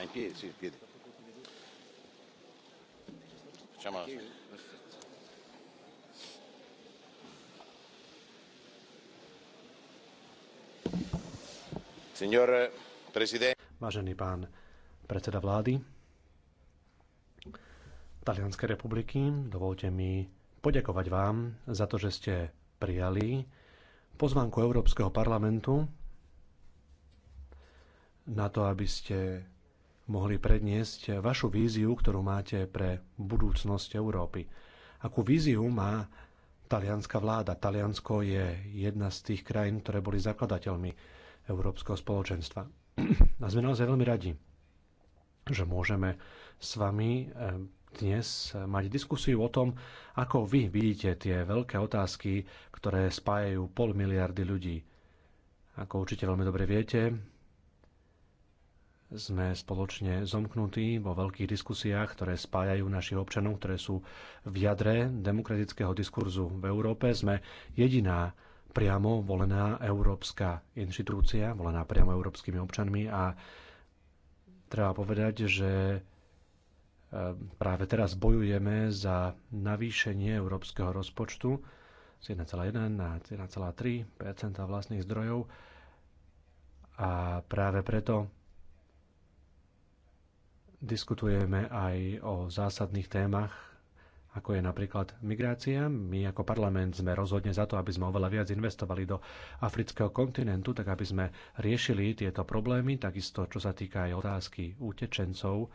in piedi, sì, in piedi. Facciamo la Signor Presidente. Vážený pán predseda vlády Talianskej republiky, dovolte mi poďakovať vám za to, že ste prijali pozvanku Európskeho parlamentu na to, aby ste mohli predniesť vašu víziu, ktorú máte pre budúcnosť Európy. Akú víziu má talianská vláda? Taliansko je jedna z tých krajín, ktoré boli zakladateľmi Európskeho spoločenstva. A sme naozaj veľmi radi, že môžeme s vami eh, dnes mať diskusiu o tom, ako vy vidíte tie veľké otázky, ktoré spájajú pol miliardy ľudí. Ako určite veľmi dobre viete, sme spoločne zomknutí vo veľkých diskusiách, ktoré spájajú našich občanov, ktoré sú v jadre demokratického diskurzu v Európe. Sme jediná priamo volená európska inštitúcia, volená priamo európskymi občanmi a treba povedať, že eh, práve teraz bojujeme za navýšenie európskeho rozpočtu z 1,1 na 1,3 vlastných zdrojov a práve preto Diskutujeme aj o zásadných témach, ako je napríklad migrácia. My ako parlament sme rozhodne za to, aby sme oveľa viac investovali do afrického kontinentu, tak aby sme riešili tieto problémy, takisto čo sa týka aj otázky utečencov.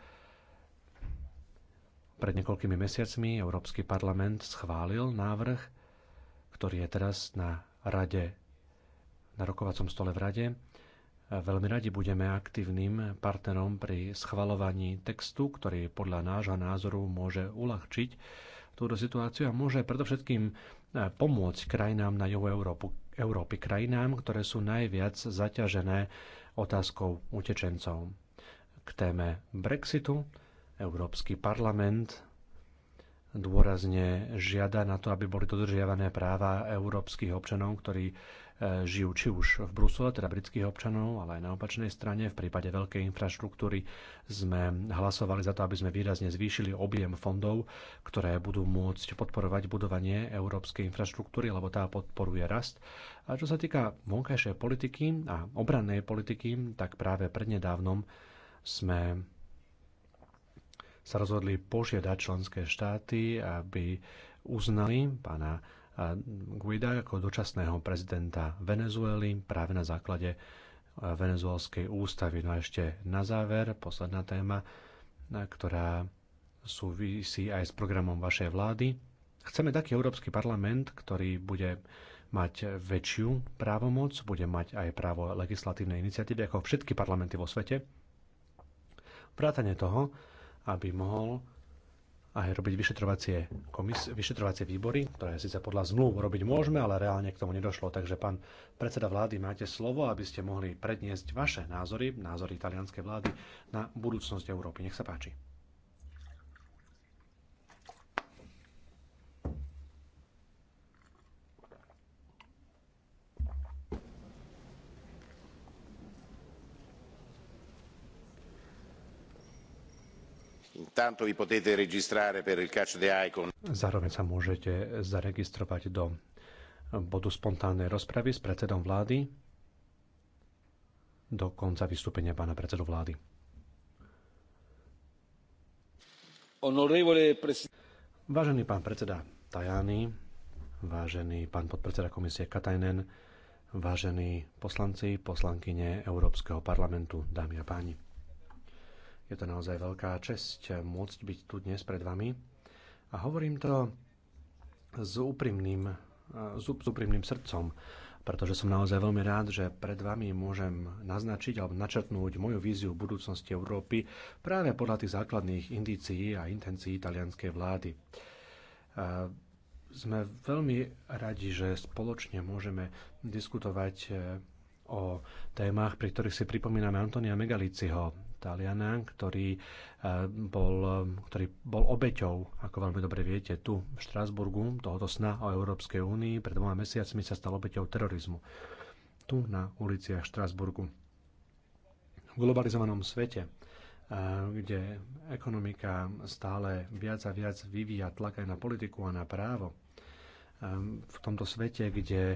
Pred niekoľkými mesiacmi Európsky parlament schválil návrh, ktorý je teraz na rade, na rokovacom stole v rade Veľmi radi budeme aktívnym partnerom pri schvalovaní textu, ktorý podľa nášho názoru môže uľahčiť túto situáciu a môže predovšetkým e, pomôcť krajinám na juhu Európu, Európy, krajinám, ktoré sú najviac zaťažené otázkou utečencov. K téme Brexitu Európsky parlament dôrazne žiada na to, aby boli dodržiavané práva európskych občanov, ktorí E, žijú či už v Brusele, teda britských občanov, ale aj na opačnej strane. V prípade veľkej infraštruktúry sme hlasovali za to, aby sme výrazne zvýšili objem fondov, ktoré budú môcť podporovať budovanie európskej infraštruktúry, lebo tá podporuje rast. A čo sa týka vonkajšej politiky a obrannej politiky, tak práve prednedávnom sme sa rozhodli požiadať členské štáty, aby uznali pána Guida ako dočasného prezidenta Venezuely práve na základe e, venezuelskej ústavy. No a ešte na záver, posledná téma, e, ktorá súvisí aj s programom vašej vlády. Chceme taký Európsky parlament, ktorý bude mať väčšiu právomoc, bude mať aj právo legislatívnej iniciatívy ako všetky parlamenty vo svete. Vrátane toho, aby mohol aj robiť vyšetrovacie, komis- vyšetrovacie výbory, ktoré síce podľa zmluv robiť môžeme, ale reálne k tomu nedošlo. Takže pán predseda vlády, máte slovo, aby ste mohli predniesť vaše názory, názory italianskej vlády na budúcnosť Európy. Nech sa páči. Zároveň sa môžete zaregistrovať do bodu spontánnej rozpravy s predsedom vlády do konca vystúpenia pána predsedu vlády. Vážený pán predseda Tajani, vážený pán podpredseda komisie Katajnen, vážení poslanci, poslankyne Európskeho parlamentu, dámy a páni. Je to naozaj veľká česť môcť byť tu dnes pred vami. A hovorím to s úprimným, eh, s úprimným srdcom, pretože som naozaj veľmi rád, že pred vami môžem naznačiť alebo načrtnúť moju víziu budúcnosti Európy práve podľa tých základných indícií a intencií italianskej vlády. Eh, sme veľmi radi, že spoločne môžeme diskutovať eh, o témach, pri ktorých si pripomíname Antonia Megaliciho, Taliana, ktorý eh, bol, ktorý bol obeťou, ako veľmi dobre viete, tu v Štrásburgu, tohoto sna o Európskej únii. Pred dvoma mesiacmi sa stal obeťou terorizmu. Tu na uliciach Štrásburgu. V globalizovanom svete, eh, kde ekonomika stále viac a viac vyvíja tlak aj na politiku a na právo, Ehm, v tomto svete, kde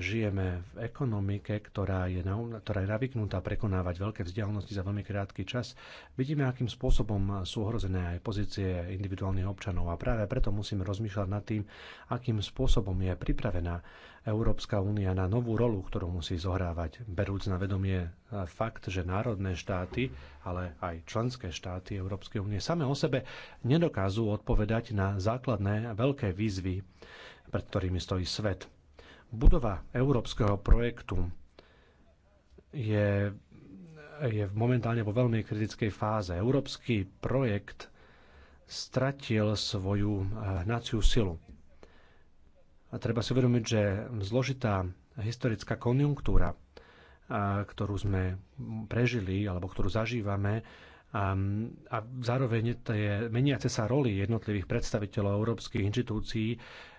žijeme v ekonomike, ktorá je, na, ktorá je navyknutá prekonávať veľké vzdialenosti za veľmi krátky čas, vidíme, akým spôsobom sú ohrozené aj pozície individuálnych občanov. A práve preto musíme rozmýšľať nad tým, akým spôsobom je pripravená Európska únia na novú rolu, ktorú musí zohrávať, berúc na vedomie eh, fakt, že národné štáty, ale aj členské štáty Európskej únie same o sebe nedokážu odpovedať na základné veľké výzvy pred ktorými stojí svet. Budova európskeho projektu je, je momentálne vo veľmi kritickej fáze. Európsky projekt stratil svoju eh, hnaciu silu. A treba si uvedomiť, že zložitá historická konjunktúra, eh, ktorú sme prežili alebo ktorú zažívame, a, ehm, a zároveň tie meniace sa roli jednotlivých predstaviteľov európskych inštitúcií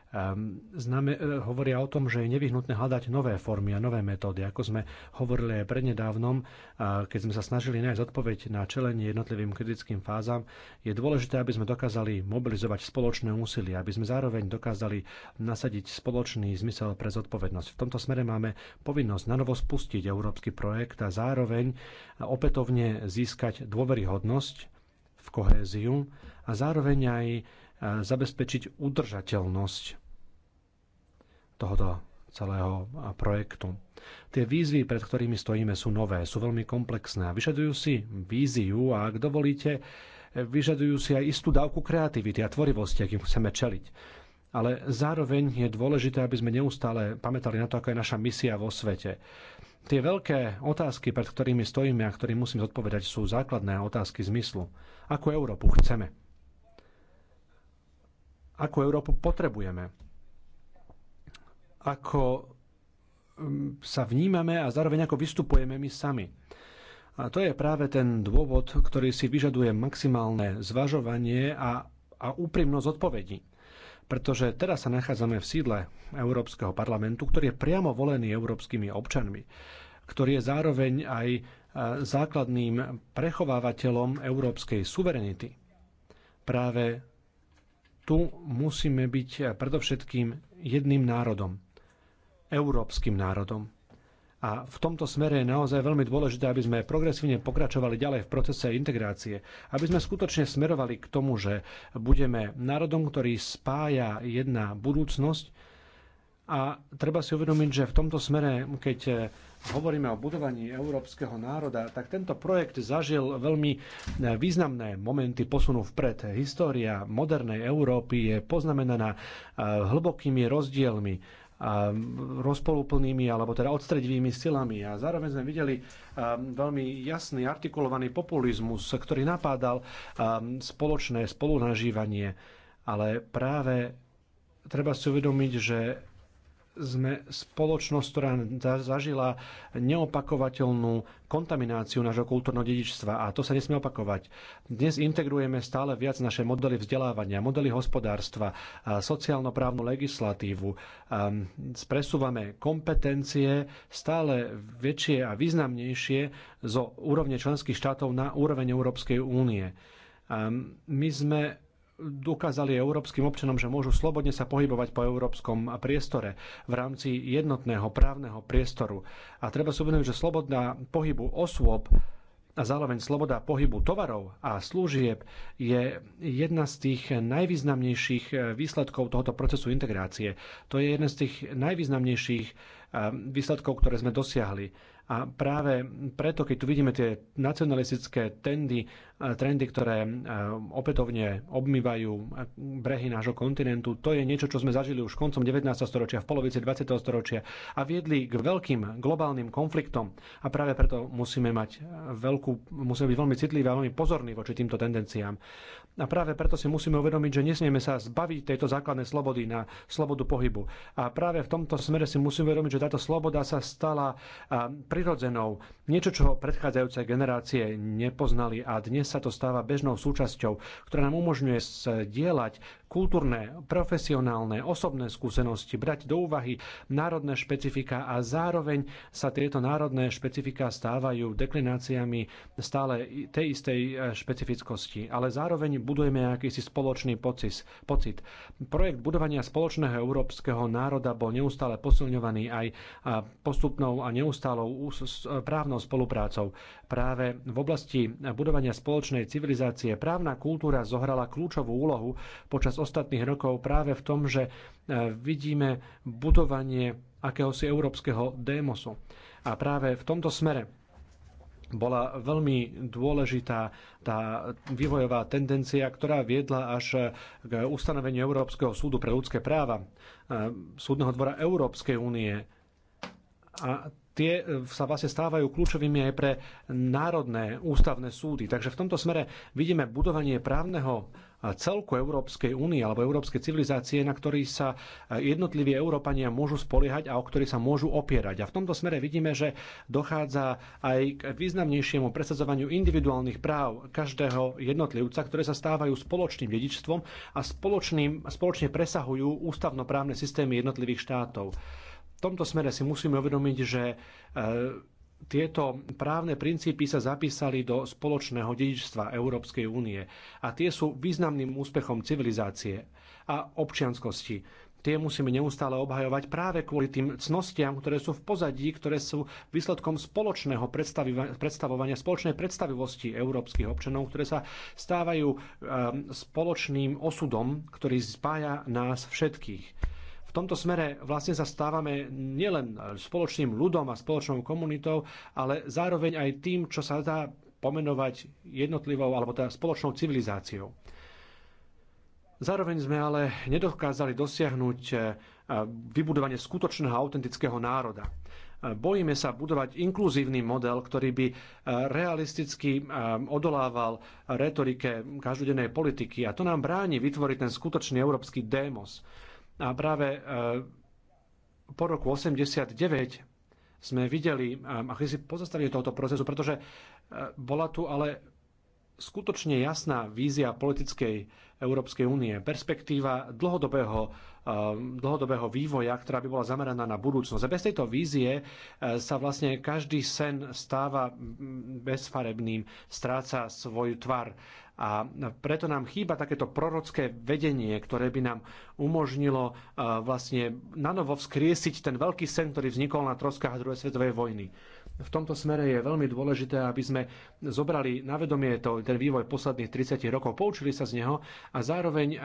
Ehm, Znamen- e, hovoria o tom, že je nevyhnutné hľadať nové formy a nové metódy. Ako sme hovorili aj prednedávnom, e, keď sme sa snažili nájsť odpoveď na čelenie jednotlivým kritickým fázam, je dôležité, aby sme dokázali mobilizovať spoločné úsilie, aby sme zároveň dokázali nasadiť spoločný zmysel pre zodpovednosť. V tomto smere máme povinnosť na novo spustiť európsky projekt a zároveň opätovne získať dôveryhodnosť v kohéziu a zároveň aj e, zabezpečiť udržateľnosť tohoto celého projektu. Tie výzvy, pred ktorými stojíme, sú nové, sú veľmi komplexné a vyžadujú si víziu a ak dovolíte, e, vyžadujú si aj istú dávku kreativity a tvorivosti, akým chceme čeliť. Ale zároveň je dôležité, aby sme neustále pamätali na to, aká je naša misia vo svete. Tie veľké otázky, pred ktorými stojíme a ktorým musím zodpovedať, sú základné otázky zmyslu. Ako Európu chceme? Akú Európu potrebujeme? ako mm, sa vnímame a zároveň ako vystupujeme my sami. A to je práve ten dôvod, ktorý si vyžaduje maximálne zvažovanie a, a úprimnosť odpovedí. Pretože teraz sa nachádzame v sídle Európskeho parlamentu, ktorý je priamo volený európskymi občanmi, ktorý je zároveň aj e, základným prechovávateľom európskej suverenity. Práve tu musíme byť predovšetkým jedným národom európskym národom. A v tomto smere je naozaj veľmi dôležité, aby sme progresívne pokračovali ďalej v procese integrácie, aby sme skutočne smerovali k tomu, že budeme národom, ktorý spája jedna budúcnosť. A treba si uvedomiť, že v tomto smere, keď hovoríme o budovaní európskeho národa, tak tento projekt zažil veľmi významné momenty posunu vpred. História modernej Európy je poznamenaná eh, hlbokými rozdielmi rozpolúplnými alebo teda odstredivými silami. A zároveň sme videli veľmi jasný artikulovaný populizmus, ktorý napádal spoločné spolunažívanie. Ale práve treba si uvedomiť, že sme spoločnosť, ktorá zažila neopakovateľnú kontamináciu nášho kultúrneho dedičstva a to sa nesmie opakovať. Dnes integrujeme stále viac naše modely vzdelávania, modely hospodárstva, sociálno-právnu legislatívu. Ehm, presúvame kompetencie stále väčšie a významnejšie zo úrovne členských štátov na úroveň Európskej únie. Ehm, my sme dokázali európskym občanom, že môžu slobodne sa pohybovať po európskom priestore v rámci jednotného právneho priestoru. A treba si uvedomiť, že sloboda pohybu osôb a zároveň sloboda pohybu tovarov a služieb je jedna z tých najvýznamnejších výsledkov tohoto procesu integrácie. To je jeden z tých najvýznamnejších eh, výsledkov, ktoré sme dosiahli. A práve preto, keď tu vidíme tie nacionalistické tendy E, trendy, ktoré e, opätovne obmývajú brehy nášho kontinentu. To je niečo, čo sme zažili už koncom 19. storočia, v polovici 20. storočia a viedli k veľkým globálnym konfliktom. A práve preto musíme mať veľkú, musíme byť veľmi citliví a veľmi pozorní voči týmto tendenciám. A práve preto si musíme uvedomiť, že nesmieme sa zbaviť tejto základnej slobody na slobodu pohybu. A práve v tomto smere si musíme uvedomiť, že táto sloboda sa stala prirodzenou. Niečo, čo predchádzajúce generácie nepoznali a dnes sa to stáva bežnou súčasťou, ktorá nám umožňuje sdielať kultúrne, profesionálne, osobné skúsenosti, brať do úvahy národné špecifika a zároveň sa tieto národné špecifika stávajú deklináciami stále tej istej e, špecifickosti. Ale zároveň budujeme akýsi spoločný pocis, pocit. Projekt budovania spoločného európskeho národa bol neustále posilňovaný aj e, postupnou a neustálou e, právnou spoluprácou. Práve v oblasti budovania spoločnej civilizácie právna kultúra zohrala kľúčovú úlohu počas ostatných rokov práve v tom, že e, vidíme budovanie akéhosi európskeho démosu. A práve v tomto smere bola veľmi dôležitá tá vývojová tendencia, ktorá viedla až k ustanoveniu Európskeho súdu pre ľudské práva, e, Súdneho dvora Európskej únie. A tie e, sa vlastne stávajú kľúčovými aj pre národné ústavné súdy. Takže v tomto smere vidíme budovanie právneho e, celku Európskej únie alebo európskej civilizácie, na ktorý sa e, jednotliví Európania môžu spoliehať a o ktorý sa môžu opierať. A v tomto smere vidíme, že dochádza aj k významnejšiemu presadzovaniu individuálnych práv každého jednotlivca, ktoré sa stávajú spoločným dedičstvom a spoločným, spoločne presahujú ústavnoprávne systémy jednotlivých štátov. V tomto smere si musíme uvedomiť, že e, tieto právne princípy sa zapísali do spoločného dedičstva Európskej únie a tie sú významným úspechom civilizácie a občianskosti. Tie musíme neustále obhajovať práve kvôli tým cnostiam, ktoré sú v pozadí, ktoré sú výsledkom spoločného predstavovania, spoločnej predstavivosti európskych občanov, ktoré sa stávajú e, spoločným osudom, ktorý spája nás všetkých. V tomto smere vlastne sa stávame nielen spoločným ľudom a spoločnou komunitou, ale zároveň aj tým, čo sa dá pomenovať jednotlivou alebo teda spoločnou civilizáciou. Zároveň sme ale nedokázali dosiahnuť eh, vybudovanie skutočného autentického národa. Bojíme sa budovať inkluzívny model, ktorý by eh, realisticky eh, odolával retorike každodennej politiky a to nám bráni vytvoriť ten skutočný európsky démos a práve e, po roku 89 sme videli e, si pozastavenie tohoto procesu, pretože e, bola tu ale skutočne jasná vízia politickej Európskej únie. Perspektíva dlhodobého, eh, dlhodobého vývoja, ktorá by bola zameraná na budúcnosť. A bez tejto vízie eh, sa vlastne každý sen stáva mm, bezfarebným, stráca svoju tvar. A preto nám chýba takéto prorocké vedenie, ktoré by nám umožnilo eh, vlastne nanovo vzkriesiť ten veľký sen, ktorý vznikol na troskách druhej svetovej vojny v tomto smere je veľmi dôležité, aby sme zobrali na vedomie to, ten vývoj posledných 30 rokov, poučili sa z neho a zároveň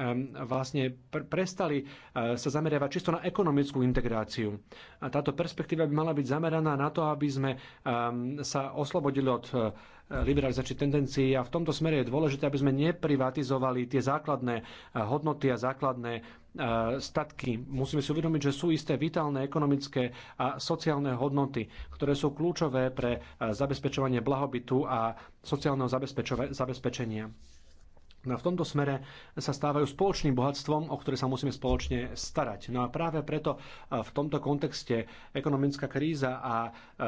vlastne prestali eh, sa zameriavať čisto na ekonomickú integráciu. A táto perspektíva by mala byť zameraná na to, aby sme sa oslobodili od eh, liberalizačných tendencií a v tomto smere je dôležité, aby sme neprivatizovali tie základné eh, hodnoty a základné eh, statky. Musíme si uvedomiť, že sú isté vitálne ekonomické a sociálne hodnoty, ktoré sú kľúčové pre eh, zabezpečovanie blahobytu a sociálneho zabezpečenia. No v tomto smere sa stávajú spoločným bohatstvom, o ktoré sa musíme spoločne starať. No a práve preto e, v tomto kontexte ekonomická kríza a e, e,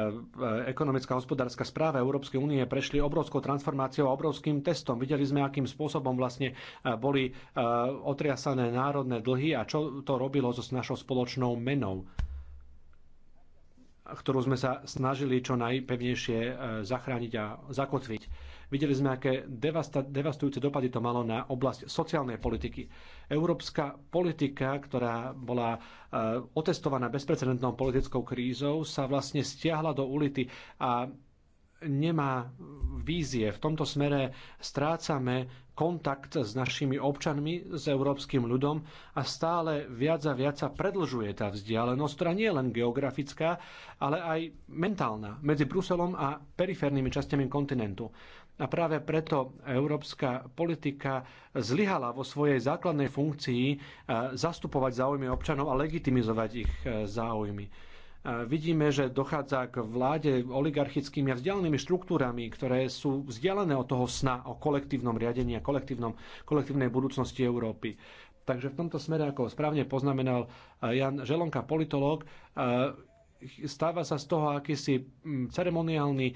ekonomická hospodárska správa Európskej únie prešli obrovskou transformáciou a obrovským testom. Videli sme, akým spôsobom vlastne boli otriasané národné dlhy a čo to robilo so našou spoločnou menou ktorú sme sa snažili čo najpevnejšie zachrániť a zakotviť. Videli sme, aké devastujúce dopady to malo na oblasť sociálnej politiky. Európska politika, ktorá bola e, otestovaná bezprecedentnou politickou krízou, sa vlastne stiahla do ulity a nemá vízie. V tomto smere strácame kontakt s našimi občanmi, s európskym ľudom a stále viac a viac sa predlžuje tá vzdialenosť, ktorá nie je len geografická, ale aj mentálna medzi Bruselom a periférnymi častiami kontinentu. A práve preto európska politika zlyhala vo svojej základnej funkcii e, zastupovať záujmy občanov a legitimizovať ich e, záujmy. E, vidíme, že dochádza k vláde oligarchickými a vzdialenými štruktúrami, ktoré sú vzdialené od toho sna o kolektívnom riadení a kolektívnom, kolektívnej budúcnosti Európy. Takže v tomto smere, ako správne poznamenal Jan Želonka, politológ, stáva sa z toho akýsi ceremoniálny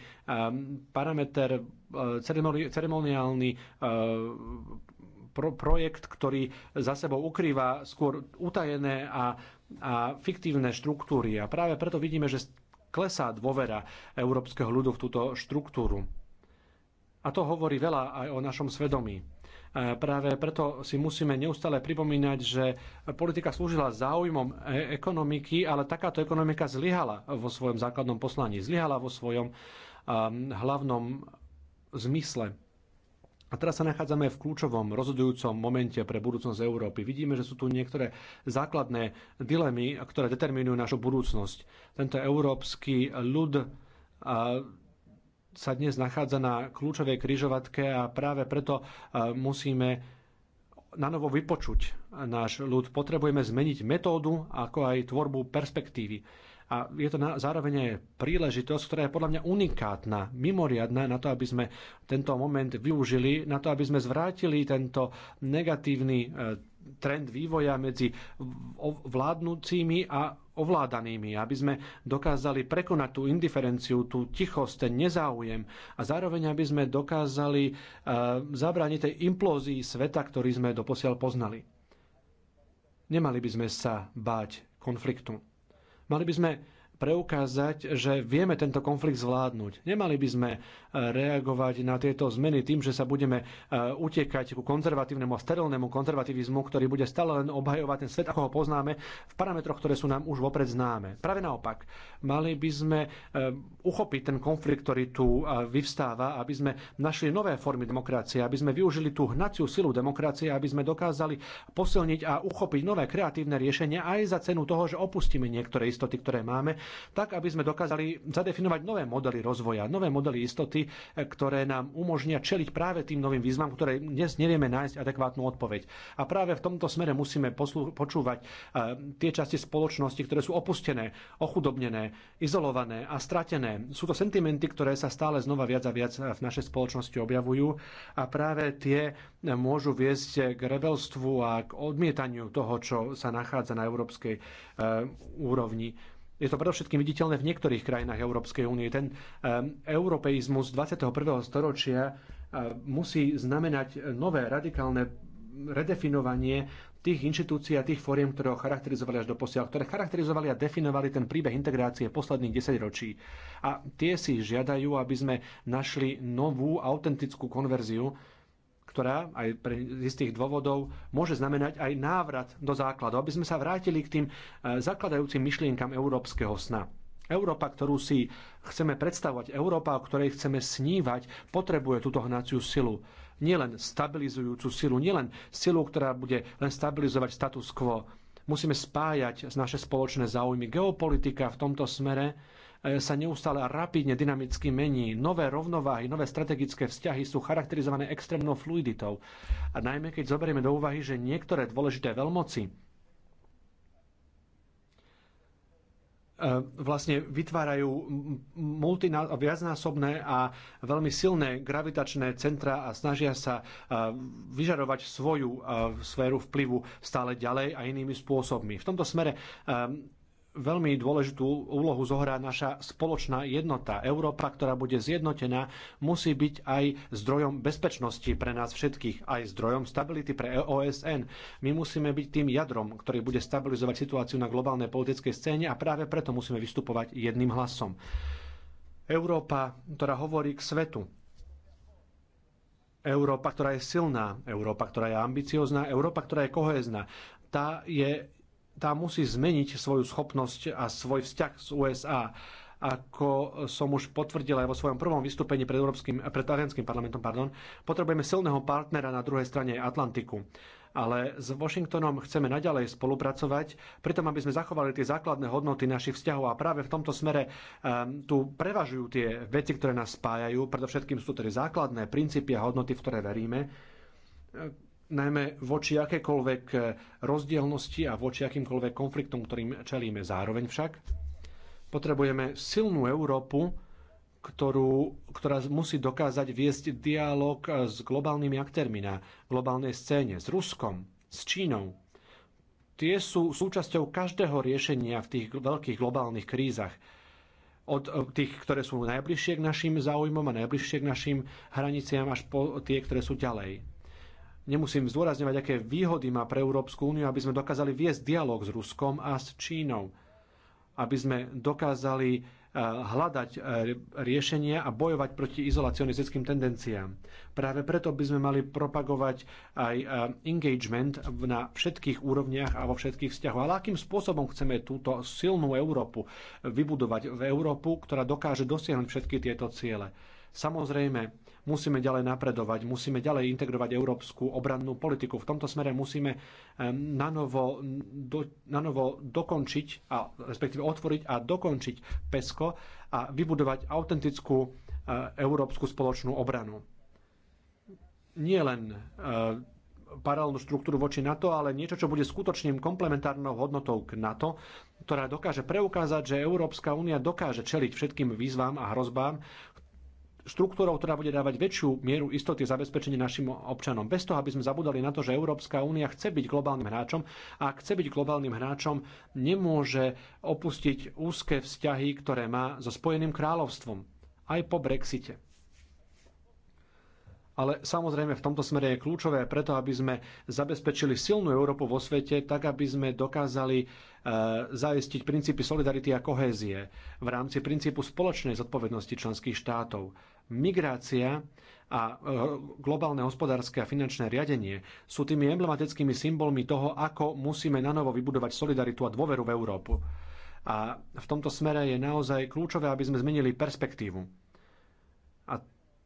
parameter Eh, ceremoniálny eh, projekt, ktorý za sebou ukrýva skôr utajené a, a fiktívne štruktúry. A práve preto vidíme, že klesá dôvera európskeho ľudu v túto štruktúru. A to hovorí veľa aj o našom svedomí. Práve preto si musíme neustále pripomínať, že politika slúžila záujmom e-, ekonomiky, ale takáto ekonomika zlyhala vo svojom základnom poslaní, zlyhala vo svojom ehm, hlavnom zmysle. A teraz sa nachádzame v kľúčovom, rozhodujúcom momente pre budúcnosť Európy. Vidíme, že sú tu niektoré základné dilemy, ktoré determinujú našu budúcnosť. Tento európsky ľud sa dnes nachádza na kľúčovej križovatke a práve preto musíme na novo vypočuť náš ľud. Potrebujeme zmeniť metódu, ako aj tvorbu perspektívy a je to na, zároveň aj príležitosť, ktorá je podľa mňa unikátna, mimoriadná na to, aby sme tento moment využili, na to, aby sme zvrátili tento negatívny e, trend vývoja medzi vládnúcimi a ovládanými, aby sme dokázali prekonať tú indiferenciu, tú tichosť, ten nezáujem a zároveň aby sme dokázali e, zabrániť tej implózii sveta, ktorý sme doposiaľ poznali. Nemali by sme sa báť konfliktu. Mali by sme preukázať, že vieme tento konflikt zvládnuť. Nemali by sme reagovať na tieto zmeny tým, že sa budeme e, utekať ku konzervatívnemu a sterilnému konzervativizmu, ktorý bude stále len obhajovať ten svet, ako ho poznáme, v parametroch, ktoré sú nám už vopred známe. Práve naopak, mali by sme e, uchopiť ten konflikt, ktorý tu e, vyvstáva, aby sme našli nové formy demokracie, aby sme využili tú hnaciu silu demokracie, aby sme dokázali posilniť a uchopiť nové kreatívne riešenia aj za cenu toho, že opustíme niektoré istoty, ktoré máme, tak aby sme dokázali zadefinovať nové modely rozvoja, nové modely istoty, dokumenty, ktoré nám umožnia čeliť práve tým novým výzvam, ktoré dnes nevieme nájsť adekvátnu odpoveď. A práve v tomto smere musíme počúvať e, tie časti spoločnosti, ktoré sú opustené, ochudobnené, izolované a stratené. Sú to sentimenty, ktoré sa stále znova viac a viac v našej spoločnosti objavujú a práve tie môžu viesť k rebelstvu a k odmietaniu toho, čo sa nachádza na európskej e, úrovni je to predovšetkým viditeľné v niektorých krajinách Európskej únie. Ten ehm, europeizmus 21. storočia ehm, musí znamenať nové radikálne redefinovanie tých inštitúcií a tých fóriem, ktoré ho charakterizovali až do posiaľ, ktoré charakterizovali a definovali ten príbeh integrácie posledných 10 ročí. A tie si žiadajú, aby sme našli novú autentickú konverziu ktorá aj pre istých dôvodov môže znamenať aj návrat do základov, aby sme sa vrátili k tým e, zakladajúcim myšlienkam európskeho sna. Európa, ktorú si chceme predstavovať, Európa, o ktorej chceme snívať, potrebuje túto hnaciu silu. Nielen stabilizujúcu silu, nielen silu, ktorá bude len stabilizovať status quo. Musíme spájať naše spoločné záujmy. Geopolitika v tomto smere E, sa neustále rapidne dynamicky mení. Nové rovnováhy, nové strategické vzťahy sú charakterizované extrémnou fluiditou. A najmä keď zoberieme do úvahy, že niektoré dôležité veľmoci e, vlastne vytvárajú viacnásobné a veľmi silné gravitačné centra a snažia sa e, vyžarovať svoju sféru vplyvu stále ďalej a inými spôsobmi. V tomto smere veľmi dôležitú úlohu zohrá naša spoločná jednota. Európa, ktorá bude zjednotená, musí byť aj zdrojom bezpečnosti pre nás všetkých, aj zdrojom stability pre OSN. My musíme byť tým jadrom, ktorý bude stabilizovať situáciu na globálnej politickej scéne a práve preto musíme vystupovať jedným hlasom. Európa, ktorá hovorí k svetu, Európa, ktorá je silná, Európa, ktorá je ambiciozná, Európa, ktorá je kohezná, Tá je tá musí zmeniť svoju schopnosť a svoj vzťah s USA. Ako som už potvrdil aj vo svojom prvom vystúpení pred, Európskym, pred Talianským parlamentom, pardon, potrebujeme silného partnera na druhej strane Atlantiku ale s Washingtonom chceme naďalej spolupracovať, pritom aby sme zachovali tie základné hodnoty našich vzťahov a práve v tomto smere um, tu prevažujú tie veci, ktoré nás spájajú, predovšetkým sú tedy základné princípy a hodnoty, v ktoré veríme, najmä voči akékoľvek eh, rozdielnosti a voči akýmkoľvek konfliktom, ktorým čelíme. Zároveň však potrebujeme silnú Európu, ktorú, ktorá musí dokázať viesť dialog eh, s globálnymi aktérmi na globálnej scéne, s Ruskom, s Čínou. Tie sú súčasťou každého riešenia v tých veľkých globálnych krízach od eh, tých, ktoré sú najbližšie k našim záujmom a najbližšie k našim hraniciam až po tie, ktoré sú ďalej. Nemusím zdôrazňovať, aké výhody má pre Európsku úniu, aby sme dokázali viesť dialog s Ruskom a s Čínou. Aby sme dokázali eh, hľadať eh, riešenia a bojovať proti izolacionistickým tendenciám. Práve preto by sme mali propagovať aj eh, engagement na všetkých úrovniach a vo všetkých vzťahoch. Ale akým spôsobom chceme túto silnú Európu vybudovať v Európu, ktorá dokáže dosiahnuť všetky tieto ciele? Samozrejme, musíme ďalej napredovať, musíme ďalej integrovať európsku obrannú politiku. V tomto smere musíme nanovo, do, nanovo dokončiť, a, respektíve otvoriť a dokončiť PESCO a vybudovať autentickú e, európsku spoločnú obranu. Nie len e, paralelnú štruktúru voči NATO, ale niečo, čo bude skutočným komplementárnou hodnotou k NATO, ktorá dokáže preukázať, že Európska únia dokáže čeliť všetkým výzvam a hrozbám, štruktúrou, ktorá bude dávať väčšiu mieru istoty zabezpečenie našim občanom. Bez toho, aby sme zabudali na to, že Európska únia chce byť globálnym hráčom a ak chce byť globálnym hráčom, nemôže opustiť úzke vzťahy, ktoré má so Spojeným kráľovstvom aj po Brexite. Ale samozrejme v tomto smere je kľúčové preto, aby sme zabezpečili silnú Európu vo svete, tak aby sme dokázali e, zaistiť princípy solidarity a kohézie v rámci princípu spoločnej zodpovednosti členských štátov. Migrácia a e, globálne hospodárske a finančné riadenie sú tými emblematickými symbolmi toho, ako musíme nanovo vybudovať solidaritu a dôveru v Európu. A v tomto smere je naozaj kľúčové, aby sme zmenili perspektívu. A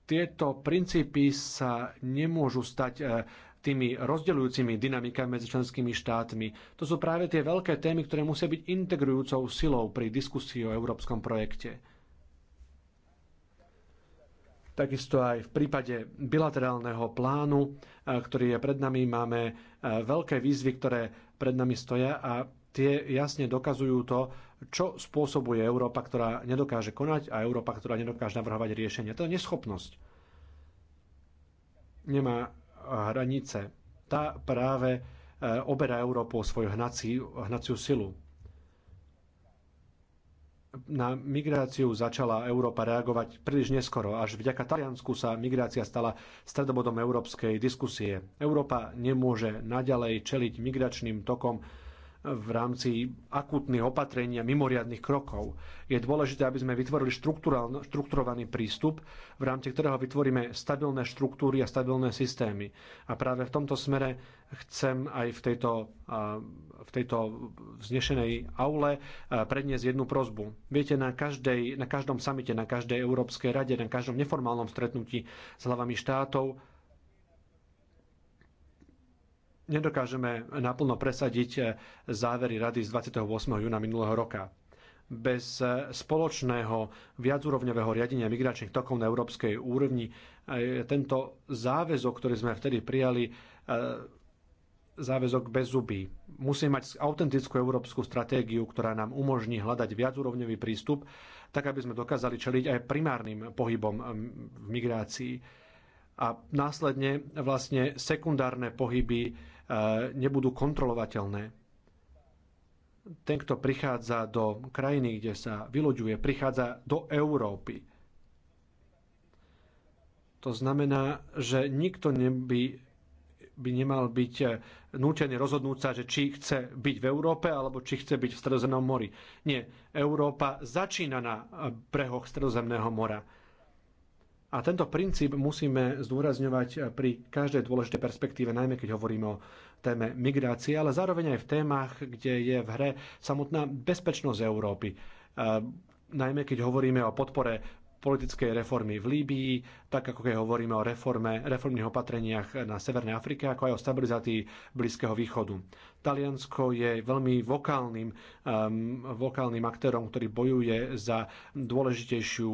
tieto princípy sa nemôžu stať e, tými rozdeľujúcimi dynamikami medzi členskými štátmi. To sú práve tie veľké témy, ktoré musia byť integrujúcou silou pri diskusii o európskom projekte. Takisto aj v prípade bilaterálneho plánu, e, ktorý je pred nami, máme e, veľké výzvy, ktoré pred nami stoja a tie jasne dokazujú to, čo spôsobuje Európa, ktorá nedokáže konať a Európa, ktorá nedokáže navrhovať riešenie. To je neschopnosť. Nemá eh, hranice. Tá práve eh, oberá Európu o svoju hnací, hnaciu silu. Na migráciu začala Európa reagovať príliš neskoro. Až vďaka Taliansku sa migrácia stala stredobodom európskej diskusie. Európa nemôže naďalej čeliť migračným tokom, v rámci akutných opatrení a mimoriadných krokov. Je dôležité, aby sme vytvorili štrukturovaný prístup, v rámci ktorého vytvoríme stabilné štruktúry a stabilné systémy. A práve v tomto smere chcem aj v tejto, v tejto vznešenej aule predniesť jednu prozbu. Viete, na, každej, na každom samite, na každej Európskej rade, na každom neformálnom stretnutí s hlavami štátov nedokážeme naplno presadiť eh, závery rady z 28. júna minulého roka bez eh, spoločného viacúrovňového riadenia migračných tokov na európskej úrovni eh, tento záväzok, ktorý sme vtedy prijali, záväzok bez zuby. Musí mať autentickú európsku stratégiu, ktorá nám umožní hľadať viacúrovňový prístup, tak aby sme dokázali čeliť aj primárnym pohybom v migrácii. A následne vlastne sekundárne pohyby nebudú kontrolovateľné ten, kto prichádza do krajiny, kde sa vyloďuje, prichádza do Európy. To znamená, že nikto neby, by nemal byť e, nútený rozhodnúť sa, že či chce byť v Európe alebo či chce byť v Stredozemnom mori. Nie, Európa začína na e, brehoch Stredozemného mora a tento princíp musíme zdôrazňovať pri každej dôležitej perspektíve, najmä keď hovoríme o téme migrácie, ale zároveň aj v témach, kde je v hre samotná bezpečnosť Európy najmä keď hovoríme o podpore politickej reformy v Líbii, tak ako keď hovoríme o reforme, reformných opatreniach na Severnej Afrike, ako aj o stabilizácii Blízkeho východu. Taliansko je veľmi vokálnym, um, vokálnym aktérom, ktorý bojuje za dôležitejšiu,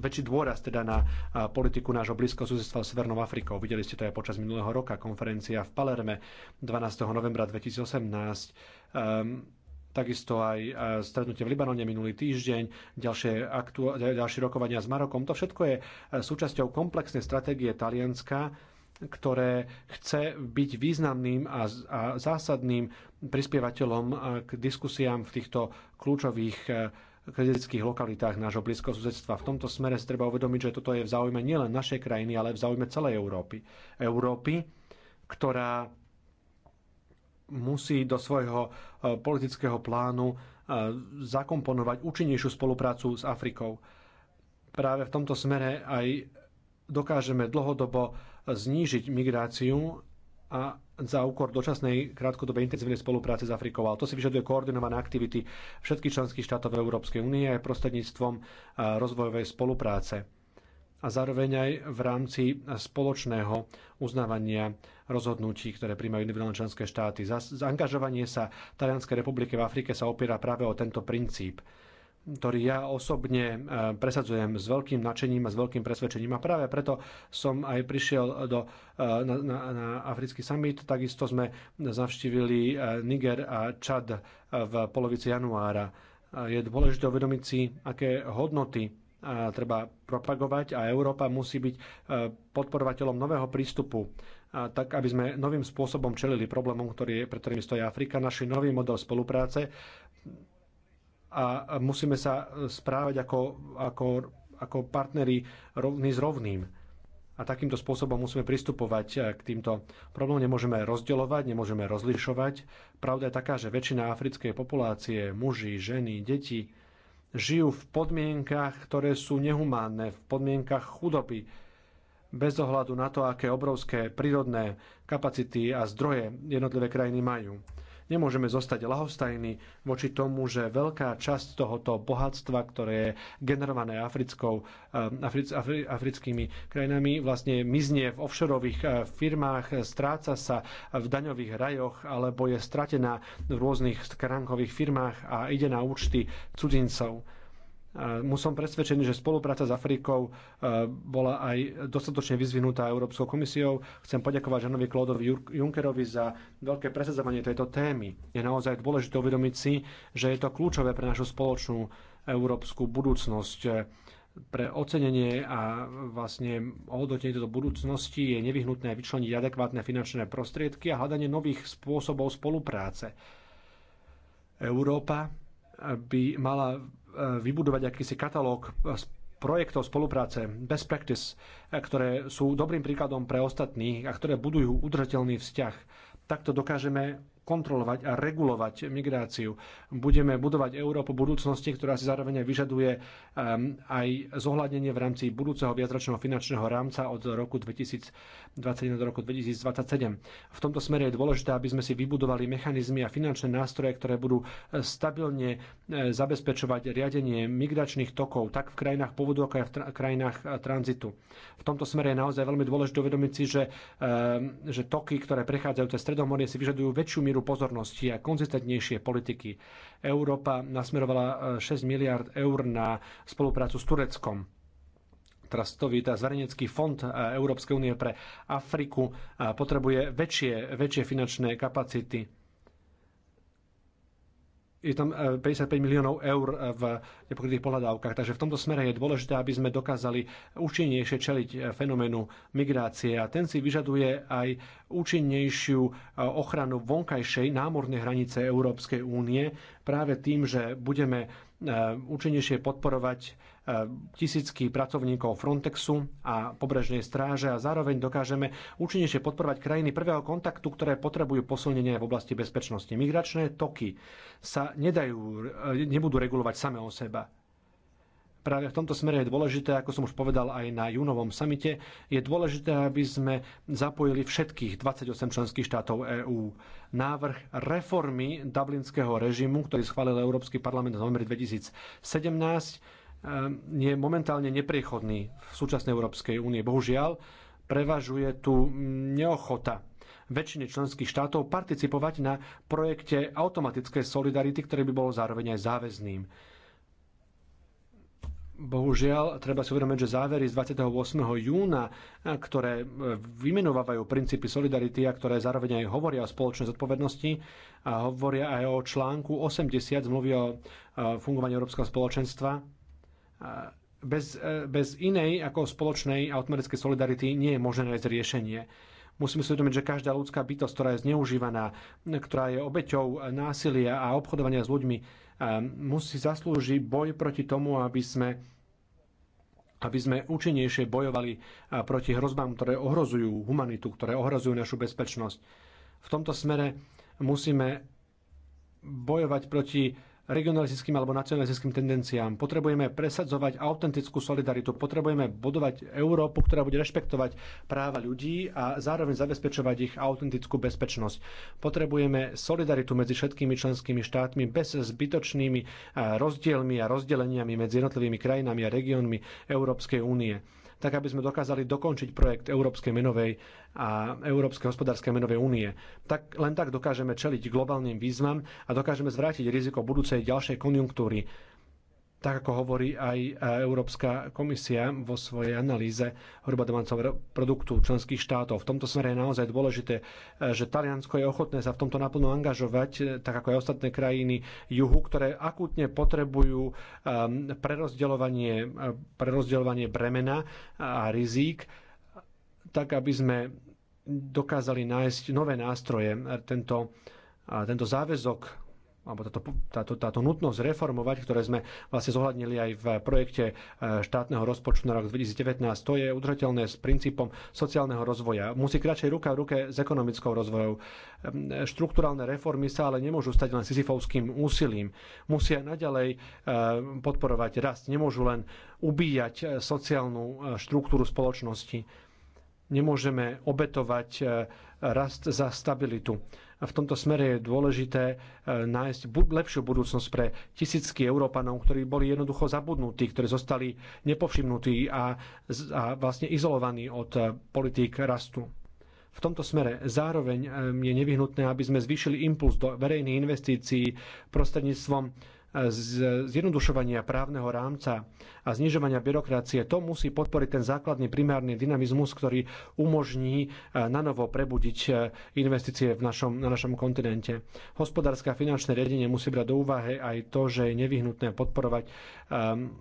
väčší dôraz teda na politiku nášho blízkeho susedstva s Severnou Afrikou. Videli ste to aj počas minulého roka, konferencia v Palerme 12. novembra 2018. Um, takisto aj e, stretnutie v Libanone minulý týždeň, ďalšie, aktu- ďalšie rokovania s Marokom. To všetko je e, súčasťou komplexnej stratégie Talianska, ktoré chce byť významným a, a zásadným prispievateľom e, k diskusiám v týchto kľúčových kritických lokalitách nášho blízko susedstva. V tomto smere si treba uvedomiť, že toto je v záujme nielen našej krajiny, ale v záujme celej Európy. Európy, ktorá musí do svojho e, politického plánu e, zakomponovať účinnejšiu spoluprácu s Afrikou. Práve v tomto smere aj dokážeme dlhodobo znížiť migráciu a za úkor dočasnej krátkodobej intenzívnej spolupráce s Afrikou. Ale to si vyžaduje koordinované aktivity všetkých členských štátov Európskej únie aj prostredníctvom e, rozvojovej spolupráce a zároveň aj v rámci spoločného uznávania rozhodnutí, ktoré príjmajú individuálne členské štáty. Zaangažovanie sa Talianskej republiky v Afrike sa opiera práve o tento princíp ktorý ja osobne e, presadzujem s veľkým nadšením a s veľkým presvedčením. A práve preto som aj prišiel do, e, na, na, na africký summit. Takisto sme navštívili e, Niger a Čad v polovici januára. Je dôležité uvedomiť si, aké hodnoty treba propagovať a Európa musí byť e, podporovateľom nového prístupu, tak aby sme novým spôsobom čelili problémom, ktorý, pre ktorými stojí Afrika, naši nový model spolupráce a musíme sa správať ako, ako, ako partneri rovný s rovným. A takýmto spôsobom musíme pristupovať e, k týmto problémom. Nemôžeme rozdeľovať, nemôžeme rozlišovať. Pravda je taká, že väčšina africkej populácie, muži, ženy, deti, žijú v podmienkach, ktoré sú nehumánne, v podmienkach chudoby, bez ohľadu na to, aké obrovské prírodné kapacity a zdroje jednotlivé krajiny majú. Nemôžeme zostať lahostajní voči tomu, že veľká časť tohoto bohatstva, ktoré je generované africkou, ehm, afric, afri, africkými krajinami, vlastne miznie v offshoreových eh, firmách, stráca sa v daňových rajoch alebo je stratená v rôznych skránkových firmách a ide na účty cudzincov. Som presvedčený, že spolupráca s Afrikou e, bola aj dostatočne vyzvinutá Európskou komisiou. Chcem poďakovať Žanovi Klódovi Junckerovi za veľké presadzovanie tejto témy. Je naozaj dôležité uvedomiť si, že je to kľúčové pre našu spoločnú európsku budúcnosť. E, pre ocenenie a vlastne ohodnotenie tejto budúcnosti je nevyhnutné vyčleniť adekvátne finančné prostriedky a hľadanie nových spôsobov spolupráce. Európa e, by mala Eh, vybudovať akýsi katalóg eh, projektov spolupráce, best practice, eh, ktoré sú dobrým príkladom pre ostatných a ktoré budujú udržateľný vzťah. Takto dokážeme kontrolovať a regulovať migráciu. Budeme budovať Európu budúcnosti, ktorá si zároveň vyžaduje um, aj zohľadnenie v rámci budúceho viacročného finančného rámca od roku 2021 do roku 2027. V tomto smere je dôležité, aby sme si vybudovali mechanizmy a finančné nástroje, ktoré budú eh, stabilne eh, zabezpečovať riadenie migračných tokov tak v krajinách pôvodu, ako aj v krajinách eh, tranzitu. V tomto smere je naozaj veľmi dôležité uvedomiť si, že, že toky, ktoré prechádzajú cez Stredomorie, si vyžadujú väčšiu mieru míru pozornosti a konzistentnejšie politiky. Európa nasmerovala 6 e, miliard eur na spoluprácu s Tureckom teraz to víta Zverejnecký fond e, Európskej únie pre Afriku potrebuje väčšie, väčšie finančné kapacity je tam 55 e, miliónov eur e, v nepokrytých pohľadávkach. Takže v tomto smere je dôležité, aby sme dokázali účinnejšie čeliť e, fenoménu migrácie a ten si vyžaduje aj účinnejšiu ochranu vonkajšej námornej hranice Európskej únie práve tým, že budeme E, účinnejšie podporovať e, tisícky pracovníkov Frontexu a pobrežnej stráže a zároveň dokážeme účinnejšie podporovať krajiny prvého kontaktu, ktoré potrebujú posilnenie v oblasti bezpečnosti. Migračné toky sa nedajú, e, nebudú regulovať same o seba Práve v tomto smere je dôležité, ako som už povedal aj na júnovom samite, je dôležité, aby sme zapojili všetkých 28 členských štátov EÚ. Návrh reformy dublinského režimu, ktorý schválil Európsky parlament v novembri 2017, ehm, je momentálne nepriechodný v súčasnej Európskej únie. Bohužiaľ, prevažuje tu neochota väčšiny členských štátov participovať na projekte automatickej solidarity, ktorý by bol zároveň aj záväzným. Bohužiaľ, treba si uvedomiť, že závery z 28. júna, eh, ktoré eh, vymenovávajú princípy solidarity a ktoré zároveň aj hovoria o spoločnej zodpovednosti, a hovoria aj o článku 80 zmluvy o eh, fungovaní Európskeho spoločenstva, bez, bez inej ako spoločnej automatickej solidarity nie je možné nájsť riešenie. Musíme si uvedomiť, že každá ľudská bytosť, ktorá je zneužívaná, ktorá je obeťou násilia a obchodovania s ľuďmi, Ehm, musí zaslúžiť boj proti tomu, aby sme aby sme účinnejšie bojovali eh, proti hrozbám, ktoré ohrozujú humanitu, ktoré ohrozujú našu bezpečnosť. V tomto smere musíme bojovať proti regionalistickým alebo nacionalistickým tendenciám. Potrebujeme presadzovať autentickú solidaritu, potrebujeme budovať Európu, ktorá bude rešpektovať práva ľudí a zároveň zabezpečovať ich autentickú bezpečnosť. Potrebujeme solidaritu medzi všetkými členskými štátmi bez zbytočnými eh, rozdielmi a rozdeleniami medzi jednotlivými krajinami a regiónmi Európskej únie tak aby sme dokázali dokončiť projekt Európskej menovej a Európskej hospodárskej menovej únie. Tak, len tak dokážeme čeliť globálnym výzvam a dokážeme zvrátiť riziko budúcej ďalšej konjunktúry tak ako hovorí aj e, Európska komisia vo svojej analýze hruba domáceho produktu členských štátov. V tomto smere je naozaj dôležité, e, že Taliansko je ochotné sa v tomto naplno angažovať, e, tak ako aj ostatné krajiny juhu, ktoré akútne potrebujú prerozdeľovanie, prerozdeľovanie bremena a rizík, tak aby sme dokázali nájsť nové nástroje. Tento, tento záväzok alebo táto, táto, táto nutnosť reformovať, ktoré sme vlastne zohľadnili aj v projekte e, štátneho rozpočtu na rok 2019, to je udržateľné s princípom sociálneho rozvoja. Musí kratšej ruka v ruke s ekonomickou rozvojou. E, štruktúralne reformy sa ale nemôžu stať len sisyfovským úsilím. Musia naďalej e, podporovať rast. Nemôžu len ubíjať sociálnu štruktúru spoločnosti. Nemôžeme obetovať rast za stabilitu v tomto smere je dôležité e, nájsť lepšiu budúcnosť pre tisícky Európanov, ktorí boli jednoducho zabudnutí, ktorí zostali nepovšimnutí a, a vlastne izolovaní od e, politík rastu. V tomto smere zároveň e, je nevyhnutné, aby sme zvýšili impuls do verejných investícií prostredníctvom zjednodušovania právneho rámca a znižovania byrokracie, to musí podporiť ten základný primárny dynamizmus, ktorý umožní e, nanovo prebudiť e, investície v našom, na našom kontinente. Hospodárske a finančné riadenie musí brať do úvahy aj to, že je nevyhnutné podporovať um,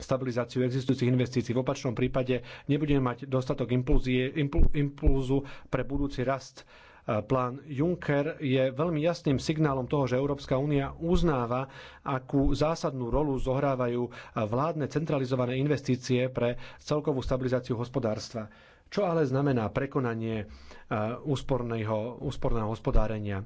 stabilizáciu existujúcich investícií. V opačnom prípade nebudeme mať dostatok impulzie, impul, impulzu pre budúci rast Plán Juncker je veľmi jasným signálom toho, že Európska únia uznáva, akú zásadnú rolu zohrávajú vládne centralizované investície pre celkovú stabilizáciu hospodárstva. Čo ale znamená prekonanie e, úsporného, úsporného hospodárenia?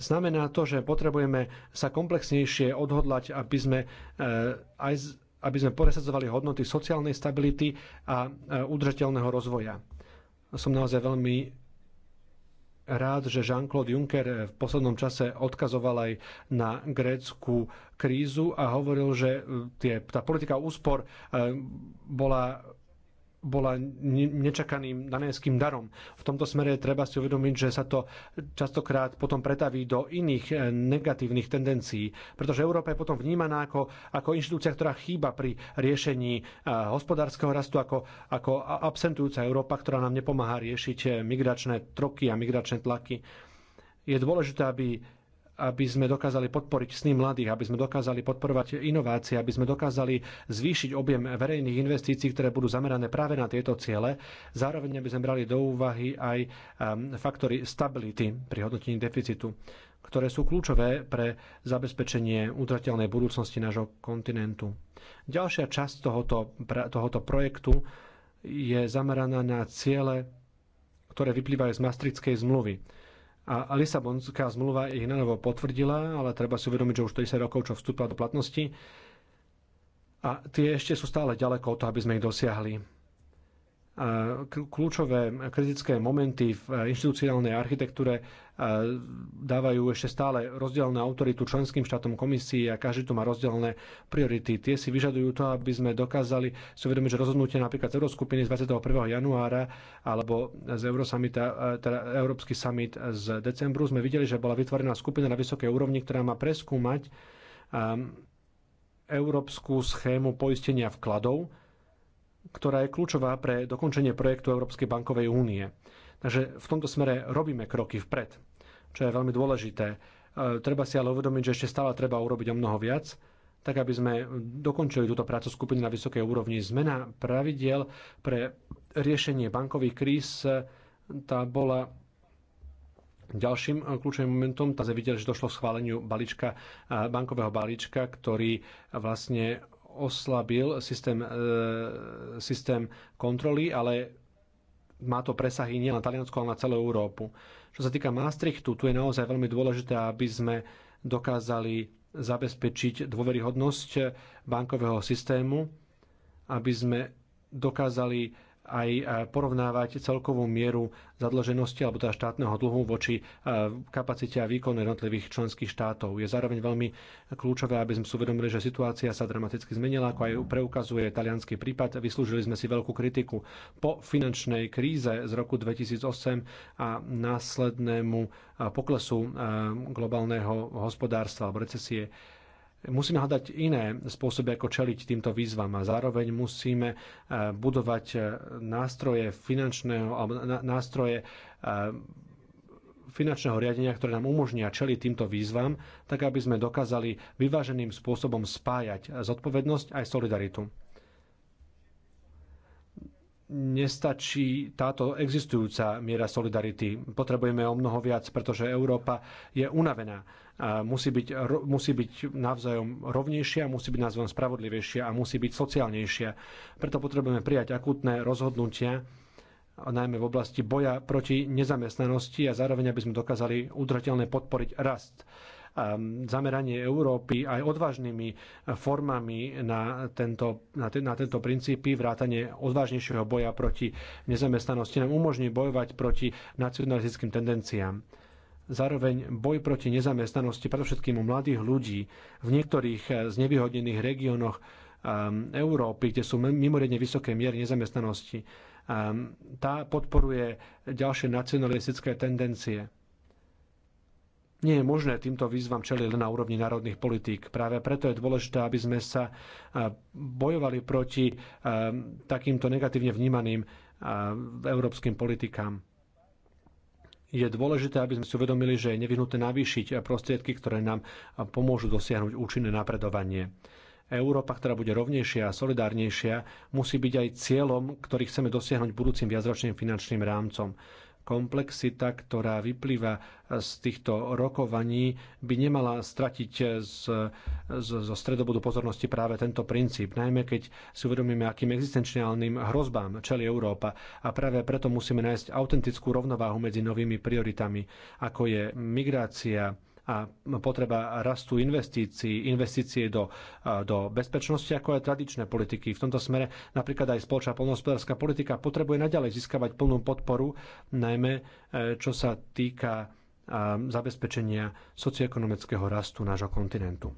Znamená to, že potrebujeme sa komplexnejšie odhodlať, aby sme e, aj aby sme presadzovali hodnoty sociálnej stability a e, udržateľného rozvoja. Som naozaj veľmi rád, že Jean-Claude Juncker v poslednom čase odkazoval aj na grécku krízu a hovoril, že tie, tá politika úspor eh, bola bola nečakaným danéským darom. V tomto smere treba si uvedomiť, že sa to častokrát potom pretaví do iných e, negatívnych tendencií, pretože Európa je potom vnímaná ako, ako inštitúcia, ktorá chýba pri riešení e, hospodárskeho rastu, ako, ako absentujúca Európa, ktorá nám nepomáha riešiť e, migračné troky a migračné tlaky. Je dôležité, aby aby sme dokázali podporiť sny mladých, aby sme dokázali podporovať inovácie, aby sme dokázali zvýšiť objem verejných investícií, ktoré budú zamerané práve na tieto ciele. Zároveň aby sme brali do úvahy aj ehm, faktory stability pri hodnotení deficitu, ktoré sú kľúčové pre zabezpečenie udržateľnej budúcnosti nášho kontinentu. Ďalšia časť tohoto, tohoto projektu je zameraná na ciele, ktoré vyplývajú z Maastrichtskej zmluvy a Lisabonská zmluva ich nanovo potvrdila, ale treba si uvedomiť, že už 30 rokov, čo vstúpila do platnosti, a tie ešte sú stále ďaleko od toho, aby sme ich dosiahli kľúčové eh, kritické momenty v eh, inštitucionálnej architektúre eh, dávajú ešte stále rozdielne autoritu členským štátom komisii a každý tu má rozdielne priority. Tie si vyžadujú to, aby sme dokázali si uvedomiť, že rozhodnutie napríklad z Euroskupiny z 21. januára alebo z Eurosamita, teda Európsky summit z decembru sme videli, že bola vytvorená skupina na vysokej úrovni, ktorá má preskúmať ehm, európsku schému poistenia vkladov, ktorá je kľúčová pre dokončenie projektu Európskej bankovej únie. Takže v tomto smere robíme kroky vpred, čo je veľmi dôležité. E, treba si ale uvedomiť, že ešte stále treba urobiť o mnoho viac, tak aby sme dokončili túto prácu skupiny na vysokej úrovni. Zmena pravidiel pre riešenie bankových kríz e, tá bola Ďalším e, kľúčovým momentom, tá sa videli, že došlo k schváleniu balíčka, bankového balíčka, ktorý vlastne oslabil systém, e, systém kontroly, ale má to presahy nie na Taliansko, ale na celú Európu. Čo sa týka Maastrichtu, tu je naozaj veľmi dôležité, aby sme dokázali zabezpečiť dôveryhodnosť bankového systému, aby sme dokázali aj e, porovnávať celkovú mieru zadlženosti alebo teda štátneho dlhu voči e, kapacite a výkonu jednotlivých členských štátov. Je zároveň veľmi kľúčové, aby sme si uvedomili, že situácia sa dramaticky zmenila, ako aj preukazuje talianský prípad. Vyslúžili sme si veľkú kritiku po finančnej kríze z roku 2008 a následnému e, poklesu globálneho hospodárstva alebo recesie Musíme hľadať iné spôsoby, ako čeliť týmto výzvam a zároveň musíme e, budovať e, nástroje finančného alebo nástroje e, finančného riadenia, ktoré nám umožnia čeliť týmto výzvam, tak aby sme dokázali vyváženým spôsobom spájať zodpovednosť aj solidaritu. Nestačí táto existujúca miera solidarity. Potrebujeme o mnoho viac, pretože Európa je unavená musí byť, musí byť navzájom rovnejšia, musí byť navzájom spravodlivejšia a musí byť sociálnejšia. Preto potrebujeme prijať akútne rozhodnutia, najmä v oblasti boja proti nezamestnanosti a zároveň, aby sme dokázali udržateľne podporiť rast zameranie Európy aj odvážnymi formami na tento, na, te, na tento princípy, vrátanie odvážnejšieho boja proti nezamestnanosti nám umožní bojovať proti nacionalistickým tendenciám zároveň boj proti nezamestnanosti, predovšetkým u mladých ľudí v niektorých eh, znevýhodnených regiónoch ehm, Európy, kde sú mimoriadne vysoké miery nezamestnanosti. Ehm, tá podporuje ďalšie nacionalistické tendencie. Nie je možné týmto výzvam čeliť len na úrovni národných politík. Práve preto je dôležité, aby sme sa eh, bojovali proti ehm, takýmto negatívne vnímaným eh, európskym politikám je dôležité, aby sme si uvedomili, že je nevyhnutné navýšiť prostriedky, ktoré nám pomôžu dosiahnuť účinné napredovanie. Európa, ktorá bude rovnejšia a solidárnejšia, musí byť aj cieľom, ktorý chceme dosiahnuť budúcim viacročným finančným rámcom komplexita, ktorá vyplýva z týchto rokovaní, by nemala stratiť z, z, zo stredobodu pozornosti práve tento princíp, najmä keď si uvedomíme, akým existenciálnym hrozbám čeli Európa. A práve preto musíme nájsť autentickú rovnováhu medzi novými prioritami, ako je migrácia, a potreba rastu investícií, investície do, do bezpečnosti, ako aj tradičné politiky. V tomto smere napríklad aj spoločná polnohospodárska politika potrebuje naďalej získavať plnú podporu, najmä e, čo sa týka zabezpečenia socioekonomického rastu nášho kontinentu.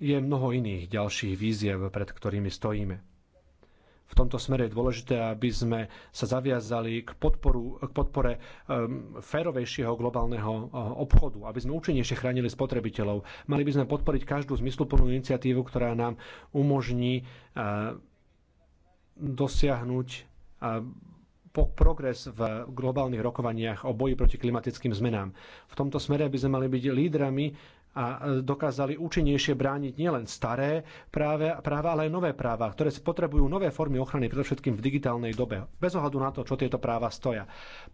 Je mnoho iných ďalších víziev, pred ktorými stojíme v tomto smere je dôležité, aby sme sa zaviazali k, podporu, k podpore um, férovejšieho globálneho uh, obchodu, aby sme účinnejšie chránili spotrebiteľov. Mali by sme podporiť každú zmysluplnú iniciatívu, ktorá nám umožní uh, dosiahnuť uh, progres v globálnych rokovaniach o boji proti klimatickým zmenám. V tomto smere by sme mali byť lídrami a e, dokázali účinnejšie brániť nielen staré práve, práva, ale aj nové práva, ktoré potrebujú nové formy ochrany, predovšetkým v digitálnej dobe, bez ohľadu na to, čo tieto práva stoja.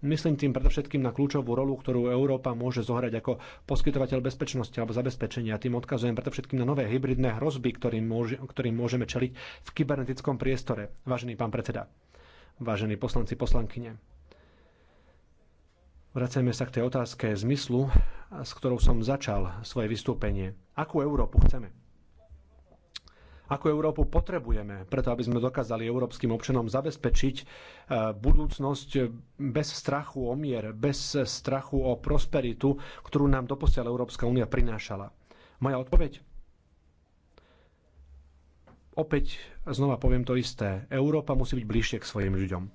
Myslím tým predovšetkým na kľúčovú rolu, ktorú Európa môže zohrať ako poskytovateľ bezpečnosti alebo zabezpečenia. Tým odkazujem predovšetkým na nové hybridné hrozby, ktorým, môže, ktorým môžeme čeliť v kybernetickom priestore. Vážený pán predseda, vážení poslanci, poslankyne. Vracajme sa k tej otázke zmyslu, s ktorou som začal svoje vystúpenie. Akú Európu chceme? Akú Európu potrebujeme, preto aby sme dokázali európskym občanom zabezpečiť e, budúcnosť bez strachu o mier, bez strachu o prosperitu, ktorú nám doposiaľ Európska únia prinášala? Moja odpoveď? Opäť znova poviem to isté. Európa musí byť bližšie k svojim ľuďom.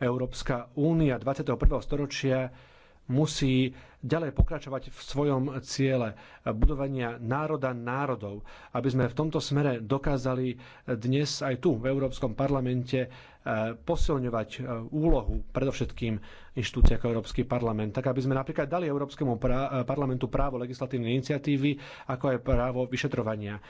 Európska únia 21. storočia musí ďalej pokračovať v svojom ciele budovania národa národov, aby sme v tomto smere dokázali dnes aj tu v Európskom parlamente eh, posilňovať eh, úlohu predovšetkým inštitúcia ako Európsky parlament, tak aby sme napríklad dali Európskemu eh, parlamentu právo legislatívnej iniciatívy, ako aj právo vyšetrovania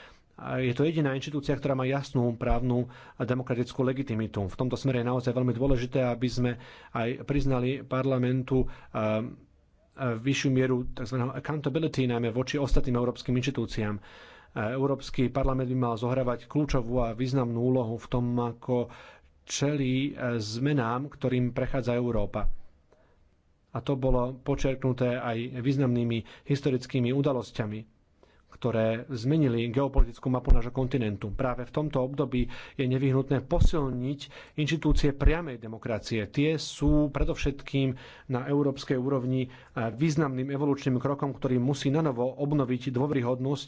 je to jediná inštitúcia, ktorá má jasnú právnu a demokratickú legitimitu. V tomto smere je naozaj veľmi dôležité, aby sme aj priznali parlamentu eh, eh, vyššiu mieru tzv. accountability, najmä voči ostatným európskym inštitúciám. Eh, Európsky parlament by mal zohrávať kľúčovú a významnú úlohu v tom, ako čelí zmenám, ktorým prechádza Európa a to bolo počerknuté aj významnými historickými udalosťami ktoré zmenili geopolitickú mapu nášho kontinentu. Práve v tomto období je nevyhnutné posilniť inštitúcie priamej demokracie. Tie sú predovšetkým na európskej úrovni e, významným evolučným krokom, ktorý musí nanovo obnoviť dôveryhodnosť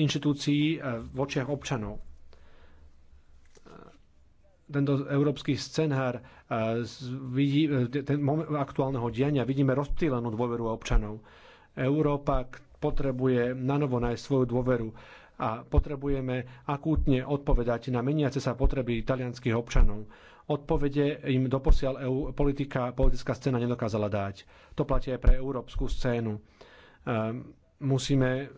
inštitúcií e, v očiach občanov. E, tento európsky scenár vidí, ten moment aktuálneho diania vidíme rozptýlenú dôveru občanov. Európa, potrebuje na novo nájsť svoju dôveru a potrebujeme akútne odpovedať na meniace sa potreby talianských občanov. Odpovede im doposiaľ EU, politika, politická scéna nedokázala dať. To platí aj pre európsku scénu. Ehm, musíme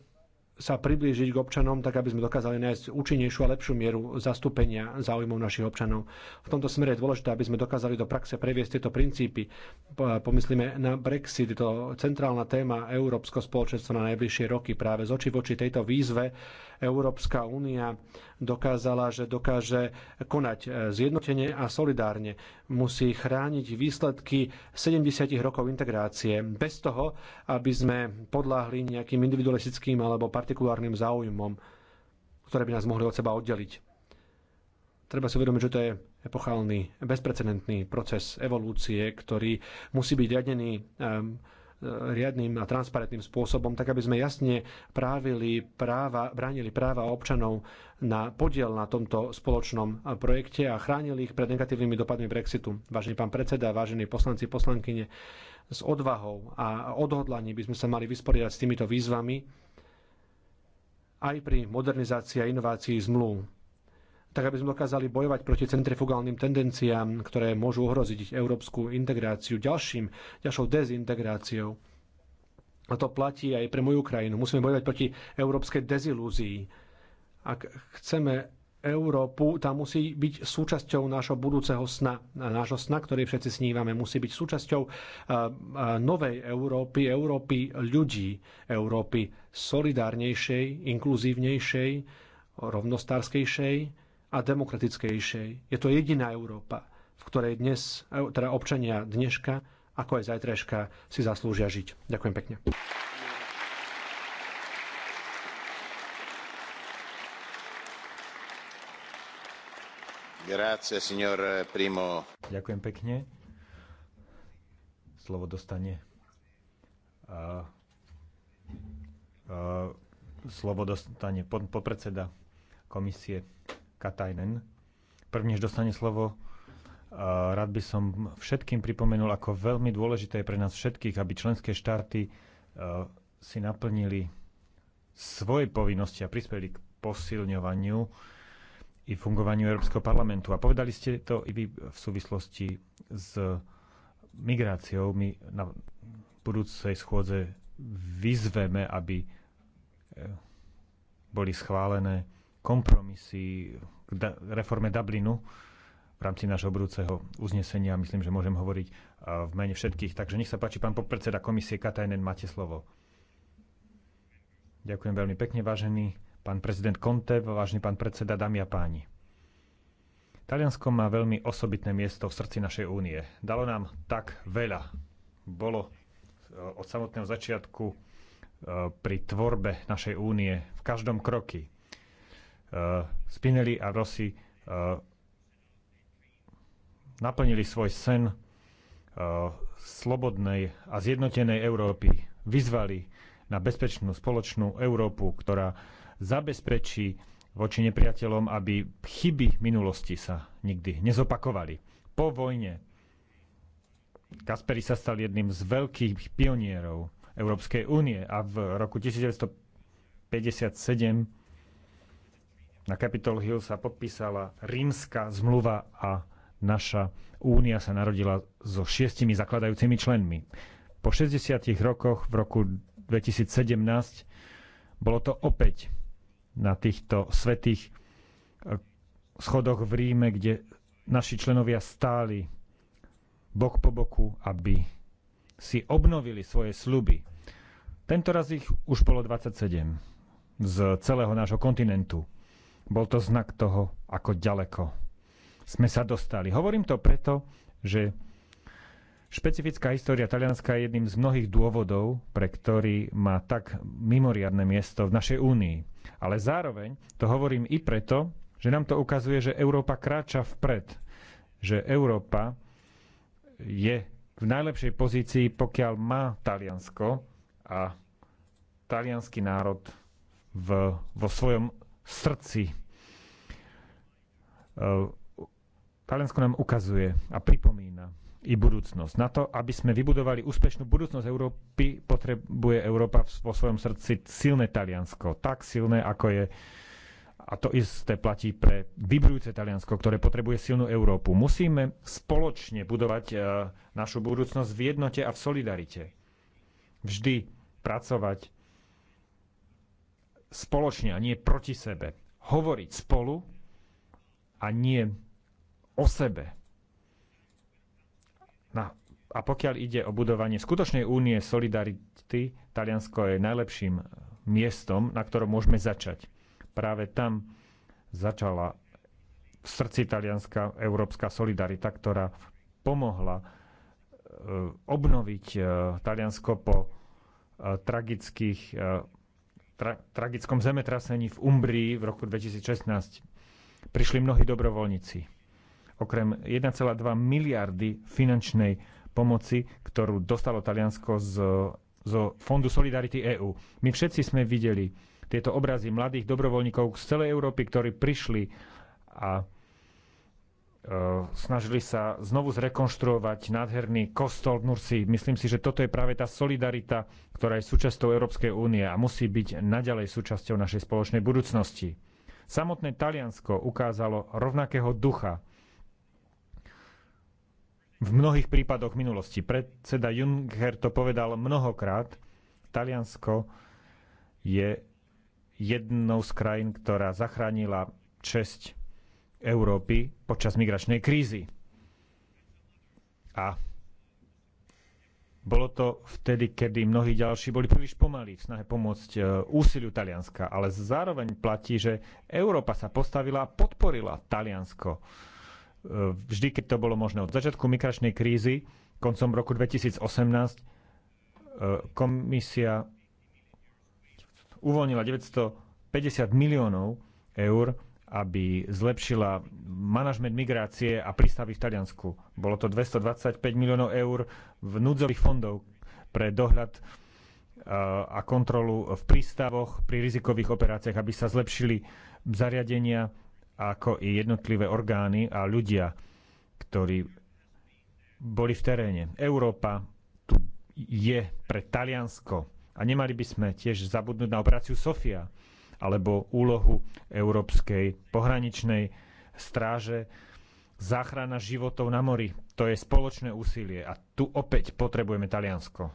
sa priblížiť k občanom, tak aby sme dokázali nájsť účinnejšiu a lepšiu mieru zastúpenia záujmov našich občanov. V tomto smere je dôležité, aby sme dokázali do praxe previesť tieto princípy. Pomyslíme na Brexit, to centrálna téma Európsko spoločenstvo na najbližšie roky práve z oči voči tejto výzve Európska únia dokázala, že dokáže konať e, zjednotene a solidárne. Musí chrániť výsledky 70 rokov integrácie bez toho, aby sme podláhli nejakým individualistickým alebo partikulárnym záujmom, ktoré by nás mohli od seba oddeliť. Treba si uvedomiť, že to je epochálny, bezprecedentný proces evolúcie, ktorý musí byť riadený riadným a transparentným spôsobom, tak aby sme jasne právili práva, bránili práva občanov na podiel na tomto spoločnom projekte a chránili ich pred negatívnymi dopadmi Brexitu. Vážený pán predseda, vážení poslanci, poslankyne, s odvahou a odhodlaním by sme sa mali vysporiadať s týmito výzvami aj pri modernizácii a inovácii zmluv tak aby sme dokázali bojovať proti centrifugálnym tendenciám, ktoré môžu ohroziť európsku integráciu ďalším, ďalšou dezintegráciou. A to platí aj pre moju krajinu. Musíme bojovať proti európskej dezilúzii. Ak chceme Európu, tá musí byť súčasťou nášho budúceho sna. Nášho sna, ktorý všetci snívame, musí byť súčasťou novej Európy, Európy ľudí, Európy solidárnejšej, inkluzívnejšej, rovnostárskejšej, a demokratickejšej. Je to jediná Európa, v ktorej dnes, teda občania dneška, ako aj zajtrajška, si zaslúžia žiť. Ďakujem pekne. Grazie, signor Primo. Ďakujem pekne. Slovo dostane. Uh, uh, slovo dostane podpredseda komisie. Katajnen. Prvnež dostane slovo, eh, rád by som všetkým pripomenul, ako veľmi dôležité je pre nás všetkých, aby členské štáty eh, si naplnili svoje povinnosti a prispeli k posilňovaniu i fungovaniu Európskeho parlamentu. A povedali ste to i vy v súvislosti s migráciou. My na budúcej schôdze vyzveme, aby eh, boli schválené kompromisy k reforme Dublinu v rámci nášho budúceho uznesenia. Myslím, že môžem hovoriť v mene všetkých. Takže nech sa páči, pán podpredseda komisie Katajnen, máte slovo. Ďakujem veľmi pekne, vážený pán prezident Conte, vážený pán predseda, dámy a páni. Taliansko má veľmi osobitné miesto v srdci našej únie. Dalo nám tak veľa. Bolo e, od samotného začiatku e, pri tvorbe našej únie v každom kroky Eh, Spinelli a Rossi eh, naplnili svoj sen eh, slobodnej a zjednotenej Európy. Vyzvali na bezpečnú spoločnú Európu, ktorá zabezpečí voči nepriateľom, aby chyby minulosti sa nikdy nezopakovali. Po vojne Kasperi sa stal jedným z veľkých pionierov Európskej únie a v roku 1957 na Capitol Hill sa podpísala rímska zmluva a naša únia sa narodila so šiestimi zakladajúcimi členmi. Po 60 rokoch v roku 2017 bolo to opäť na týchto svetých e, schodoch v Ríme, kde naši členovia stáli bok po boku, aby si obnovili svoje sluby. Tento raz ich už bolo 27 z celého nášho kontinentu. Bol to znak toho, ako ďaleko sme sa dostali. Hovorím to preto, že špecifická história Talianska je jedným z mnohých dôvodov, pre ktorý má tak mimoriadne miesto v našej únii. Ale zároveň to hovorím i preto, že nám to ukazuje, že Európa kráča vpred, že Európa je v najlepšej pozícii, pokiaľ má Taliansko a talianský národ v, vo svojom srdci. E, Taliansko nám ukazuje a pripomína i budúcnosť. Na to, aby sme vybudovali úspešnú budúcnosť Európy, potrebuje Európa vo svojom srdci silné Taliansko. Tak silné, ako je a to isté platí pre vybrujúce Taliansko, ktoré potrebuje silnú Európu. Musíme spoločne budovať e, našu budúcnosť v jednote a v solidarite. Vždy pracovať spoločne a nie proti sebe. Hovoriť spolu a nie o sebe. Na, a pokiaľ ide o budovanie skutočnej únie solidarity, Taliansko je najlepším e, miestom, na ktorom môžeme začať. Práve tam začala v srdci Talianska európska solidarita, ktorá pomohla e, obnoviť e, Taliansko po tragických tra- tragickom zemetrasení v Umbrii v roku 2016 prišli mnohí dobrovoľníci. Okrem 1,2 miliardy finančnej pomoci, ktorú dostalo Taliansko z, zo Fondu Solidarity EU. My všetci sme videli tieto obrazy mladých dobrovoľníkov z celej Európy, ktorí prišli a E, snažili sa znovu zrekonštruovať nádherný kostol v Nursi. Myslím si, že toto je práve tá solidarita, ktorá je súčasťou Európskej únie a musí byť naďalej súčasťou našej spoločnej budúcnosti. Samotné Taliansko ukázalo rovnakého ducha v mnohých prípadoch minulosti. Predseda Juncker to povedal mnohokrát. Taliansko je jednou z krajín, ktorá zachránila česť Európy počas migračnej krízy. A bolo to vtedy, kedy mnohí ďalší boli príliš pomalí v snahe pomôcť e, úsiliu Talianska, ale zároveň platí, že Európa sa postavila a podporila Taliansko. E, vždy, keď to bolo možné od začiatku migračnej krízy, koncom roku 2018, e, komisia uvoľnila 950 miliónov eur aby zlepšila manažment migrácie a prístavy v Taliansku. Bolo to 225 miliónov eur v núdzových fondov pre dohľad e, a kontrolu v prístavoch pri rizikových operáciách, aby sa zlepšili zariadenia ako i jednotlivé orgány a ľudia, ktorí boli v teréne. Európa tu je pre Taliansko a nemali by sme tiež zabudnúť na operáciu Sofia, alebo úlohu Európskej pohraničnej stráže. Záchrana životov na mori, to je spoločné úsilie a tu opäť potrebujeme Taliansko.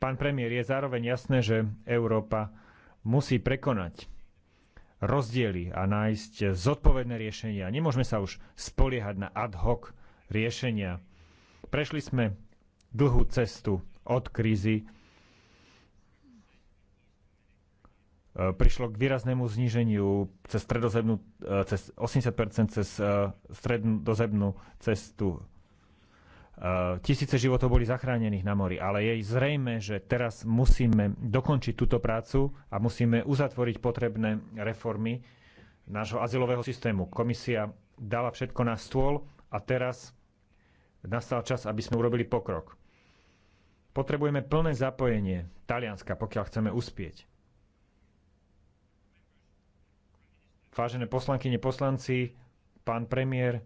Pán premiér, je zároveň jasné, že Európa musí prekonať rozdiely a nájsť zodpovedné riešenia. Nemôžeme sa už spoliehať na ad hoc riešenia. Prešli sme dlhú cestu od krízy Eh, prišlo k výraznému zníženiu cez, stredozemnú, eh, cez 80% cez eh, strednodozemnú cestu. Tisíce životov boli zachránených na mori, ale je zrejme, že teraz musíme dokončiť túto prácu a musíme uzatvoriť potrebné reformy nášho azylového systému. Komisia dala všetko na stôl a teraz nastal čas, aby sme urobili pokrok. Potrebujeme plné zapojenie Talianska, pokiaľ chceme uspieť Vážené poslankyne, poslanci, pán premiér,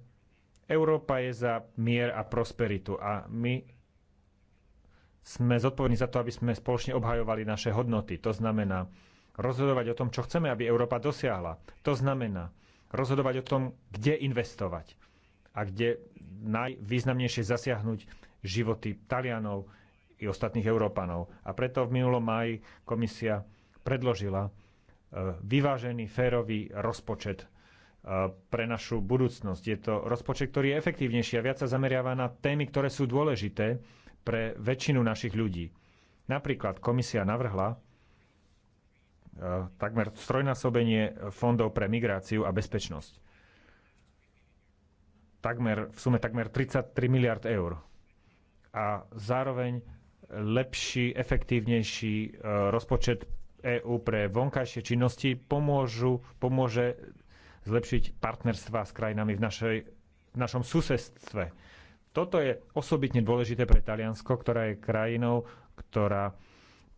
Európa je za mier a prosperitu a my sme zodpovední za to, aby sme spoločne obhajovali naše hodnoty. To znamená rozhodovať o tom, čo chceme, aby Európa dosiahla. To znamená rozhodovať o tom, kde investovať a kde najvýznamnejšie zasiahnuť životy Talianov i ostatných Európanov. A preto v minulom maji komisia predložila vyvážený, férový rozpočet e, pre našu budúcnosť. Je to rozpočet, ktorý je efektívnejší a viac sa zameriava na témy, ktoré sú dôležité pre väčšinu našich ľudí. Napríklad komisia navrhla e, takmer strojnásobenie fondov pre migráciu a bezpečnosť. Takmer, v sume takmer 33 miliard eur. A zároveň lepší, efektívnejší e, rozpočet EÚ pre vonkajšie činnosti pomôžu, pomôže zlepšiť partnerstva s krajinami v, našej, v našom susedstve. Toto je osobitne dôležité pre Taliansko, ktorá je krajinou, ktorá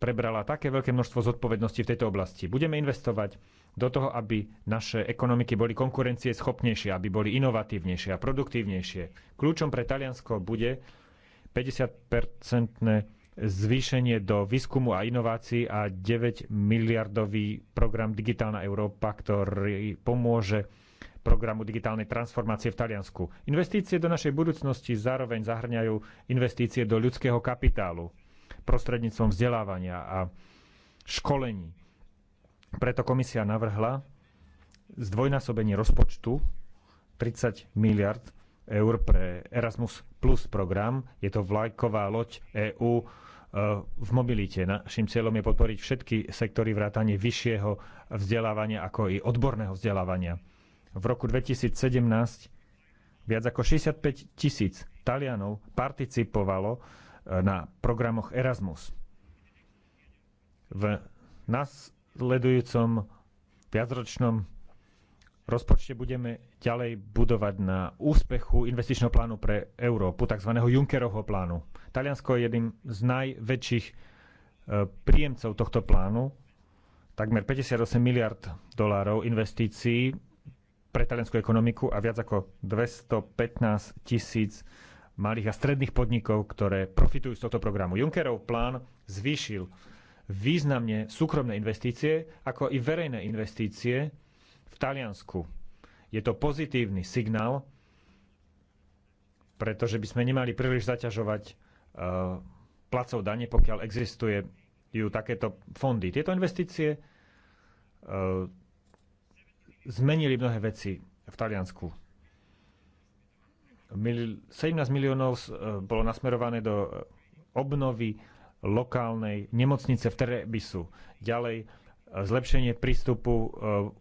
prebrala také veľké množstvo zodpovedností v tejto oblasti. Budeme investovať do toho, aby naše ekonomiky boli konkurencie schopnejšie, aby boli inovatívnejšie a produktívnejšie. Kľúčom pre Taliansko bude 50-percentné zvýšenie do výskumu a inovácií a 9 miliardový program Digitálna Európa, ktorý pomôže programu digitálnej transformácie v Taliansku. Investície do našej budúcnosti zároveň zahrňajú investície do ľudského kapitálu prostredníctvom vzdelávania a školení. Preto komisia navrhla zdvojnásobenie rozpočtu 30 miliard eur pre Erasmus Plus program. Je to vlajková loď EÚ Eh, v mobilite. Našim cieľom je podporiť všetky sektory vrátane vyššieho vzdelávania, ako i odborného vzdelávania. V roku 2017 viac ako 65 tisíc Talianov participovalo eh, na programoch Erasmus. V nasledujúcom viacročnom rozpočte budeme ďalej budovať na úspechu investičného plánu pre Európu, tzv. Junckerovho plánu. Taliansko je jedným z najväčších e, príjemcov tohto plánu. Takmer 58 miliard dolárov investícií pre talianskú ekonomiku a viac ako 215 tisíc malých a stredných podnikov, ktoré profitujú z tohto programu. Junckerov plán zvýšil významne súkromné investície, ako i verejné investície, v Taliansku. Je to pozitívny signál, pretože by sme nemali príliš zaťažovať e, placov dane, pokiaľ existuje ju takéto fondy. Tieto investície e, zmenili mnohé veci v Taliansku. 17 miliónov e, bolo nasmerované do obnovy lokálnej nemocnice v Terebisu. Ďalej zlepšenie prístupu e,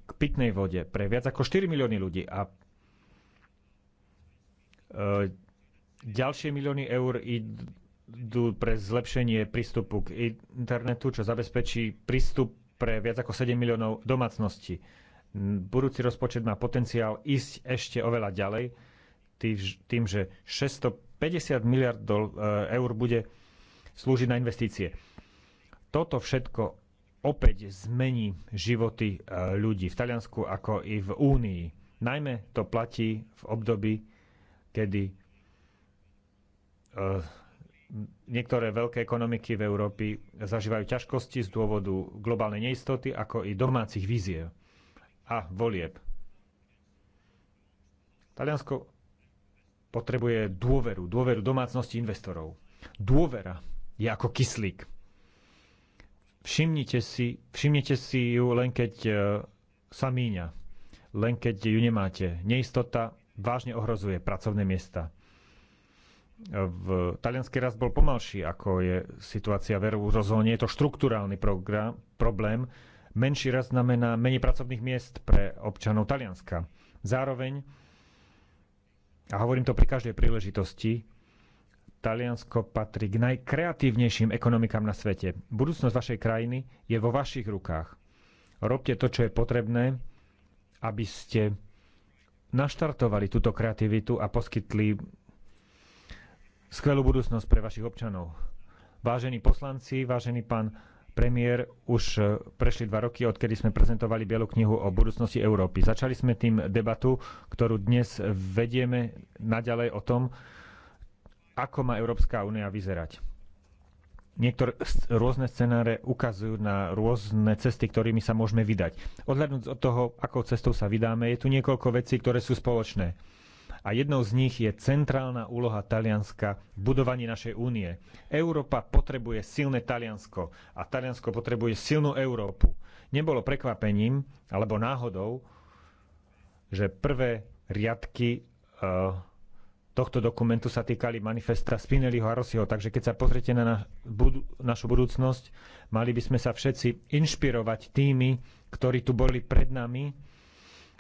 k pitnej vode pre viac ako 4 milióny ľudí a e, ďalšie milióny eur idú pre zlepšenie prístupu k internetu, čo zabezpečí prístup pre viac ako 7 miliónov domácností. Budúci rozpočet má potenciál ísť ešte oveľa ďalej, tým, že 650 miliard e, eur bude slúžiť na investície. Toto všetko opäť zmení životy e, ľudí v Taliansku ako i v Únii. Najmä to platí v období, kedy e, niektoré veľké ekonomiky v Európy zažívajú ťažkosti z dôvodu globálnej neistoty, ako i domácich víziev a volieb. Taliansko potrebuje dôveru, dôveru domácnosti investorov. Dôvera je ako kyslík Všimnite si, všimnite si ju len keď e, sa míňa, len keď ju nemáte. Neistota vážne ohrozuje pracovné miesta. E, v talianský rast bol pomalší, ako je situácia v eurozóne. Je to štruktúrálny program, problém. Menší rast znamená menej pracovných miest pre občanov Talianska. Zároveň, a hovorím to pri každej príležitosti, Taliansko patrí k najkreatívnejším ekonomikám na svete. Budúcnosť vašej krajiny je vo vašich rukách. Robte to, čo je potrebné, aby ste naštartovali túto kreativitu a poskytli skvelú budúcnosť pre vašich občanov. Vážení poslanci, vážený pán premiér, už e, prešli dva roky, odkedy sme prezentovali Bielu knihu o budúcnosti Európy. Začali sme tým debatu, ktorú dnes vedieme naďalej o tom, ako má Európska únia vyzerať. Niektoré rôzne scenáre ukazujú na rôzne cesty, ktorými sa môžeme vydať. Odhľadnúť od toho, akou cestou sa vydáme, je tu niekoľko vecí, ktoré sú spoločné. A jednou z nich je centrálna úloha Talianska v budovaní našej únie. Európa potrebuje silné Taliansko a Taliansko potrebuje silnú Európu. Nebolo prekvapením alebo náhodou, že prvé riadky uh, tohto dokumentu sa týkali manifesta Spinelliho a Rossiho. Takže keď sa pozriete na, budu, našu budúcnosť, mali by sme sa všetci inšpirovať tými, ktorí tu boli pred nami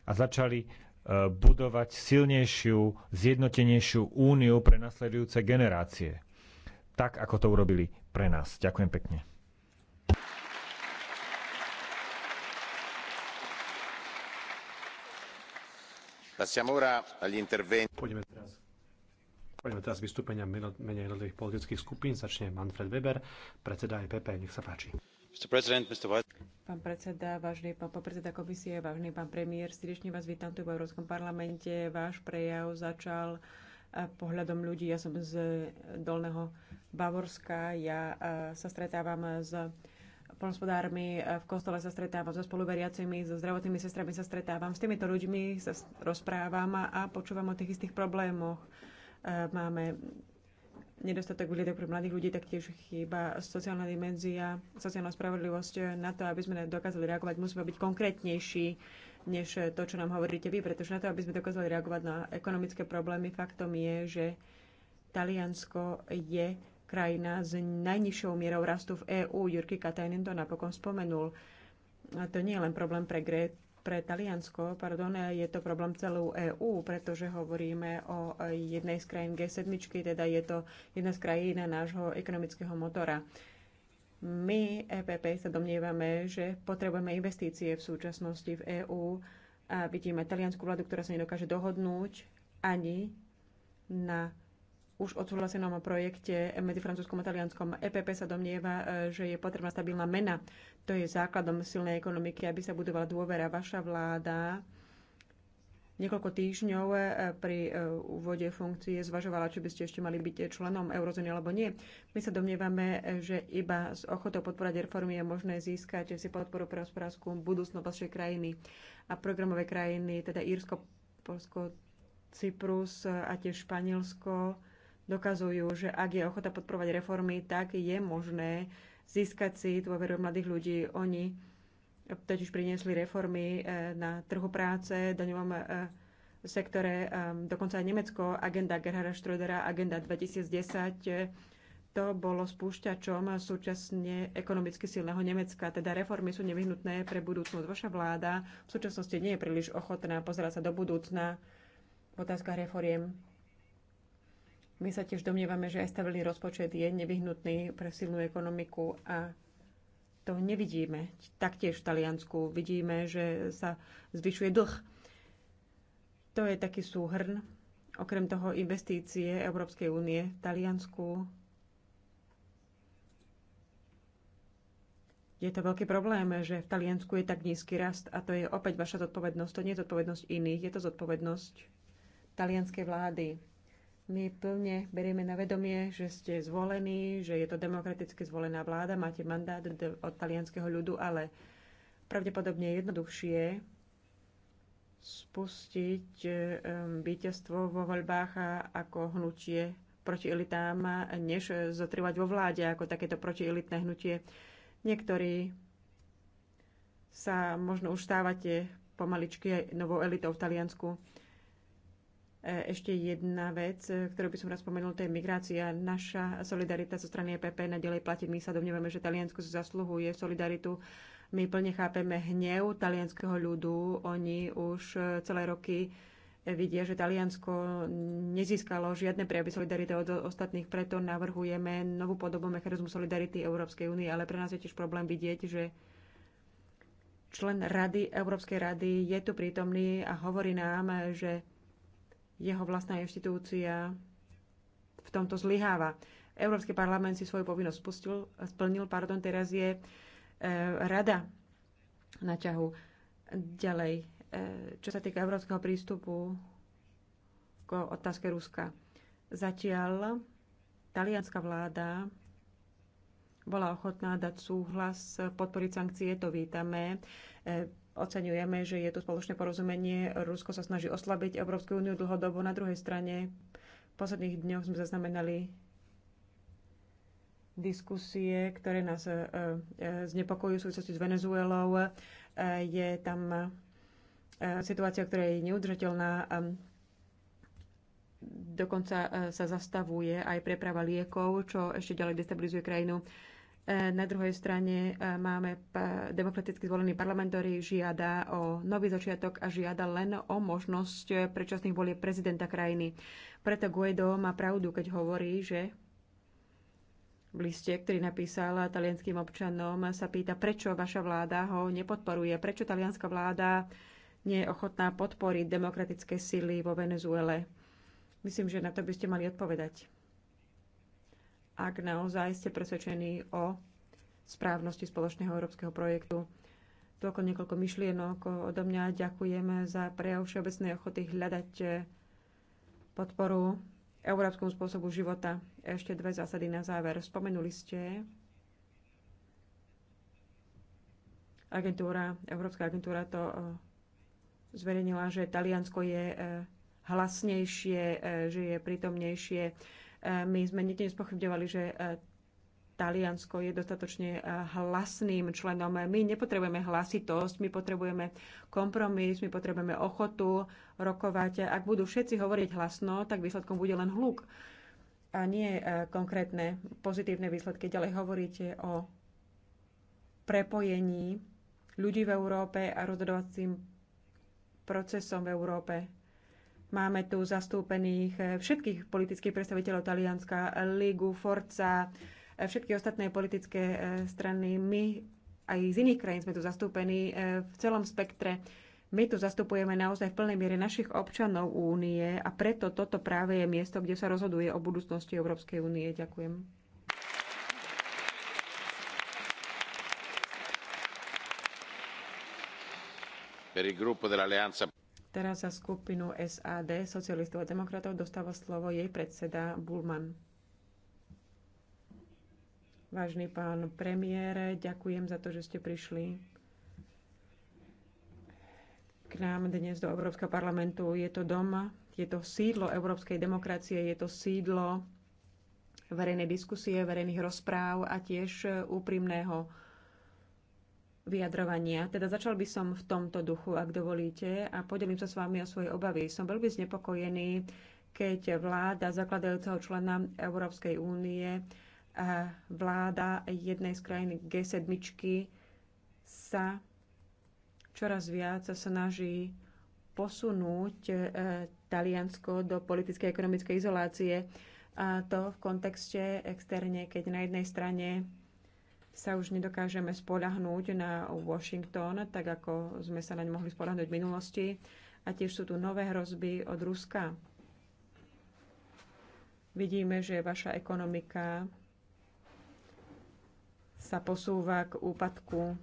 a začali uh, budovať silnejšiu, zjednotenejšiu úniu pre nasledujúce generácie. Tak, ako to urobili pre nás. Ďakujem pekne. Passiamo ora agli interventi. Poďme teraz vystúpenia menej jednotlivých politických skupín. Začne Manfred Weber, predseda EPP. Nech sa páči. Pán predseda, vážny pán podpredseda komisie, vážny pán premiér, srdečne vás vítam tu v Európskom parlamente. Váš prejav začal eh, pohľadom ľudí. Ja som z Dolného Bavorska. Ja eh, sa stretávam s polnospodármi, eh, v kostole sa stretávam so spoluveriacimi, so zdravotnými sestrami sa stretávam. S týmito ľuďmi sa rozprávam a počúvam o tých istých problémoch Máme nedostatok výhľadov pre mladých ľudí, taktiež chýba sociálna dimenzia, sociálna spravodlivosť. Na to, aby sme dokázali reagovať, musíme byť konkrétnejší než to, čo nám hovoríte vy, pretože na to, aby sme dokázali reagovať na ekonomické problémy, faktom je, že Taliansko je krajina s najnižšou mierou rastu v EÚ. Jurky Katajnen to napokon spomenul. A to nie je len problém pre Grét, pre Taliansko, pardon, je to problém celú EÚ, pretože hovoríme o jednej z krajín G7, teda je to jedna z krajín nášho ekonomického motora. My, EPP, sa domnievame, že potrebujeme investície v súčasnosti v EÚ a vidíme taliansku vládu, ktorá sa nedokáže dohodnúť ani na už odsúhlasenom projekte medzi Francúzskom a Talianskom. EPP sa domnieva, e, že je potrebná stabilná mena. To je základom silnej ekonomiky, aby sa budovala dôvera. Vaša vláda niekoľko týždňov e, pri e, úvode funkcie zvažovala, či by ste ešte mali byť členom eurozóny alebo nie. My sa domnievame, že iba s ochotou podporať reformy je možné získať si podporu pre hospodárskú budúcnosť vašej krajiny a programové krajiny, teda Írsko, Polsko, Cyprus a tiež Španielsko dokazujú, že ak je ochota podporovať reformy, tak je možné získať si dôveru mladých ľudí. Oni totiž priniesli reformy eh, na trhu práce, daňovom eh, sektore, eh, dokonca aj Nemecko, agenda Gerhara Schrödera, agenda 2010, to bolo spúšťačom súčasne ekonomicky silného Nemecka. Teda reformy sú nevyhnutné pre budúcnosť. Vaša vláda v súčasnosti nie je príliš ochotná pozerať sa do budúcna v otázkach reforiem. My sa tiež domnievame, že aj stabilný rozpočet je nevyhnutný pre silnú ekonomiku a to nevidíme. Taktiež v Taliansku vidíme, že sa zvyšuje dlh. To je taký súhrn. Okrem toho investície Európskej únie v Taliansku. Je to veľký problém, že v Taliansku je tak nízky rast a to je opäť vaša zodpovednosť. To nie je zodpovednosť iných, je to zodpovednosť talianskej vlády my plne berieme na vedomie, že ste zvolení, že je to demokraticky zvolená vláda, máte mandát od talianského ľudu, ale pravdepodobne jednoduchšie spustiť eh, víťazstvo vo voľbách ako hnutie proti elitám, než zotrvať vo vláde ako takéto protielitné hnutie. Niektorí sa možno už stávate pomaličky novou elitou v Taliansku. E, ešte jedna vec, e, ktorú by som raz spomenul, to je migrácia. Naša solidarita zo strany EPP nadalej platí. My sa domnievame, že Taliansko zasluhuje solidaritu. My plne chápeme hnev talianského ľudu. Oni už e, celé roky vidia, že Taliansko nezískalo žiadne prejavy solidarity od ostatných, preto navrhujeme novú podobu mechanizmu solidarity Európskej únie, ale pre nás je tiež problém vidieť, že člen Rady, Európskej rady je tu prítomný a hovorí nám, že jeho vlastná inštitúcia v tomto zlyháva. Európsky parlament si svoju povinnosť spustil, splnil, pardon, teraz je e, rada na ťahu. Ďalej, e, čo sa týka európskeho prístupu k otázke Ruska. Zatiaľ talianská vláda bola ochotná dať súhlas podporiť sankcie, to vítame. E, Oceňujeme, že je tu spoločné porozumenie. Rusko sa snaží oslabiť Európsku úniu dlhodobo. Na druhej strane v posledných dňoch sme zaznamenali diskusie, ktoré nás e, e, znepokojujú v súvislosti s Venezuelou. E, je tam situácia, ktorá je neudržateľná. Dokonca sa zastavuje aj preprava liekov, čo ešte ďalej destabilizuje krajinu. Na druhej strane e, máme demokraticky zvolený parlament, ktorý žiada o nový začiatok a žiada len o možnosť predčasných volieb prezidenta krajiny. Preto Guaido má pravdu, keď hovorí, že v liste, ktorý napísal talianským občanom, sa pýta, prečo vaša vláda ho nepodporuje, prečo talianská vláda nie je ochotná podporiť demokratické síly vo Venezuele. Myslím, že na to by ste mali odpovedať ak naozaj ste presvedčení o správnosti spoločného európskeho projektu. Toľko niekoľko myšlienok odo mňa. Ďakujeme za prejav všeobecnej ochoty hľadať eh, podporu európskom spôsobu života. Ešte dve zásady na záver. Spomenuli ste agentúra, Európska agentúra to eh, zverejnila, že Taliansko je eh, hlasnejšie, že je prítomnejšie E, my sme nikdy nespochybňovali, že e, Taliansko je dostatočne e, hlasným členom. My nepotrebujeme hlasitosť, my potrebujeme kompromis, my potrebujeme ochotu rokovať. Ak budú všetci hovoriť hlasno, tak výsledkom bude len hluk a nie konkrétne pozitívne výsledky. Ďalej hovoríte o prepojení ľudí v Európe a rozhodovacím procesom v Európe. Máme tu zastúpených eh, všetkých politických predstaviteľov Talianska, Ligu, Forca, eh, všetky ostatné politické eh, strany. My aj z iných krajín sme tu zastúpení v celom spektre. My tu zastupujeme naozaj v plnej miere našich občanov únie a preto toto práve je miesto, kde sa rozhoduje o budúcnosti Európskej únie. Ďakujem. Per il gruppo dell'Alleanza Teraz za skupinu SAD, socialistov a demokratov, dostáva slovo jej predseda Bulman. Vážny pán premiére, ďakujem za to, že ste prišli k nám dnes do Európskeho parlamentu. Je to dom, je to sídlo európskej demokracie, je to sídlo verejnej diskusie, verejných rozpráv a tiež úprimného vyjadrovania. Teda začal by som v tomto duchu, ak dovolíte, a podelím sa s vami o svoje obavy. Som veľmi znepokojený, keď vláda zakladajúceho člena Európskej únie, vláda jednej z krajín G7 sa čoraz viac snaží posunúť e, Taliansko do politickej a ekonomickej izolácie. A to v kontexte externe, keď na jednej strane sa už nedokážeme spolahnúť na Washington, tak ako sme sa naň mohli spolahnúť v minulosti. A tiež sú tu nové hrozby od Ruska. Vidíme, že vaša ekonomika sa posúva k úpadku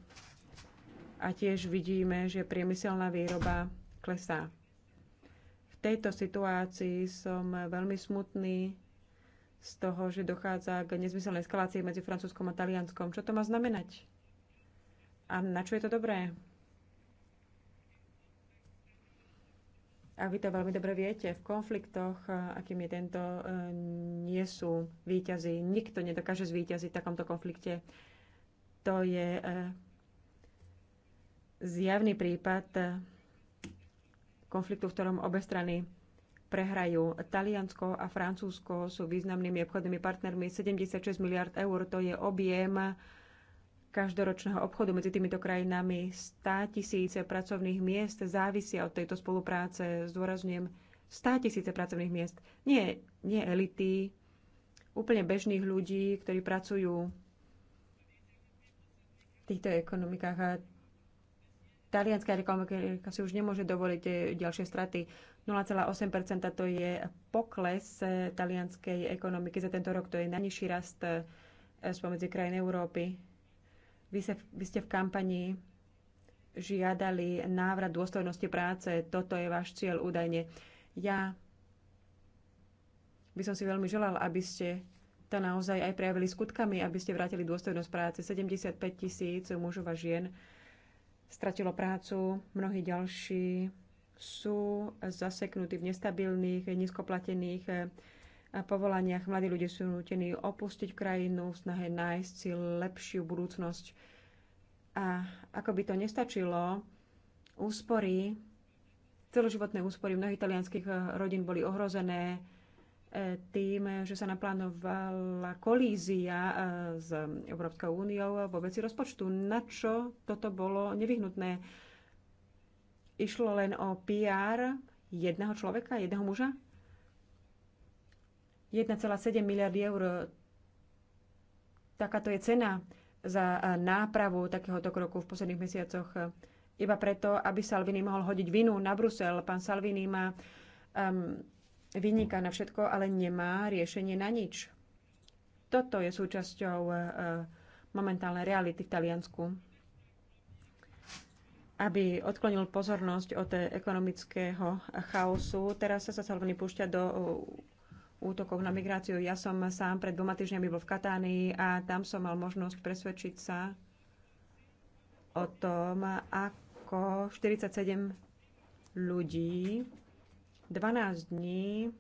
a tiež vidíme, že priemyselná výroba klesá. V tejto situácii som veľmi smutný, z toho, že dochádza k nezmyselnej eskalácii medzi Francúzskom a Talianskom. Čo to má znamenať? A na čo je to dobré? A vy to veľmi dobre viete, v konfliktoch, akým je tento, e, nie sú výťazí. Nikto nedokáže zvýťaziť v takomto konflikte. To je e, zjavný prípad e, konfliktu, v ktorom obe strany prehrajú. Taliansko a Francúzsko sú významnými obchodnými partnermi. 76 miliard eur to je objem každoročného obchodu medzi týmito krajinami. 100 tisíce pracovných miest závisia od tejto spolupráce. Zdôrazňujem, 100 tisíce pracovných miest. Nie, nie elity, úplne bežných ľudí, ktorí pracujú v týchto ekonomikách. Talianská ekonomika si už nemôže dovoliť eh, ďalšie straty. 0,8 to je pokles eh, talianskej ekonomiky za tento rok. To je najnižší rast eh, spomedzi krajín Európy. Vy, sa, vy ste v kampani žiadali návrat dôstojnosti práce. Toto je váš cieľ údajne. Ja by som si veľmi želal, aby ste to naozaj aj prejavili skutkami, aby ste vrátili dôstojnosť práce. 75 tisíc mužov a žien stratilo prácu, mnohí ďalší sú zaseknutí v nestabilných, nízkoplatených eh, povolaniach. Mladí ľudia sú nutení opustiť krajinu v snahe nájsť si lepšiu budúcnosť. A ako by to nestačilo, úspory, celoživotné úspory mnohých talianských eh, rodín boli ohrozené eh, tým, že sa naplánovala kolízia s Európskou úniou vo veci rozpočtu. Na čo toto bolo nevyhnutné? Išlo len o PR jedného človeka, jedného muža? 1,7 miliardy eur. Takáto je cena za eh, nápravu takéhoto kroku v posledných mesiacoch. Iba preto, aby Salvini mohol hodiť vinu na Brusel. Pán Salvini má um, ehm, vyniká na všetko, ale nemá riešenie na nič. Toto je súčasťou uh, momentálnej reality v Taliansku aby odklonil pozornosť od eh, ekonomického chaosu. Teraz sa Salvini púšťa do eh, útokov na migráciu. Ja som sám pred dvoma týždňami bol v Katánii a tam som mal možnosť presvedčiť sa o tom, ako 47 ľudí 12 dní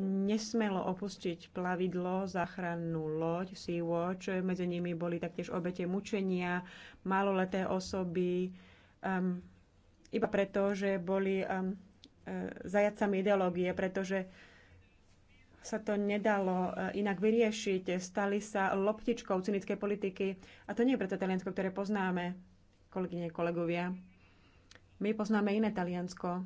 nesmelo opustiť plavidlo, záchrannú loď Sea-Watch. Medzi nimi boli taktiež obete mučenia, maloleté osoby, um, iba preto, že boli um, e, zajacami ideológie, pretože sa to nedalo e, inak vyriešiť. Stali sa loptičkou cynickej politiky. A to nie je preto Taliansko, ktoré poznáme, kolegyne, kolegovia. My poznáme iné Taliansko.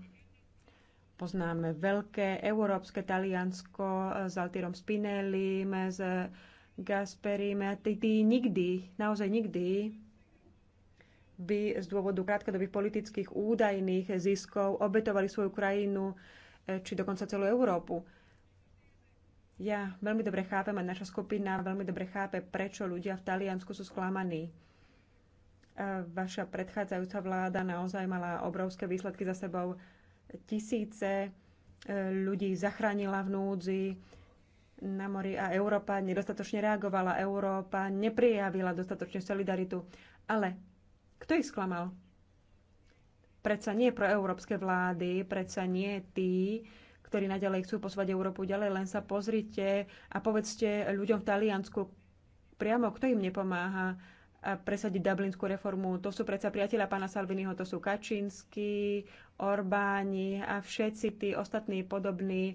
Poznáme veľké európske Taliansko eh, s Altierom Spinellim, s Gasperim. Tí, tí nikdy, naozaj nikdy by z dôvodu krátkodobých politických údajných ziskov obetovali svoju krajinu eh, či dokonca celú Európu. Ja veľmi dobre chápem a naša skupina veľmi dobre chápe, prečo ľudia v Taliansku sú sklamaní. Eh, vaša predchádzajúca vláda naozaj mala obrovské výsledky za sebou tisíce e, ľudí zachránila v núdzi na mori a Európa nedostatočne reagovala. Európa neprijavila dostatočne solidaritu. Ale kto ich sklamal? Predsa nie pro európske vlády, predsa nie tí, ktorí naďalej chcú posvať Európu ďalej. Len sa pozrite a povedzte ľuďom v Taliansku priamo, kto im nepomáha presadiť dublinskú reformu. To sú predsa priatelia pána Salviniho, to sú Kačínsky, Orbáni a všetci tí ostatní podobní e,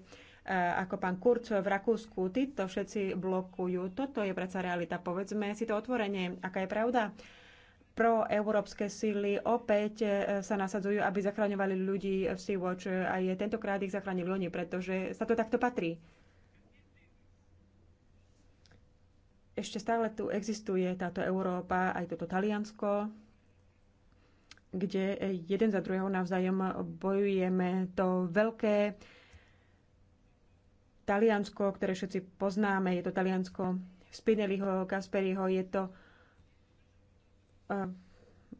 ako pán Kurz v Rakúsku, títo všetci blokujú. Toto je predsa realita. Povedzme si to otvorenie. aká je pravda. Pro európske síly opäť e, sa nasadzujú, aby zachraňovali ľudí v Sea-Watch. A je tentokrát ich zachránili oni, pretože sa to takto patrí. Ešte stále tu existuje táto Európa, aj toto Taliansko kde jeden za druhého navzájom bojujeme. To veľké Taliansko, ktoré všetci poznáme, je to Taliansko Spinelliho, Kasperiho, je to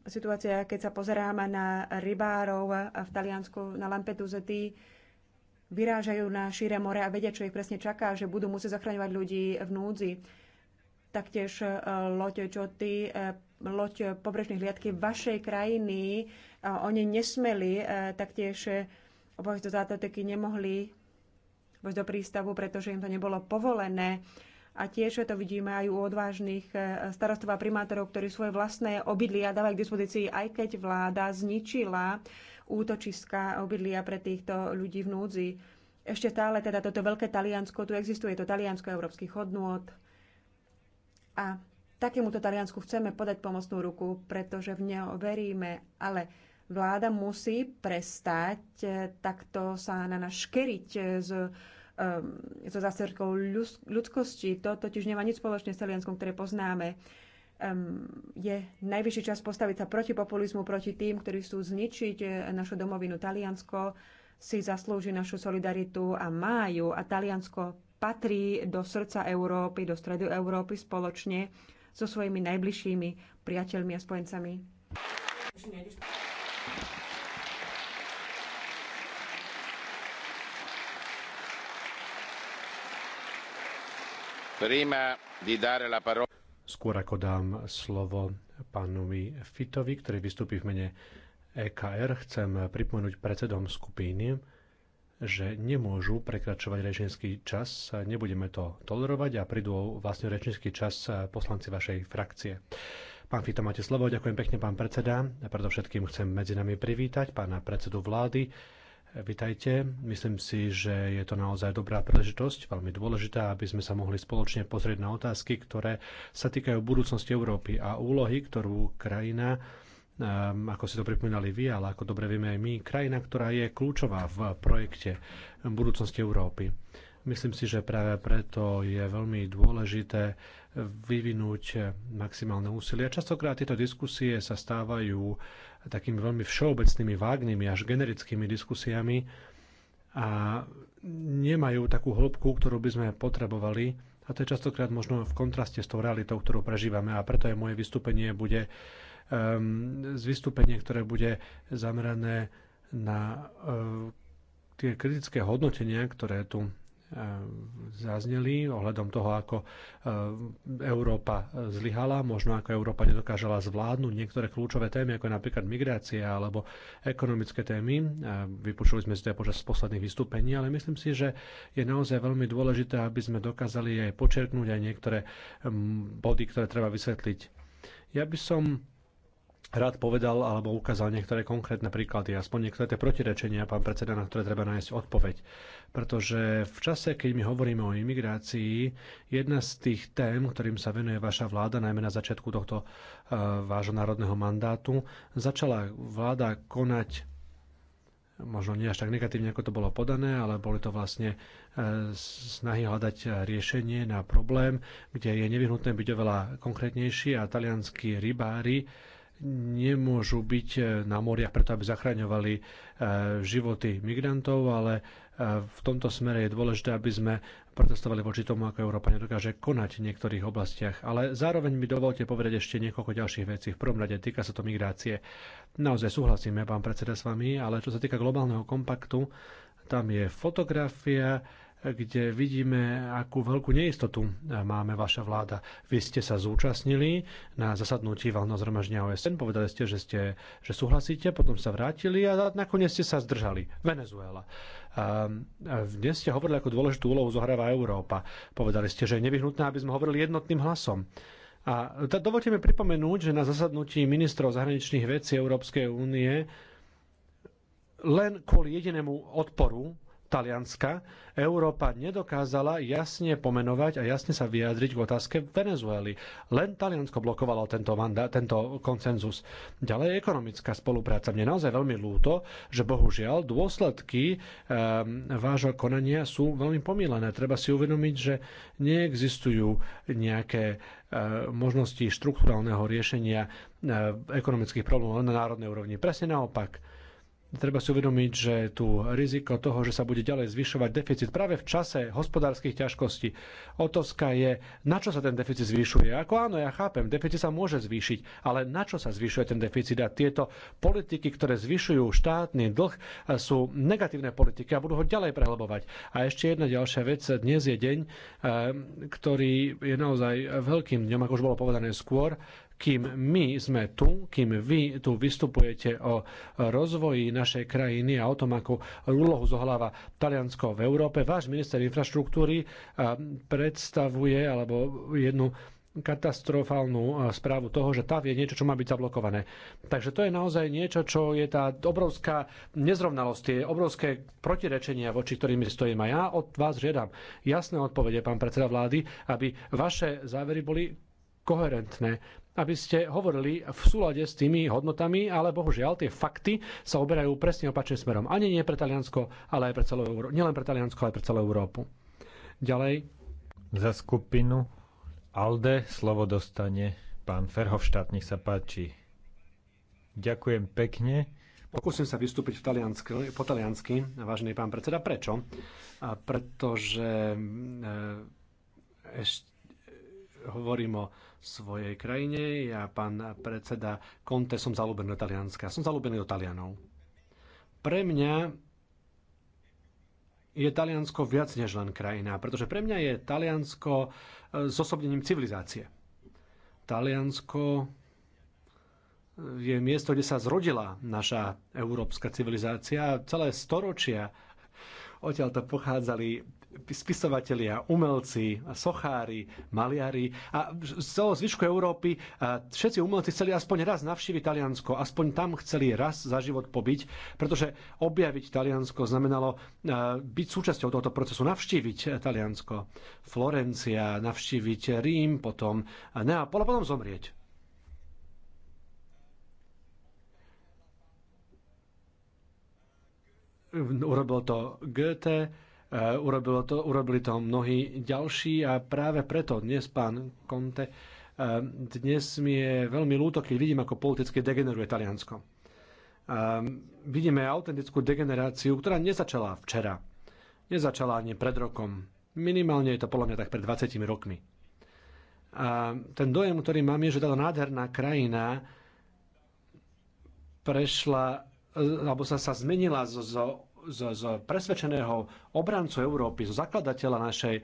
situácia, keď sa pozeráme na rybárov v Taliansku, na Lampeduze, tí vyrážajú na šíre more a vedia, čo ich presne čaká, že budú musieť zachraňovať ľudí v núdzi taktiež e, loď Čoty, e, loď pobrežných hliadky vašej krajiny. Oni nesmeli, e, taktiež obojsť do zátoteky nemohli vojsť do prístavu, pretože im to nebolo povolené. A tiež to vidíme aj u odvážnych starostov a primátorov, ktorí svoje vlastné obydlia dávajú k dispozícii, aj keď vláda zničila útočiska obydlia pre týchto ľudí v núdzi. Ešte stále teda toto veľké Taliansko, tu existuje to Taliansko európsky hodnôt, a takémuto Taliansku chceme podať pomocnú ruku, pretože v neho veríme, ale vláda musí prestať eh, takto sa na nás škeriť s eh, so eh, zásterkou ľudskosti. To totiž nemá nič spoločné s Talianskom, ktoré poznáme. je najvyšší čas postaviť sa proti populizmu, proti tým, ktorí chcú zničiť našu domovinu. Taliansko si zaslúži našu solidaritu a má ju a Taliansko patrí do srdca Európy, do stredu Európy spoločne so svojimi najbližšími priateľmi a spojencami. Skôr ako dám slovo pánovi Fitovi, ktorý vystúpi v mene EKR, chcem pripomenúť predsedom skupiny, že nemôžu prekračovať rečnícky čas, nebudeme to tolerovať a prídu vlastne rečnícky čas eh, poslanci vašej frakcie. Pán Fito, máte slovo. Ďakujem pekne, pán predseda. A predovšetkým chcem medzi nami privítať pána predsedu vlády. Vitajte. Myslím si, že je to naozaj dobrá príležitosť, veľmi dôležitá, aby sme sa mohli spoločne pozrieť na otázky, ktoré sa týkajú budúcnosti Európy a úlohy, ktorú krajina Ehm, ako si to pripomínali vy, ale ako dobre vieme aj my, krajina, ktorá je kľúčová v projekte budúcnosti Európy. Myslím si, že práve preto je veľmi dôležité vyvinúť maximálne úsilie. Častokrát tieto diskusie sa stávajú takými veľmi všeobecnými, vágnymi až generickými diskusiami a nemajú takú hĺbku, ktorú by sme potrebovali a to je častokrát možno v kontraste s tou realitou, ktorú prežívame a preto aj moje vystúpenie bude z vystúpenie, ktoré bude zamerané na e, tie kritické hodnotenia, ktoré tu e, zazneli ohľadom toho, ako e, Európa zlyhala, možno ako Európa nedokážala zvládnuť niektoré kľúčové témy, ako je napríklad migrácia alebo ekonomické témy. Vypočuli sme si to aj počas posledných vystúpení, ale myslím si, že je naozaj veľmi dôležité, aby sme dokázali aj počerknúť aj niektoré body, ktoré treba vysvetliť. Ja by som rád povedal alebo ukázal niektoré konkrétne príklady, aspoň niektoré tie protirečenia, pán predseda, na ktoré treba nájsť odpoveď. Pretože v čase, keď my hovoríme o imigrácii, jedna z tých tém, ktorým sa venuje vaša vláda, najmä na začiatku tohto uh, vášho národného mandátu, začala vláda konať možno nie až tak negatívne, ako to bolo podané, ale boli to vlastne e, snahy hľadať riešenie na problém, kde je nevyhnutné byť oveľa konkrétnejší a talianskí rybári nemôžu byť eh, na moriach preto, aby zachraňovali eh, životy migrantov, ale eh, v tomto smere je dôležité, aby sme protestovali voči tomu, ako Európa nedokáže konať v niektorých oblastiach. Ale zároveň mi dovolte povedať ešte niekoľko ďalších vecí. V prvom rade týka sa to migrácie. Naozaj súhlasíme, pán predseda, s vami, ale čo sa týka globálneho kompaktu, tam je fotografia kde vidíme, akú veľkú neistotu máme vaša vláda. Vy ste sa zúčastnili na zasadnutí valného zhromaždenia OSN, povedali ste, že, ste, že súhlasíte, potom sa vrátili a nakoniec ste sa zdržali. Venezuela. Ehm, dnes ste hovorili, ako dôležitú úlohu zohráva Európa. Povedali ste, že je nevyhnutné, aby sme hovorili jednotným hlasom. A dovolte mi pripomenúť, že na zasadnutí ministrov zahraničných vecí Európskej únie len kvôli jedinému odporu Talianska, Európa nedokázala jasne pomenovať a jasne sa vyjadriť k otázke Venezuely. Len Taliansko blokovalo tento, manda, tento koncenzus. Ďalej ekonomická spolupráca. Mne naozaj veľmi lúto, že bohužiaľ dôsledky um, vášho konania sú veľmi pomílené. Treba si uvedomiť, že neexistujú nejaké ehm, možnosti štruktúrálneho riešenia ehm, ekonomických problémov len na národnej úrovni. Presne naopak Treba si uvedomiť, že tu riziko toho, že sa bude ďalej zvyšovať deficit práve v čase hospodárskych ťažkostí. Otázka je, na čo sa ten deficit zvyšuje. Ako áno, ja chápem, deficit sa môže zvýšiť, ale na čo sa zvyšuje ten deficit? A tieto politiky, ktoré zvyšujú štátny dlh, sú negatívne politiky a budú ho ďalej prehlbovať. A ešte jedna ďalšia vec. Dnes je deň, eh, ktorý je naozaj veľkým dňom, ako už bolo povedané skôr, kým my sme tu, kým vy tu vystupujete o rozvoji našej krajiny a o tom, ako úlohu zohláva Taliansko v Európe. Váš minister infraštruktúry eh, predstavuje alebo jednu katastrofálnu eh, správu toho, že TAV je niečo, čo má byť zablokované. Takže to je naozaj niečo, čo je tá obrovská nezrovnalosť, tie obrovské protirečenia, voči ktorými stojím. A ja od vás žiadam jasné odpovede, pán predseda vlády, aby vaše závery boli koherentné aby ste hovorili v súlade s tými hodnotami, ale bohužiaľ tie fakty sa oberajú presne opačným smerom. Ani nie pre Taliansko, ale aj pre celú Európu. nielen pre Taliansko, ale pre celú Európu. Ďalej. Za skupinu ALDE slovo dostane pán Ferhovštát, nech sa páči. Ďakujem pekne. Pokúsim sa vystúpiť v taliansky, po taliansky, vážený pán predseda. Prečo? A pretože e, ešte hovorím o svojej krajine. Ja, pán predseda Conte, som zalúbený do Talianska. Som zalúbený do Talianov. Pre mňa je Taliansko viac než len krajina, pretože pre mňa je Taliansko e, s osobnením civilizácie. Taliansko e, je miesto, kde sa zrodila naša európska civilizácia. Celé storočia odtiaľto pochádzali spisovatelia, umelci, sochári, maliari a z celého zvyšku Európy všetci umelci chceli aspoň raz navštíviť Taliansko, aspoň tam chceli raz za život pobyť, pretože objaviť Taliansko znamenalo byť súčasťou tohoto procesu, navštíviť Taliansko, Florencia, navštíviť Rím, potom Neapol a potom zomrieť. Urobil to Goethe, Eh, urobilo to, urobili to mnohí ďalší a práve preto dnes pán Conte, eh, dnes mi je veľmi ľúto, keď vidím, ako politicky degeneruje Taliansko. Eh, vidíme autentickú degeneráciu, ktorá nezačala včera. Nezačala ani pred rokom. Minimálne je to podľa mňa tak pred 20 rokmi. A ten dojem, ktorý mám, je, že táto nádherná krajina prešla, alebo sa, sa zmenila zo, zo z, z presvedčeného obrancu Európy, zo zakladateľa našej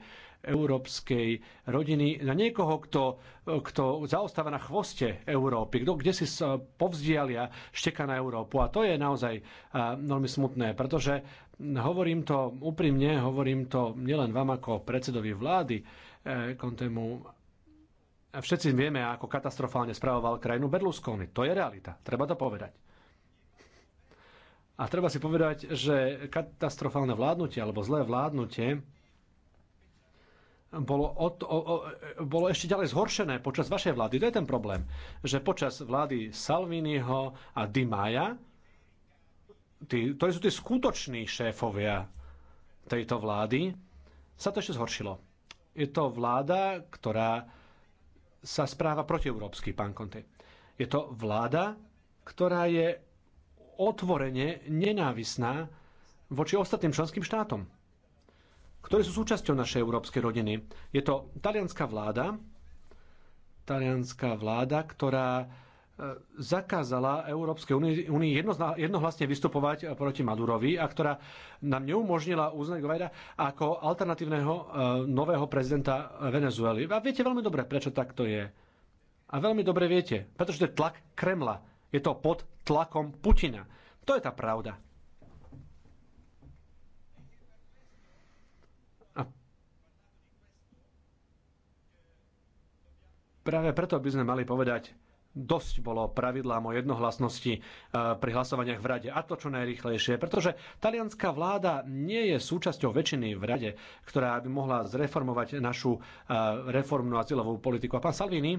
európskej rodiny, na niekoho, kto, kto zaostáva na chvoste Európy, kto kde si povzdialia šteka na Európu. A to je naozaj veľmi smutné, pretože hovorím to úprimne, hovorím to nielen vám ako predsedovi vlády, e, kontému všetci vieme, ako katastrofálne spravoval krajinu Berlusconi. To je realita, treba to povedať. A treba si povedať, že katastrofálne vládnutie alebo zlé vládnutie bolo, od, o, o, bolo ešte ďalej zhoršené počas vašej vlády. To je ten problém, že počas vlády Salviniho a Di Maja, tí, to sú tí skutoční šéfovia tejto vlády, sa to ešte zhoršilo. Je to vláda, ktorá sa správa protieurópsky, pán Konte. Je to vláda, ktorá je otvorene nenávisná voči ostatným členským štátom, ktoré sú súčasťou našej európskej rodiny. Je to talianská vláda, talianská vláda, ktorá e, zakázala Európskej únii jednohlasne vystupovať proti Madurovi a ktorá nám neumožnila uznať Guaida ako alternatívneho e, nového prezidenta Venezuely. A viete veľmi dobre, prečo takto je. A veľmi dobre viete, pretože to je tlak Kremla je to pod tlakom Putina. To je tá pravda. A práve preto by sme mali povedať, dosť bolo pravidlám o jednohlasnosti e, pri hlasovaniach v rade a to čo najrychlejšie, pretože talianská vláda nie je súčasťou väčšiny v rade, ktorá by mohla zreformovať našu e, reformnú azylovú politiku. A pán Salvini,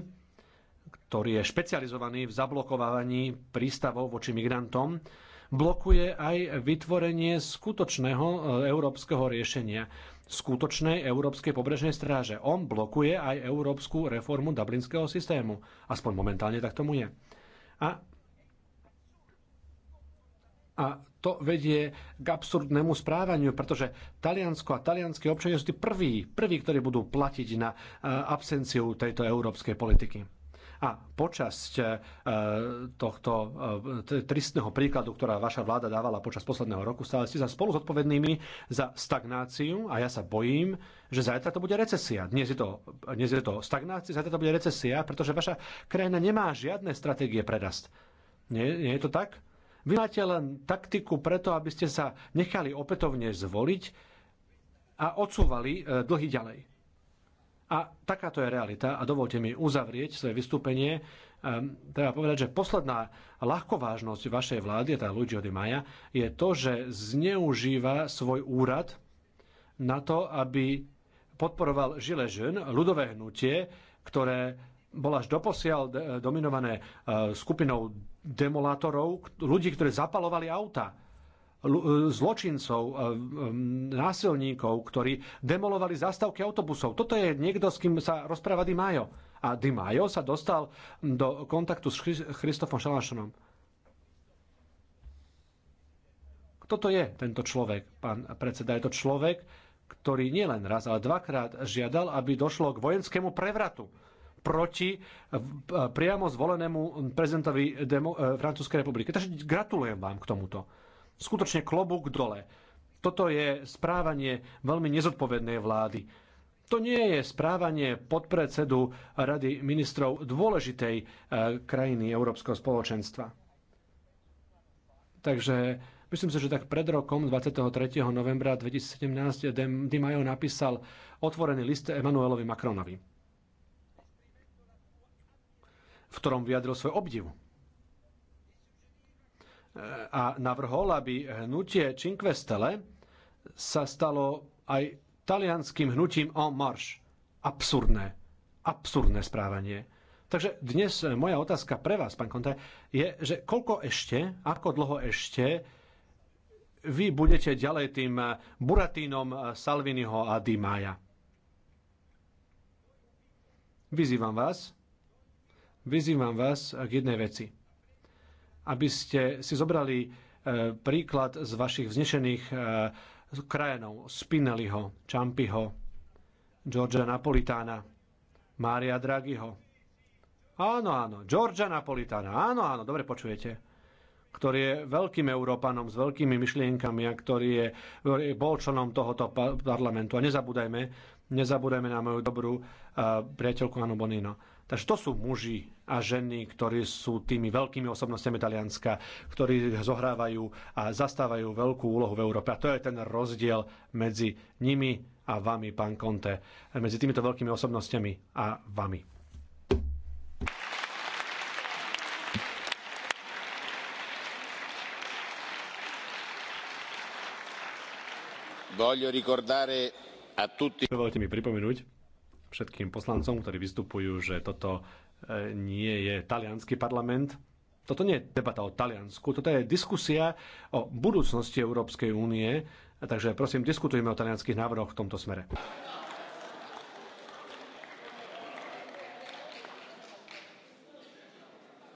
ktorý je špecializovaný v zablokovaní prístavov voči migrantom, blokuje aj vytvorenie skutočného e, európskeho riešenia, skutočnej európskej pobrežnej stráže. On blokuje aj európsku reformu dublinského systému. Aspoň momentálne tak tomu je. A a to vedie k absurdnému správaniu, pretože Taliansko a talianskí občania sú tí prví, prví, ktorí budú platiť na e, absenciu tejto európskej politiky. A počasť e, tohto e, tristného príkladu, ktorá vaša vláda dávala počas posledného roku, stále ste sa spolu zodpovednými za stagnáciu a ja sa bojím, že zajtra to bude recesia. Dnes je to, dnes je to stagnácia, zajtra to bude recesia, pretože vaša krajina nemá žiadne stratégie pre rast. Nie, nie je to tak? Vy máte len taktiku preto, aby ste sa nechali opätovne zvoliť a odsúvali e, dlhy ďalej. A takáto je realita a dovolte mi uzavrieť svoje vystúpenie. Um, treba povedať, že posledná ľahkovážnosť vašej vlády, tá Luigi Di Maja, je to, že zneužíva svoj úrad na to, aby podporoval žile žen, ľudové hnutie, ktoré bolo až doposiaľ dominované eh, skupinou demolátorov, ľudí, ktorí zapalovali auta E, zločincov, e, násilníkov, ktorí demolovali zastávky autobusov. Toto je niekto, s kým sa rozpráva Di Majo. A Di Majo sa dostal do kontaktu s Christofom Šalášonom. Kto to je, tento človek, pán predseda? Je to človek, ktorý nielen raz, ale dvakrát žiadal, aby došlo k vojenskému prevratu proti e, priamo zvolenému prezidentovi Demo- Francúzskej republiky. Takže gratulujem vám k tomuto. Skutočne klobúk dole. Toto je správanie veľmi nezodpovednej vlády. To nie je správanie podpredsedu Rady ministrov dôležitej e, krajiny Európskeho spoločenstva. Takže myslím si, že tak pred rokom 23. novembra 2017 Di Maio napísal otvorený list Emanuelovi Macronovi, v ktorom vyjadril svoj obdivu a navrhol, aby hnutie Cinque Stelle sa stalo aj talianským hnutím En Marche. Absurdné. Absurdné správanie. Takže dnes moja otázka pre vás, pán Konte, je, že koľko ešte, ako dlho ešte vy budete ďalej tým Buratínom Salviniho a Di Maja? Vyzývam vás, vyzývam vás k jednej veci aby ste si zobrali e, príklad z vašich vznešených e, krajinov Spinelliho, Čampiho, Georgia Napolitána, Mária Draghiho. Áno, áno, Georgia Napolitána, áno, áno, dobre počujete ktorý je veľkým Európanom s veľkými myšlienkami a ktorý je, bol členom tohoto parlamentu. A nezabúdajme, nezabúdajme na moju dobrú e, priateľku Anu Bonino Takže to sú muži a ženy, ktorí sú tými veľkými osobnostiami Talianska, ktorí zohrávajú a zastávajú veľkú úlohu v Európe. A to je ten rozdiel medzi nimi a vami, pán Conte. Medzi týmito veľkými osobnostiami a vami. Dovolte mi pripomenúť, všetkým poslancom, ktorí vystupujú, že toto e, nie je talianský parlament. Toto nie je debata o Taliansku, toto je diskusia o budúcnosti Európskej únie, takže prosím, diskutujme o talianských návrhoch v tomto smere.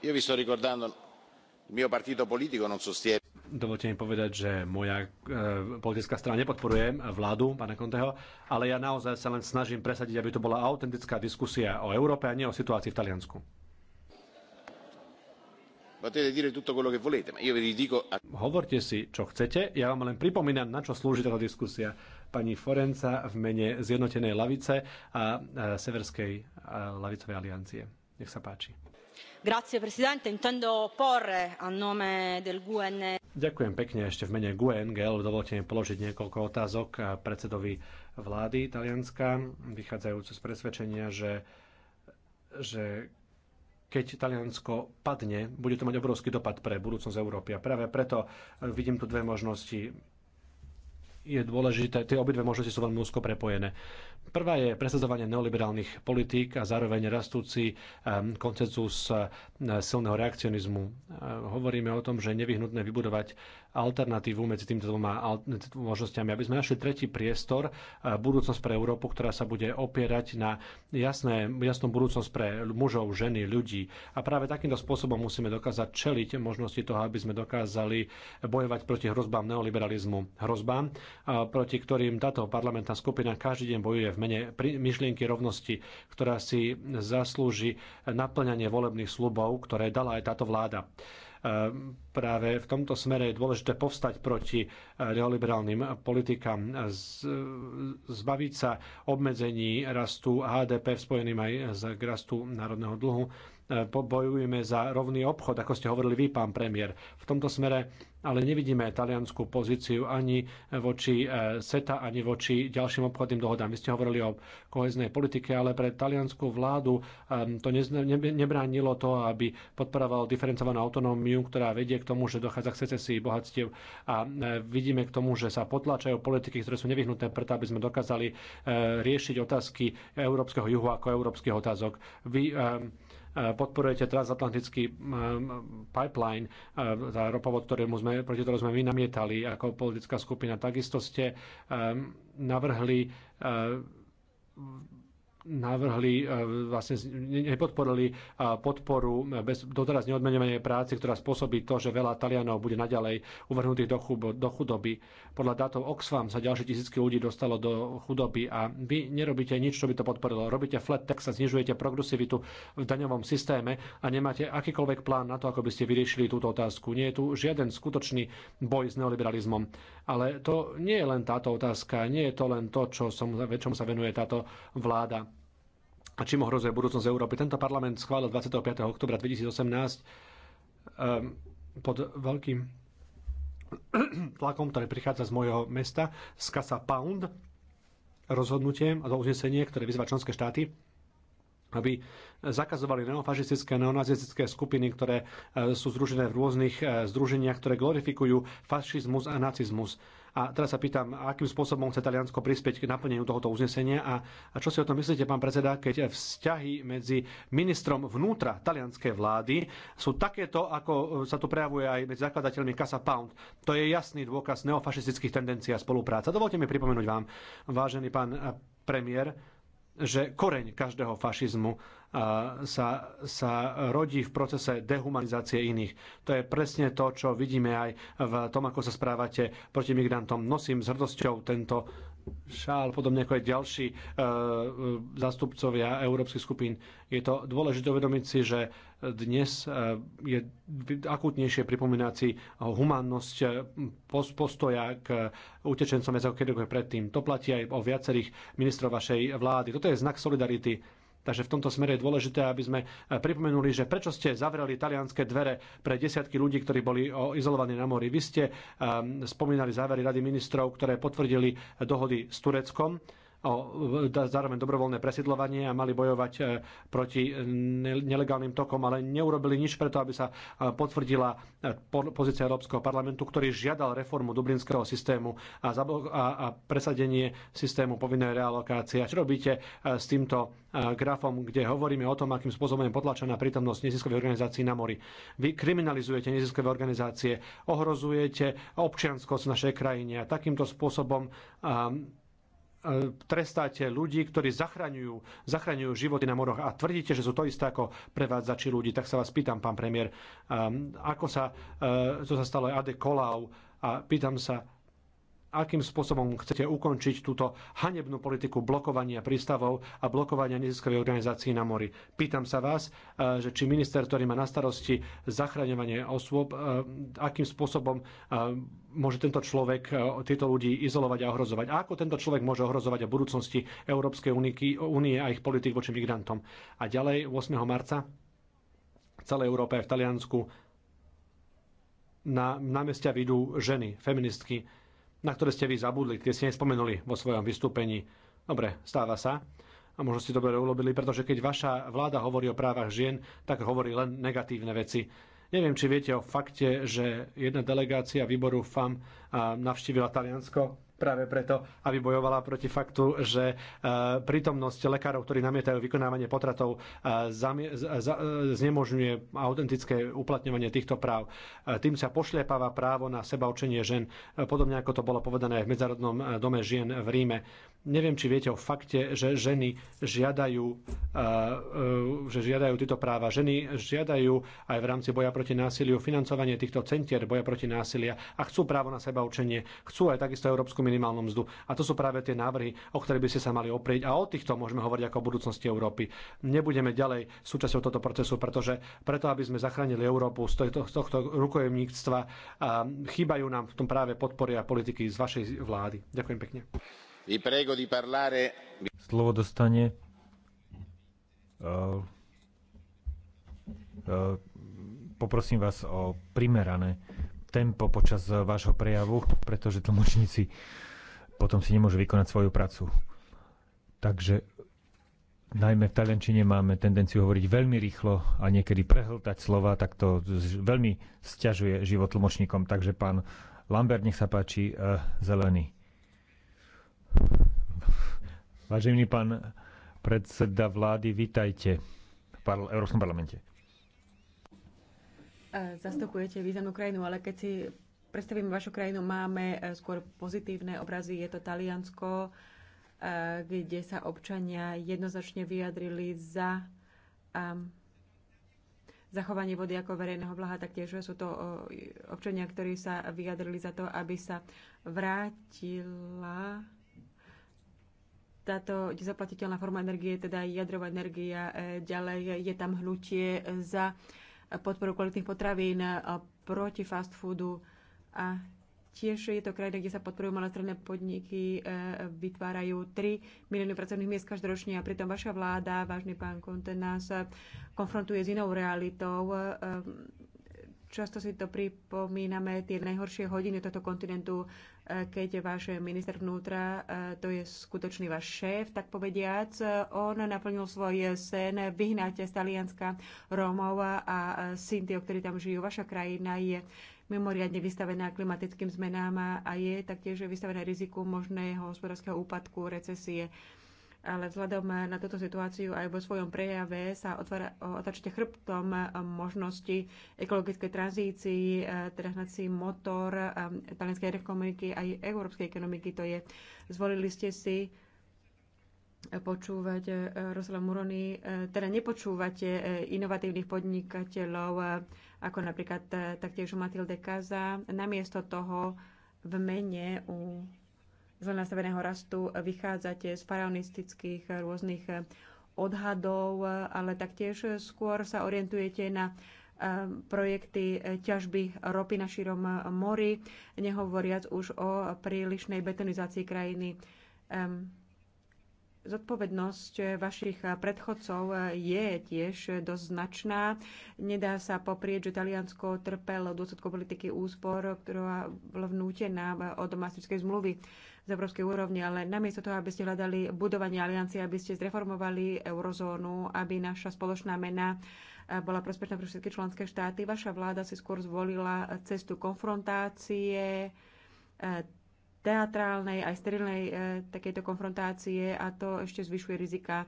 Io vi sto ricordando, il mio partito politico non sostiene... Dovolte mi povedať, že moja e, politická strana nepodporuje vládu pána konteho, ale ja naozaj sa len snažím presadiť, aby to bola autentická diskusia o Európe a nie o situácii v Taliansku. Hovorte si, čo chcete. Ja vám len pripomínam, na čo slúži táto diskusia. Pani Forenca v mene Zjednotenej lavice a e, Severskej e, lavicovej aliancie. Nech sa páči. Grazie, presidente. Intendo porre a nome del GUN... E Ďakujem pekne ešte v mene GUNGL. E dovolte mi položiť niekoľko otázok predsedovi vlády Talianska, vychádzajúce z presvedčenia, že, že keď Taliansko padne, bude to mať obrovský dopad pre budúcnosť Európy. A práve preto vidím tu dve možnosti je dôležité, tie obidve možnosti sú veľmi úzko prepojené. Prvá je presadzovanie neoliberálnych politík a zároveň rastúci koncenzus e, silného reakcionizmu. E, hovoríme o tom, že je nevyhnutné vybudovať alternatívu medzi týmito dvoma možnosťami, aby sme našli tretí priestor, e, budúcnosť pre Európu, ktorá sa bude opierať na jasné, jasnú budúcnosť pre mužov, ženy, ľudí. A práve takýmto spôsobom musíme dokázať čeliť možnosti toho, aby sme dokázali bojovať proti hrozbám neoliberalizmu. Hrozbám, proti ktorým táto parlamentná skupina každý deň bojuje v mene myšlienky rovnosti, ktorá si zaslúži naplňanie volebných slubov, ktoré dala aj táto vláda e, práve v tomto smere je dôležité povstať proti e, neoliberálnym politikám, zbaviť sa obmedzení rastu HDP spojeným aj z rastu národného dlhu E, bojujeme za rovný obchod, ako ste hovorili vy, pán premiér. V tomto smere ale nevidíme taliansku pozíciu ani voči e, SETA, ani voči ďalším obchodným dohodám. Vy ste hovorili o koheznej politike, ale pre taliansku vládu e, to nebránilo to, aby podporoval diferencovanú autonómiu, ktorá vedie k tomu, že dochádza k secesii bohatstiev a vidíme k tomu, že sa potláčajú politiky, ktoré sú nevyhnuté preto, aby sme dokázali riešiť otázky európskeho juhu ako európskych otázok. Vy podporujete transatlantický pipeline, e, za ropovod, ktorému sme, proti ktorému sme my namietali ako politická skupina. Takisto ste e, navrhli e, navrhli, e, vlastne nepodporili e, podporu e, bez doteraz neodmenovanej práce, ktorá spôsobí to, že veľa Talianov bude naďalej uvrhnutých do, do chudoby. Podľa dátov Oxfam sa ďalšie tisícky ľudí dostalo do chudoby a vy nerobíte nič, čo by to podporilo. Robíte flat tax a znižujete progresivitu v daňovom systéme a nemáte akýkoľvek plán na to, ako by ste vyriešili túto otázku. Nie je tu žiaden skutočný boj s neoliberalizmom. Ale to nie je len táto otázka, nie je to len to, čo som, čomu sa venuje táto vláda a čím ohrozuje budúcnosť Európy. Tento parlament schválil 25. oktobra 2018 um, ehm, pod veľkým tlakom, ktorý prichádza z mojho mesta, z Casa Pound, rozhodnutie a to uznesenie, ktoré vyzýva členské štáty, aby zakazovali neofašistické, neonazistické skupiny, ktoré ehm, sú združené v rôznych ehm, združeniach, ktoré glorifikujú fašizmus a nacizmus a teraz sa pýtam, akým spôsobom chce Taliansko prispieť k naplneniu tohoto uznesenia a, a čo si o tom myslíte, pán predseda, keď vzťahy medzi ministrom vnútra talianskej vlády sú takéto, ako e, sa tu prejavuje aj medzi zakladateľmi Casa Pound. To je jasný dôkaz neofašistických tendencií a spolupráca. Dovolte mi pripomenúť vám, vážený pán e, premiér, že koreň každého fašizmu sa, sa rodí v procese dehumanizácie iných. To je presne to, čo vidíme aj v tom, ako sa správate proti migrantom. Nosím s hrdosťou tento Šál, podobne ako aj ďalší e, e, zastupcovia európskych skupín. Je to dôležité uvedomiť si, že dnes e, je akutnejšie pripomínať humánnosť e, postoja k utečencom ako kedykoľvek predtým. To platí aj o viacerých ministrov vašej vlády. Toto je znak solidarity Takže v tomto smere je dôležité, aby sme e, pripomenuli, že prečo ste zavreli talianské dvere pre desiatky ľudí, ktorí boli e, izolovaní na mori. Vy ste e, spomínali závery Rady ministrov, ktoré potvrdili dohody s Tureckom o zároveň dobrovoľné presidlovanie a mali bojovať e, proti nelegálnym tokom, ale neurobili nič preto, aby sa e, potvrdila e, pozícia Európskeho parlamentu, ktorý žiadal reformu dublinského systému a presadenie systému povinnej realokácie. A čo robíte s týmto grafom, kde hovoríme o tom, akým spôsobom je potlačená prítomnosť neziskových organizácií na mori. Vy kriminalizujete neziskové organizácie, ohrozujete občianskosť v našej krajine a takýmto spôsobom E, trestáte ľudí, ktorí zachraňujú, zachraňujú životy na moroch a tvrdíte, že sú to isté ako prevádzači ľudí. Tak sa vás pýtam, pán premiér, e, ako sa, to e, sa stalo aj Ade Kolau a pýtam sa, akým spôsobom chcete ukončiť túto hanebnú politiku blokovania prístavov a blokovania neziskovej organizácií na mori. Pýtam sa vás, e, že či minister, ktorý má na starosti zachraňovanie osôb, e, akým spôsobom e, môže tento človek tieto ľudí izolovať a ohrozovať. A ako tento človek môže ohrozovať o budúcnosti Európskej únie a ich politik voči migrantom. A ďalej 8. marca v celej Európe v Taliansku na, námestia vidú ženy, feministky, na ktoré ste vy zabudli, ktoré ste nespomenuli vo svojom vystúpení. Dobre, stáva sa. A možno ste dobre urobili, pretože keď vaša vláda hovorí o právach žien, tak hovorí len negatívne veci. Neviem, či viete o fakte, že jedna delegácia výboru FAM navštívila Taliansko práve preto, aby bojovala proti faktu, že e, prítomnosť lekárov, ktorí namietajú vykonávanie potratov, e, e, znemožňuje autentické uplatňovanie týchto práv. Tým sa pošliepáva právo na seba učenie žen, podobne ako to bolo povedané v Medzárodnom dome žien v Ríme Neviem, či viete o fakte, že ženy žiadajú, eh, eh, že žiadajú tieto práva. Ženy žiadajú aj v rámci boja proti násiliu financovanie týchto centier boja proti násilia a chcú právo na seba učenie, chcú aj takisto európsku minimálnu mzdu. A to sú práve tie návrhy, o ktoré by ste sa mali oprieť. A o týchto môžeme hovoriť ako o budúcnosti Európy. Nebudeme ďalej súčasťou tohto procesu, pretože preto, aby sme zachránili Európu z tohto, z tohto rukojemníctva, eh, chýbajú nám v tom práve podpory a politiky z vašej vlády. Ďakujem pekne. Slovo dostane uh, uh, poprosím vás o primerané tempo počas vášho prejavu, pretože tlmočníci potom si nemôžu vykonať svoju prácu. Takže najmä v taliančine máme tendenciu hovoriť veľmi rýchlo a niekedy prehltať slova, tak to veľmi stiažuje život tlmočníkom. Takže pán Lambert, nech sa páči, uh, zelený. Vážený pán predseda vlády, vítajte v Európskom parlamente. Zastupujete významnú krajinu, ale keď si predstavím vašu krajinu, máme e, skôr pozitívne obrazy. Je to Taliansko, e, kde sa občania jednoznačne vyjadrili za zachovanie vody ako verejného blaha, taktiež sú to občania, ktorí sa vyjadrili za to, aby sa vrátila táto nezaplatiteľná forma energie, teda jadrová energia, e, ďalej je tam hnutie za podporu kvalitných potravín e, proti fast foodu a tiež je to krajina, kde sa podporujú malé stredné podniky, e, vytvárajú 3 milióny pracovných miest každoročne a pritom vaša vláda, vážny pán Konte, nás konfrontuje s inou realitou Často si to pripomíname, tie najhoršie hodiny tohto kontinentu, e, keď je váš minister vnútra, e, to je skutočný váš šéf, tak povediac, e, on naplnil svoj sen vyhnať z Talianska Rómov a o ktorí tam žijú. Vaša krajina je mimoriadne vystavená klimatickým zmenám a je taktiež vystavená riziku možného hospodárskeho úpadku, recesie ale vzhľadom na túto situáciu aj vo svojom prejave sa otvára, otačte chrbtom možnosti ekologickej tranzícii, eh, teda hnací motor eh, talianskej ekonomiky aj európskej ekonomiky. To je, zvolili ste si eh, počúvať Rosela Murony, teda nepočúvate inovatívnych podnikateľov, ako napríklad taktiež Matilde Kaza, namiesto toho v mene u zle nastaveného rastu vychádzate z faraonistických eh, rôznych eh, odhadov, eh, ale taktiež skôr sa orientujete na projekty ťažby ropy na širom mori, nehovoriac už o prílišnej betonizácii krajiny zodpovednosť vašich predchodcov je tiež dosť značná. Nedá sa poprieť, že Taliansko trpelo v politiky úspor, ktorá bola vnútená od mastickej zmluvy z európskej úrovne, ale namiesto toho, aby ste hľadali budovanie aliancie, aby ste zreformovali eurozónu, aby naša spoločná mena bola prospešná pre všetky členské štáty, vaša vláda si skôr zvolila cestu konfrontácie, teatrálnej, aj sterilnej e, takejto konfrontácie a to ešte zvyšuje rizika.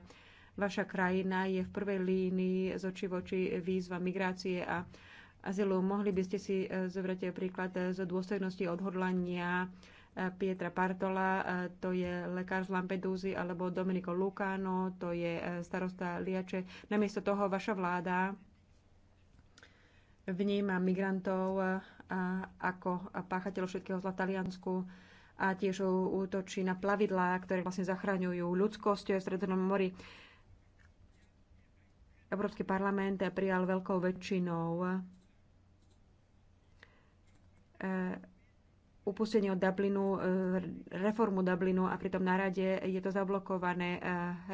Vaša krajina je v prvej línii z oči voči výzva migrácie a azylu. Mohli by ste si e, zobrať príklad z dôstojnosti odhodlania e, Pietra Partola, e, to je lekár z Lampedúzy, alebo Domenico Lucano, to je e, starosta Liače. Namiesto toho vaša vláda vníma migrantov ako páchateľov všetkého zla v Taliansku a tiež útočí na plavidlá, ktoré vlastne zachraňujú ľudskosť v Stredozemnom mori. Európsky parlament prijal veľkou väčšinou e, upustenie od Dublinu, e, reformu Dublinu a pritom na rade je to zablokované. E,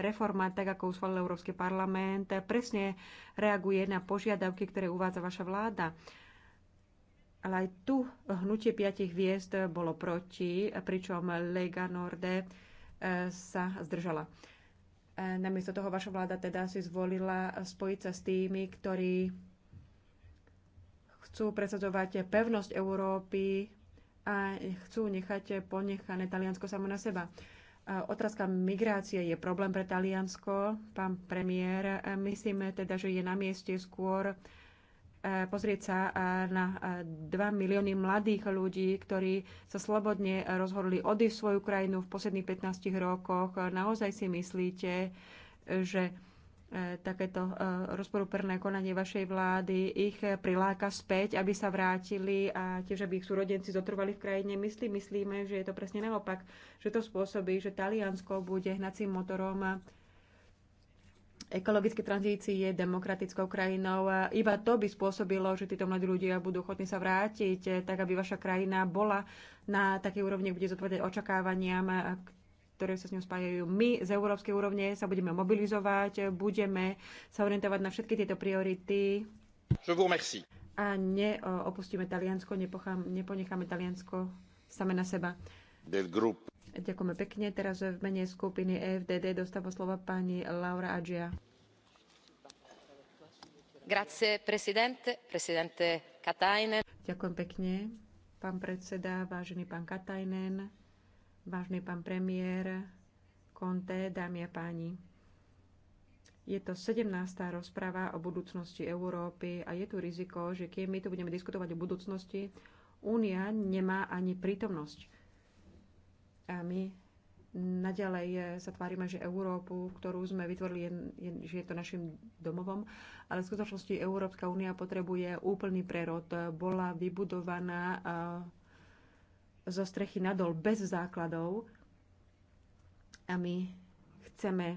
reforma, tak ako usvalil Európsky parlament, presne reaguje na požiadavky, ktoré uvádza vaša vláda. Ale aj tu hnutie piatich hviezd bolo proti, pričom Lega Norde e, sa zdržala. E, namiesto toho vaša vláda teda si zvolila spojiť sa s tými, ktorí chcú presadzovať pevnosť Európy a chcú nechať ponechané Taliansko samo na seba. E, otázka migrácie je problém pre Taliansko. Pán premiér, myslíme teda, že je na mieste skôr E, pozrieť sa e, na 2 e, milióny mladých ľudí, ktorí sa slobodne rozhodli odísť svoju krajinu v posledných 15 rokoch. Naozaj si myslíte, že takéto rozporúperné konanie vašej vlády ich priláka späť, aby sa vrátili a tiež, aby ich súrodenci zotrvali v krajine. Myslí, myslíme, že je to presne naopak, že to spôsobí, že Taliansko bude hnacím motorom ekologické je demokratickou krajinou. Iba to by spôsobilo, že títo mladí ľudia budú ochotní sa vrátiť, eh, tak aby vaša krajina bola na takej úrovni, kde zodpovedať očakávaniam, eh, ktoré sa s ňou spájajú. My z európskej úrovne sa budeme mobilizovať, eh, budeme sa orientovať na všetky tieto priority. Je vous merci. A neopustíme Taliansko, neponecháme Taliansko same na seba. Del group. Ďakujeme pekne. Teraz v mene skupiny EFDD dostáva slova pani Laura Adžia. Grazie, presidente, presidente Katajnen. Ďakujem pekne, pán predseda, vážený pán Katajnen, vážený pán premiér, Conte, dámy a páni. Je to 17. rozprava o budúcnosti Európy a je tu riziko, že keď my tu budeme diskutovať o budúcnosti, Únia nemá ani prítomnosť a my naďalej eh, sa tvárime, že Európu, ktorú sme vytvorili, že je to našim domovom, ale v skutočnosti Európska únia potrebuje úplný prerod. Bola vybudovaná eh, zo strechy nadol bez základov a my chceme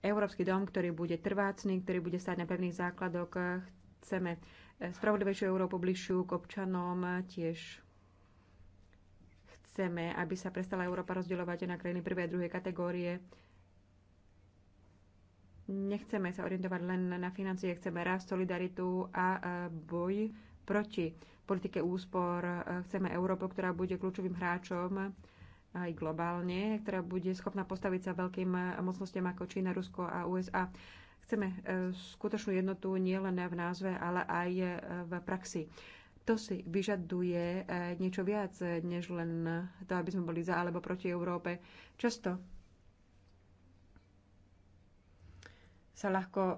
Európsky dom, ktorý bude trvácný, ktorý bude stáť na pevných základoch. Chceme eh, spravodlivejšiu Európu bližšiu k občanom tiež Chceme, aby sa prestala Európa rozdielovať na krajiny prvej a druhej kategórie. Nechceme sa orientovať len na financie, chceme rast, solidaritu a e, boj proti politike úspor. E, chceme Európu, ktorá bude kľúčovým hráčom aj globálne, ktorá bude schopná postaviť sa veľkým e, mocnostiam ako Čína, Rusko a USA. Chceme skutočnú jednotu nielen v názve, ale aj v praxi. To si vyžaduje e, niečo viac, e, než len to, aby sme boli za alebo proti Európe. Často sa ľahko e,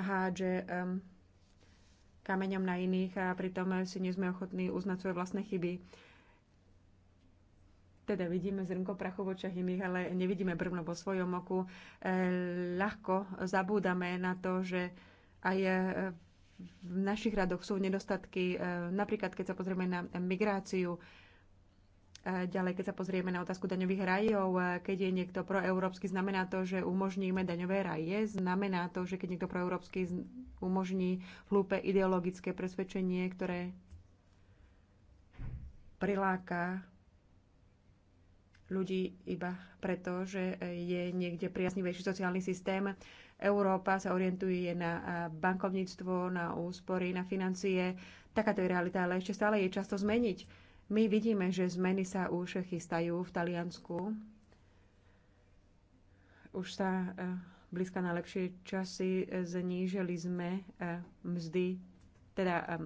hádže kameňom na iných a pritom si nie sme ochotní uznať svoje vlastné chyby. Teda vidíme zrnko prachu v očiach iných, ale nevidíme brvno vo svojom oku. ľahko zabúdame na to, že aj v našich radoch sú nedostatky, e, napríklad keď sa pozrieme na migráciu, e, Ďalej, keď sa pozrieme na otázku daňových rajov, e, keď je niekto proeurópsky, znamená to, že umožníme daňové raje, znamená to, že keď niekto proeurópsky umožní hlúpe ideologické presvedčenie, ktoré priláka ľudí iba preto, že je niekde priaznivejší sociálny systém, Európa sa orientuje na bankovníctvo, na úspory, na financie. Takáto je realita, ale ešte stále je často zmeniť. My vidíme, že zmeny sa už chystajú v Taliansku. Už sa e, blízka na lepšie časy e, znížili sme e, mzdy, teda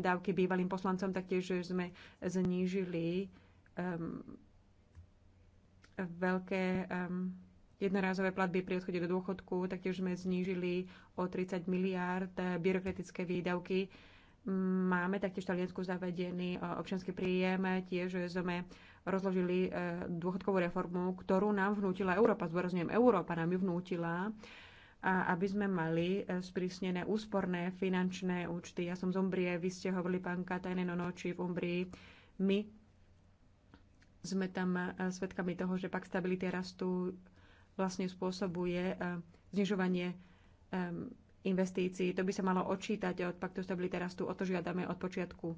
dávky bývalým poslancom, taktiež sme znížili veľké jednorázové platby pri odchode do dôchodku, taktiež sme znížili o 30 miliárd byrokratické výdavky. Máme taktiež v Taliansku zavedený e, občanský príjem, tiež sme rozložili e, dôchodkovú reformu, ktorú nám vnútila Európa, zdôrazňujem, Európa nám ju vnútila, a aby sme mali e, sprísnené úsporné finančné účty. Ja som z Umbrie, vy ste hovorili, pán Katajnen, o no, no, v Umbrii. My sme tam svedkami toho, že pak stability rastu vlastne spôsobuje eh, znižovanie investícií. To by sa malo odčítať od paktu stability rastu. O to žiadame od počiatku.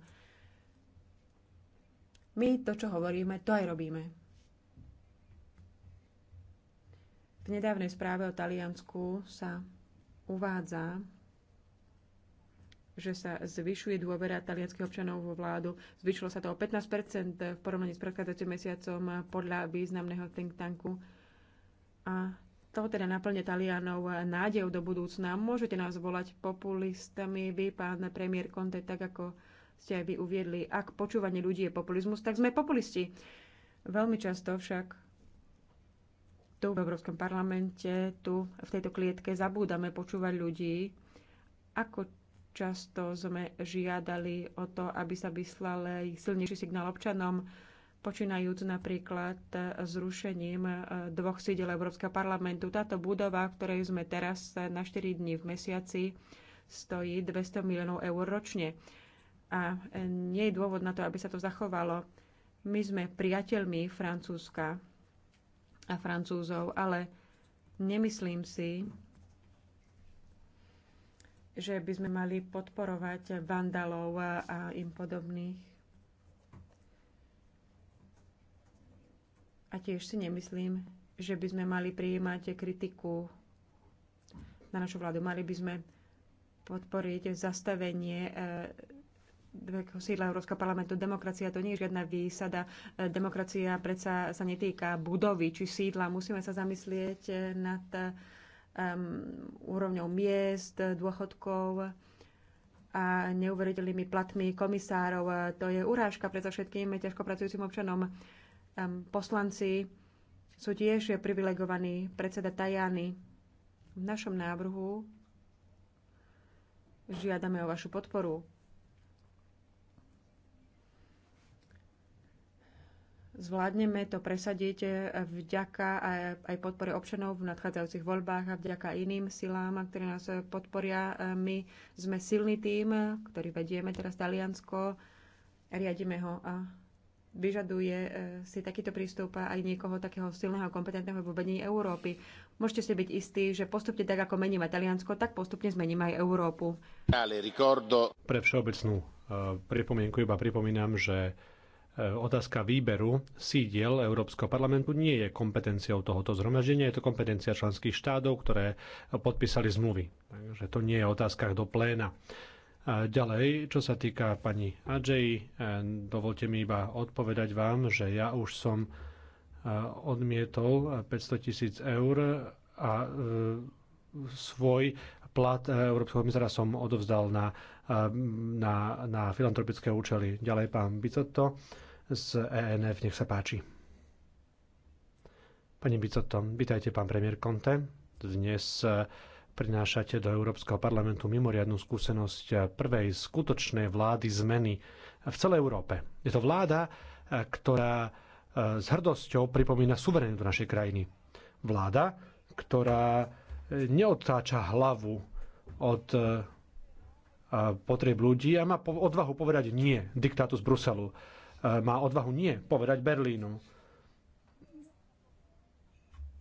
My to, čo hovoríme, to aj robíme. V nedávnej správe o Taliansku sa uvádza, že sa zvyšuje dôvera talianských občanov vo vládu. Zvyšilo sa to o 15 v porovnaní s predchádzajúcim mesiacom podľa významného think tanku a to teda naplne Talianov nádej do budúcna. Môžete nás volať populistami, vy, pán premiér Conte, tak ako ste aj vy uviedli. Ak počúvanie ľudí je populizmus, tak sme populisti. Veľmi často však tu v Európskom parlamente, tu v tejto klietke zabúdame počúvať ľudí, ako často sme žiadali o to, aby sa vyslal silnejší signál občanom, počínajúc napríklad zrušením eh, dvoch sídel Európskeho parlamentu. Táto budova, v ktorej sme teraz eh, na 4 dní v mesiaci, stojí 200 miliónov eur ročne. A eh, nie je dôvod na to, aby sa to zachovalo. My sme priateľmi Francúzska a Francúzov, ale nemyslím si, že by sme mali podporovať vandalov a im podobných A tiež si nemyslím, že by sme mali prijímať kritiku na našu vládu. Mali by sme podporiť zastavenie e, veľkého sídla Európskeho parlamentu. Demokracia to nie je žiadna výsada. E, demokracia predsa sa netýka budovy či sídla. Musíme sa zamyslieť nad um, úrovňou miest, dôchodkov a neuveriteľnými platmi komisárov. E, to je urážka predsa všetkým ťažko pracujúcim občanom poslanci sú tiež privilegovaní. Predseda Tajany v našom návrhu žiadame o vašu podporu. Zvládneme to presadiť vďaka aj podpore občanov v nadchádzajúcich voľbách a vďaka iným silám, ktoré nás podporia. My sme silný tým, ktorý vedieme teraz Taliansko, riadíme ho a vyžaduje e, si takýto prístup aj niekoho takého silného, kompetentného v vedení Európy. Môžete si byť istí, že postupne tak, ako meníme Taliansko, tak postupne zmeníme aj Európu. Pre všeobecnú e, pripomienku iba pripomínam, že e, otázka výberu sídiel Európskeho parlamentu nie je kompetenciou tohoto zhromaždenia, je to kompetencia členských štátov, ktoré podpísali zmluvy. Takže to nie je otázka do pléna. Ďalej, čo sa týka pani Adžej, eh, dovolte mi iba odpovedať vám, že ja už som eh, odmietol 500 eh, tisíc eur a svoj plat Európskeho komisára som odovzdal na, na, na filantropické účely. Ďalej pán Bicotto z ENF, nech sa páči. Pani Bicotto, vítajte pán premiér Conte. Dnes prinášate do Európskeho parlamentu mimoriadnú skúsenosť prvej skutočnej vlády zmeny v celej Európe. Je to vláda, ktorá e, s hrdosťou pripomína suverenitu našej krajiny. Vláda, ktorá e, neodtáča hlavu od e, potrieb ľudí a má odvahu povedať nie diktátu z Bruselu. Má odvahu nie povedať Berlínu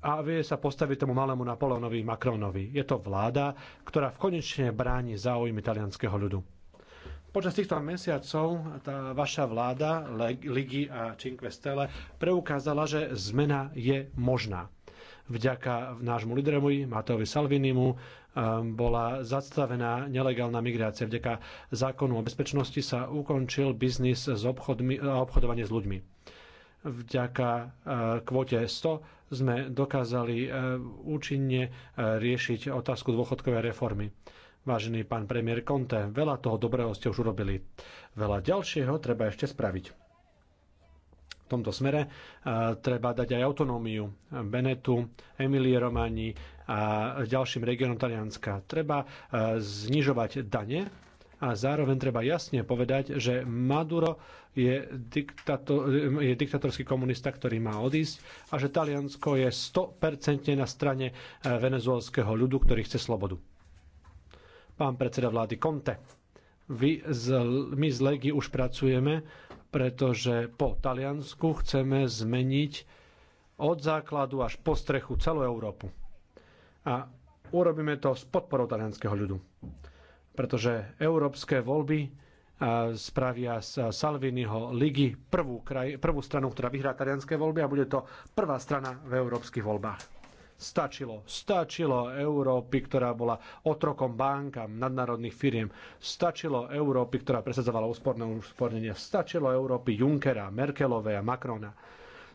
a vie sa postaviť tomu malému Napoleonovi Macronovi. Je to vláda, ktorá v konečne bráni záujmy talianského ľudu. Počas týchto mesiacov tá vaša vláda, Ligi a Cinque Stelle, preukázala, že zmena je možná. Vďaka nášmu lídremu Matovi Salvinimu um, bola zastavená nelegálna migrácia. Vďaka zákonu o bezpečnosti sa ukončil biznis s obchodmi, obchodovanie s ľuďmi vďaka e, kvote 100 sme dokázali e, účinne e, riešiť otázku dôchodkovej reformy. Vážený pán premiér Conte, veľa toho dobrého ste už urobili. Veľa ďalšieho treba ešte spraviť. V tomto smere treba dať aj autonómiu Benetu, Emilie Romani a ďalším regiónom Talianska. Treba znižovať dane a zároveň treba jasne povedať, že Maduro je, diktator, je diktatorský komunista, ktorý má odísť a že Taliansko je 100% na strane eh, venezuelského ľudu, ktorý chce slobodu. Pán predseda vlády Conte, vy z, my z Legy už pracujeme, pretože po Taliansku chceme zmeniť od základu až po strechu celú Európu. A urobíme to s podporou talianského ľudu pretože európske voľby spravia z Salviniho ligy prvú, kraj, prvú stranu, ktorá vyhrá talianské voľby a bude to prvá strana v európskych voľbách. Stačilo, stačilo Európy, ktorá bola otrokom bankám, nadnárodných firiem. Stačilo Európy, ktorá presadzovala úsporné úspornenie. Stačilo Európy Junckera, Merkelové a Macrona.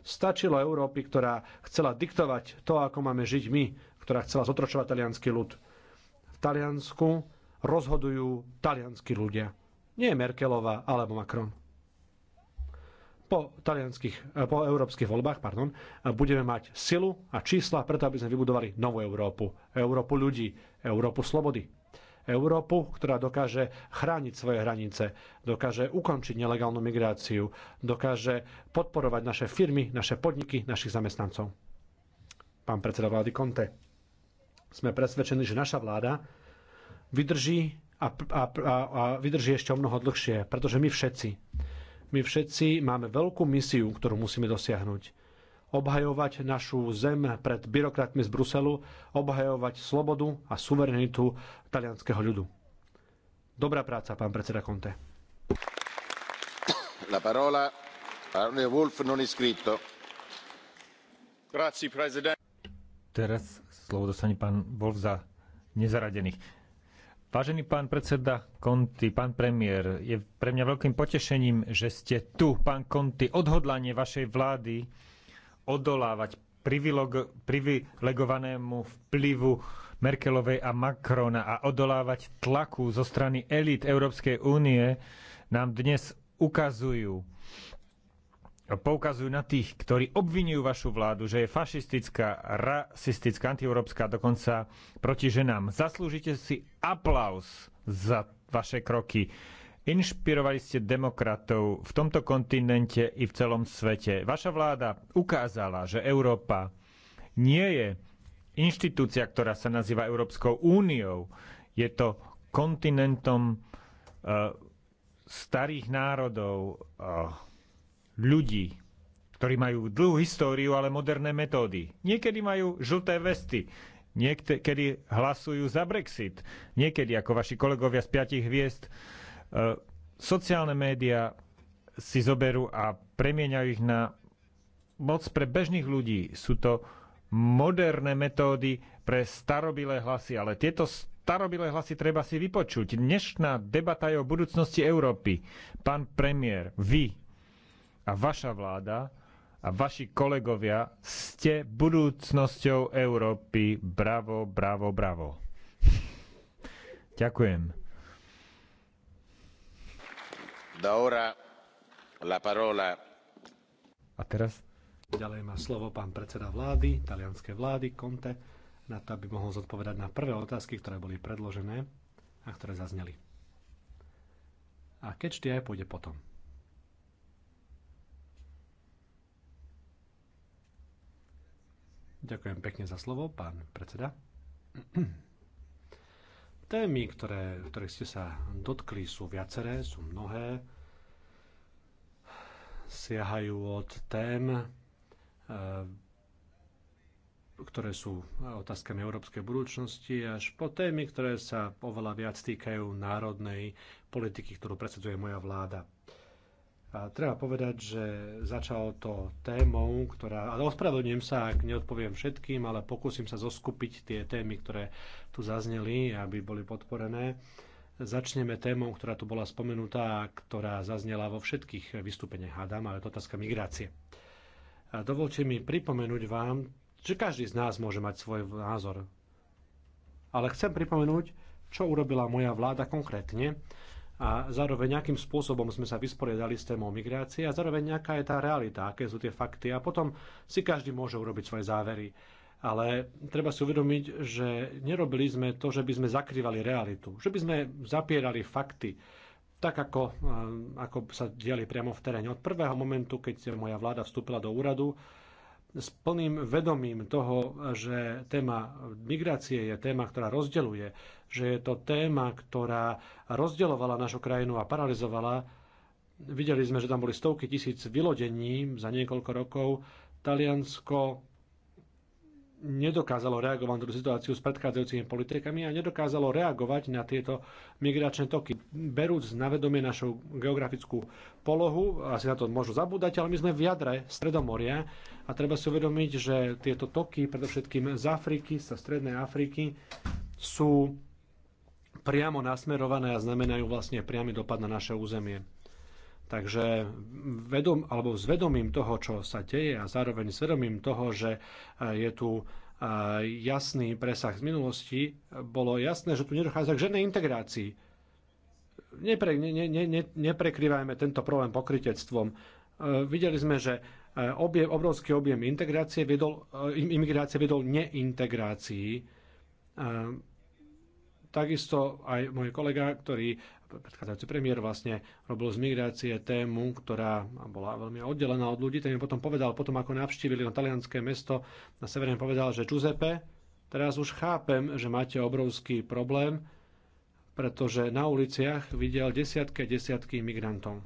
Stačilo Európy, ktorá chcela diktovať to, ako máme žiť my, ktorá chcela zotročovať talianský ľud. V Taliansku rozhodujú talianskí ľudia. Nie Merkelová alebo Macron. Po, eh, po európskych voľbách pardon, eh, budeme mať silu a čísla preto, aby sme vybudovali novú Európu. Európu ľudí, Európu slobody. Európu, ktorá dokáže chrániť svoje hranice, dokáže ukončiť nelegálnu migráciu, dokáže podporovať naše firmy, naše podniky, našich zamestnancov. Pán predseda vlády Conte, sme presvedčení, že naša vláda vydrží a, a, a, a vydrží ešte o mnoho dlhšie, pretože my všetci, my všetci máme veľkú misiu, ktorú musíme dosiahnuť. Obhajovať našu zem pred byrokratmi z Bruselu, obhajovať slobodu a suverenitu talianského ľudu. Dobrá práca, pán predseda Conte. La parola, Wolf non iscritto. Grazie, Teraz slovo dostane pán Wolf za nezaradených. Vážený pán predseda Konty, pán premiér, je pre mňa veľkým potešením, že ste tu, pán Konty. Odhodlanie vašej vlády odolávať privilegovanému vplyvu Merkelovej a Macrona a odolávať tlaku zo strany elít Európskej únie nám dnes ukazujú poukazujú na tých, ktorí obvinujú vašu vládu, že je fašistická, rasistická, antieurópska, dokonca proti ženám. Zaslúžite si aplaus za vaše kroky. Inšpirovali ste demokratov v tomto kontinente i v celom svete. Vaša vláda ukázala, že Európa nie je inštitúcia, ktorá sa nazýva Európskou úniou. Je to kontinentom uh, starých národov, uh, ľudí, ktorí majú dlhú históriu, ale moderné metódy. Niekedy majú žlté vesty, niekedy hlasujú za Brexit, niekedy ako vaši kolegovia z piatich hviezd. E, sociálne médiá si zoberú a premieňajú ich na moc pre bežných ľudí. Sú to moderné metódy pre starobilé hlasy, ale tieto starobilé hlasy treba si vypočuť. Dnešná debata je o budúcnosti Európy. Pán premiér, vy a vaša vláda a vaši kolegovia ste budúcnosťou Európy. Bravo, bravo, bravo. Ďakujem. Da ora la parola. A teraz? Ďalej má slovo pán predseda vlády, talianskej vlády, Conte, na to, aby mohol zodpovedať na prvé otázky, ktoré boli predložené a ktoré zazneli. A keď aj pôjde potom. Ďakujem pekne za slovo, pán predseda. Témy, ktoré, ktoré ste sa dotkli, sú viaceré, sú mnohé. Siahajú od tém, eh, ktoré sú otázkami európskej budúcnosti, až po témy, ktoré sa oveľa viac týkajú národnej politiky, ktorú presadzuje moja vláda. A treba povedať, že začal to témou, ktorá... Ale ospravedlňujem sa, ak neodpoviem všetkým, ale pokúsim sa zoskupiť tie témy, ktoré tu zazneli, aby boli podporené. Začneme témou, ktorá tu bola spomenutá, ktorá zaznela vo všetkých vystúpeniach, hádam, ale to otázka migrácie. A dovolte mi pripomenúť vám, že každý z nás môže mať svoj názor. Ale chcem pripomenúť, čo urobila moja vláda konkrétne, a zároveň nejakým spôsobom sme sa vysporiadali s témou migrácie a zároveň nejaká je tá realita, aké sú tie fakty a potom si každý môže urobiť svoje závery. Ale treba si uvedomiť, že nerobili sme to, že by sme zakrývali realitu, že by sme zapierali fakty, tak ako, eh, ako sa diali priamo v teréne. Od prvého momentu, keď moja vláda vstúpila do úradu, s plným vedomím toho, že téma migrácie je téma, ktorá rozdeľuje, že je to téma, ktorá rozdeľovala našu krajinu a paralizovala. Videli sme, že tam boli stovky tisíc vylodení za niekoľko rokov. Taliansko nedokázalo reagovať na tú situáciu s predchádzajúcimi politikami a nedokázalo reagovať na tieto migračné toky. Berúc na vedomie našu geografickú polohu, asi na to môžu zabúdať, ale my sme v jadre Stredomoria a treba si uvedomiť, že tieto toky, predovšetkým z Afriky, sa Strednej Afriky, sú priamo nasmerované a znamenajú vlastne priamy dopad na naše územie. Takže vedom, alebo s vedomím toho, čo sa deje a zároveň s vedomím toho, že e, je tu e, jasný presah z minulosti, bolo jasné, že tu nedochádza k žiadnej integrácii. Nepre, ne, ne, ne, neprekrývajme tento problém pokritectvom. E, videli sme, že objem, obrovský objem integrácie viedol, imigrácie viedol neintegrácii Takisto aj môj kolega, ktorý predchádzajúci premiér vlastne robil z migrácie tému, ktorá bola veľmi oddelená od ľudí, ten mi potom povedal, potom ako navštívili na talianské mesto na severne povedal, že Giuseppe, teraz už chápem, že máte obrovský problém, pretože na uliciach videl desiatky desiatky migrantov.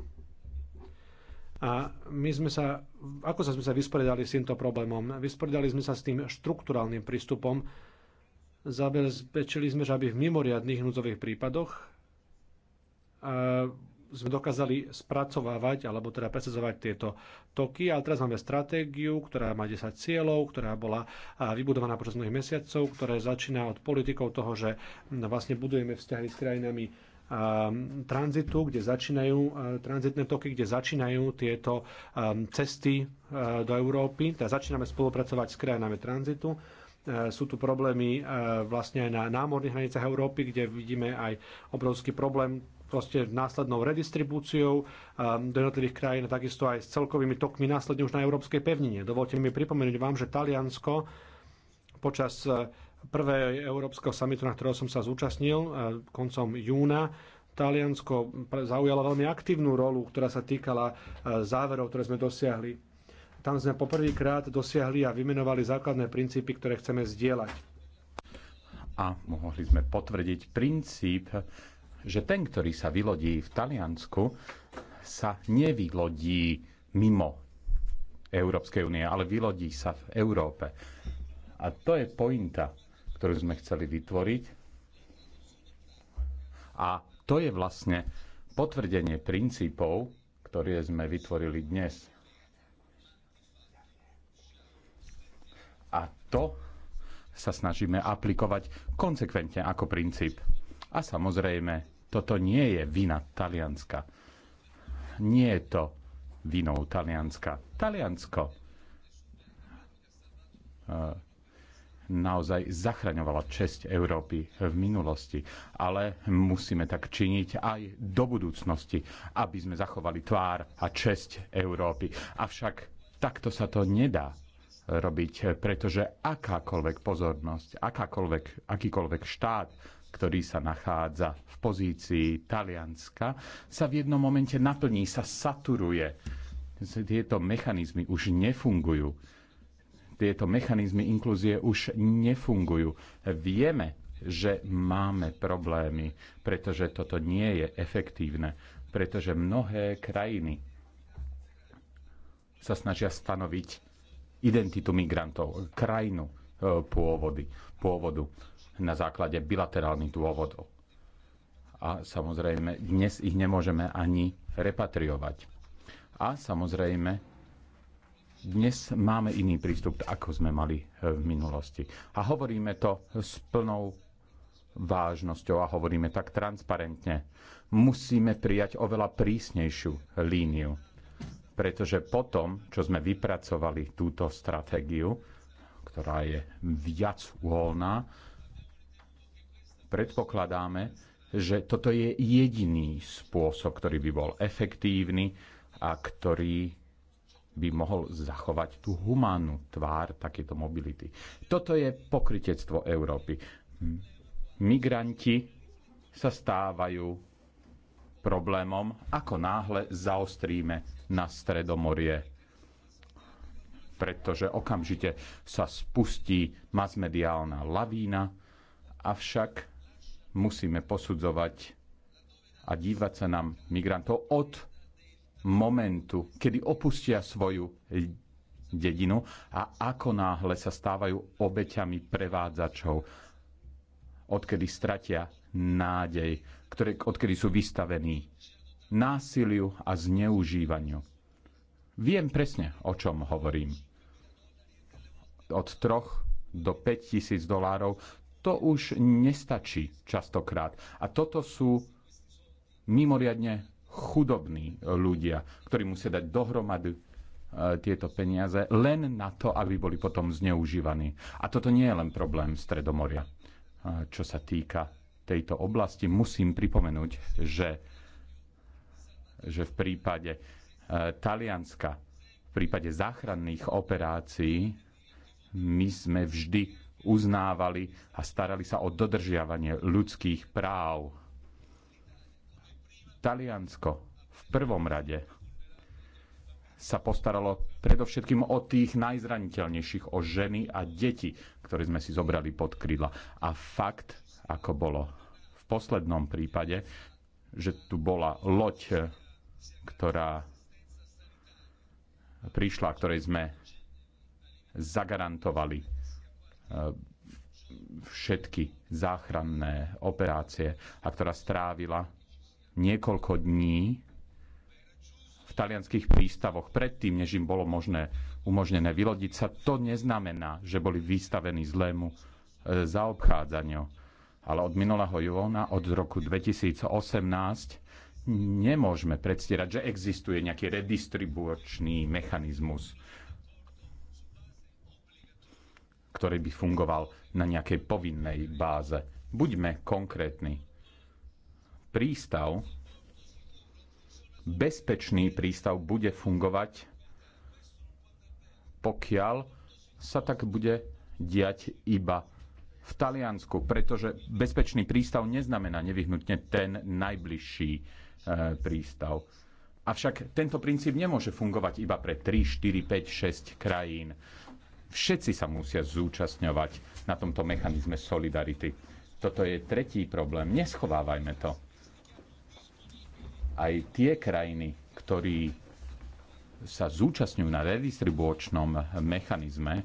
A my sme sa, ako sa sme sa vysporiadali s týmto problémom? Vysporiadali sme sa s tým štruktúrálnym prístupom, Zabezpečili sme, že aby v mimoriadných núdzových prípadoch sme dokázali spracovávať alebo teda presadzovať tieto toky. Ale teraz máme stratégiu, ktorá má 10 cieľov, ktorá bola vybudovaná počas mnohých mesiacov, ktoré začína od politikov toho, že vlastne budujeme vzťahy s krajinami tranzitu, kde začínajú tranzitné toky, kde začínajú tieto cesty do Európy. Teda začíname spolupracovať s krajinami tranzitu E, sú tu problémy e, vlastne aj na námorných hranicách Európy, kde vidíme aj obrovský problém proste následnou redistribúciou e, do jednotlivých krajín a takisto aj s celkovými tokmi následne už na európskej pevnine. Dovolte mi pripomenúť vám, že Taliansko počas prvého európskeho samitu, na ktorého som sa zúčastnil koncom júna, Taliansko zaujalo veľmi aktívnu rolu, ktorá sa týkala záverov, ktoré sme dosiahli tam sme poprvýkrát dosiahli a vymenovali základné princípy, ktoré chceme zdieľať. A mohli sme potvrdiť princíp, že ten, ktorý sa vylodí v Taliansku, sa nevylodí mimo Európskej únie, ale vylodí sa v Európe. A to je pointa, ktorú sme chceli vytvoriť. A to je vlastne potvrdenie princípov, ktoré sme vytvorili dnes. to sa snažíme aplikovať konsekventne ako princíp. A samozrejme, toto nie je vina Talianska. Nie je to vinou Talianska. Taliansko eh, naozaj zachraňovala česť Európy v minulosti. Ale musíme tak činiť aj do budúcnosti, aby sme zachovali tvár a česť Európy. Avšak takto sa to nedá robiť, pretože akákoľvek pozornosť, akákoľvek, akýkoľvek štát, ktorý sa nachádza v pozícii Talianska, sa v jednom momente naplní, sa saturuje. Tieto mechanizmy už nefungujú. Tieto mechanizmy inklúzie už nefungujú. Vieme, že máme problémy, pretože toto nie je efektívne, pretože mnohé krajiny sa snažia stanoviť identitu migrantov, krajinu e, pôvody, pôvodu na základe bilaterálnych dôvodov. A samozrejme, dnes ich nemôžeme ani repatriovať. A samozrejme, dnes máme iný prístup, ako sme mali e, v minulosti. A hovoríme to s plnou vážnosťou a hovoríme tak transparentne. Musíme prijať oveľa prísnejšiu líniu pretože potom, čo sme vypracovali túto stratégiu, ktorá je viac uholná, predpokladáme, že toto je jediný spôsob, ktorý by bol efektívny a ktorý by mohol zachovať tú humánnu tvár takéto mobility. Toto je pokritectvo Európy. Migranti sa stávajú problémom, ako náhle zaostríme na Stredomorie pretože okamžite sa spustí masmediálna lavína, avšak musíme posudzovať a dívať sa nám migrantov od momentu, kedy opustia svoju dedinu a ako náhle sa stávajú obeťami prevádzačov, odkedy stratia nádej, ktoré, odkedy sú vystavení násiliu a zneužívaniu. Viem presne, o čom hovorím. Od 3 do 5 tisíc dolárov to už nestačí častokrát. A toto sú mimoriadne chudobní ľudia, ktorí musia dať dohromady e, tieto peniaze len na to, aby boli potom zneužívaní. A toto nie je len problém Stredomoria. E, čo sa týka tejto oblasti, musím pripomenúť, že že v prípade e, Talianska, v prípade záchranných operácií, my sme vždy uznávali a starali sa o dodržiavanie ľudských práv. Taliansko v prvom rade sa postaralo predovšetkým o tých najzraniteľnejších, o ženy a deti, ktoré sme si zobrali pod krídla. A fakt, ako bolo v poslednom prípade, že tu bola loď ktorá prišla, ktorej sme zagarantovali e, všetky záchranné operácie a ktorá strávila niekoľko dní v talianských prístavoch predtým, než im bolo možné, umožnené vylodiť sa. To neznamená, že boli vystavení zlému e, zaobchádzaniu. Ale od minulého júna, od roku 2018, nemôžeme predstierať, že existuje nejaký redistribučný mechanizmus, ktorý by fungoval na nejakej povinnej báze. Buďme konkrétni. Prístav, bezpečný prístav bude fungovať, pokiaľ sa tak bude diať iba v Taliansku, pretože bezpečný prístav neznamená nevyhnutne ten najbližší E, prístav. Avšak tento princíp nemôže fungovať iba pre 3, 4, 5, 6 krajín. Všetci sa musia zúčastňovať na tomto mechanizme solidarity. Toto je tretí problém. Neschovávajme to. Aj tie krajiny, ktorí sa zúčastňujú na redistribuočnom mechanizme,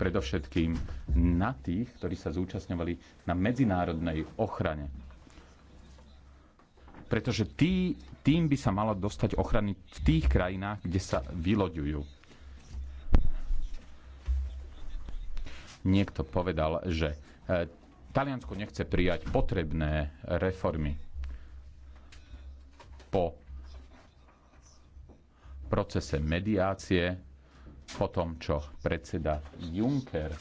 predovšetkým na tých, ktorí sa zúčastňovali na medzinárodnej ochrane pretože tý, tým by sa mala dostať ochrany v tých krajinách, kde sa vyloďujú. Niekto povedal, že e, Taliansko nechce prijať potrebné reformy po procese mediácie, po tom, čo predseda Juncker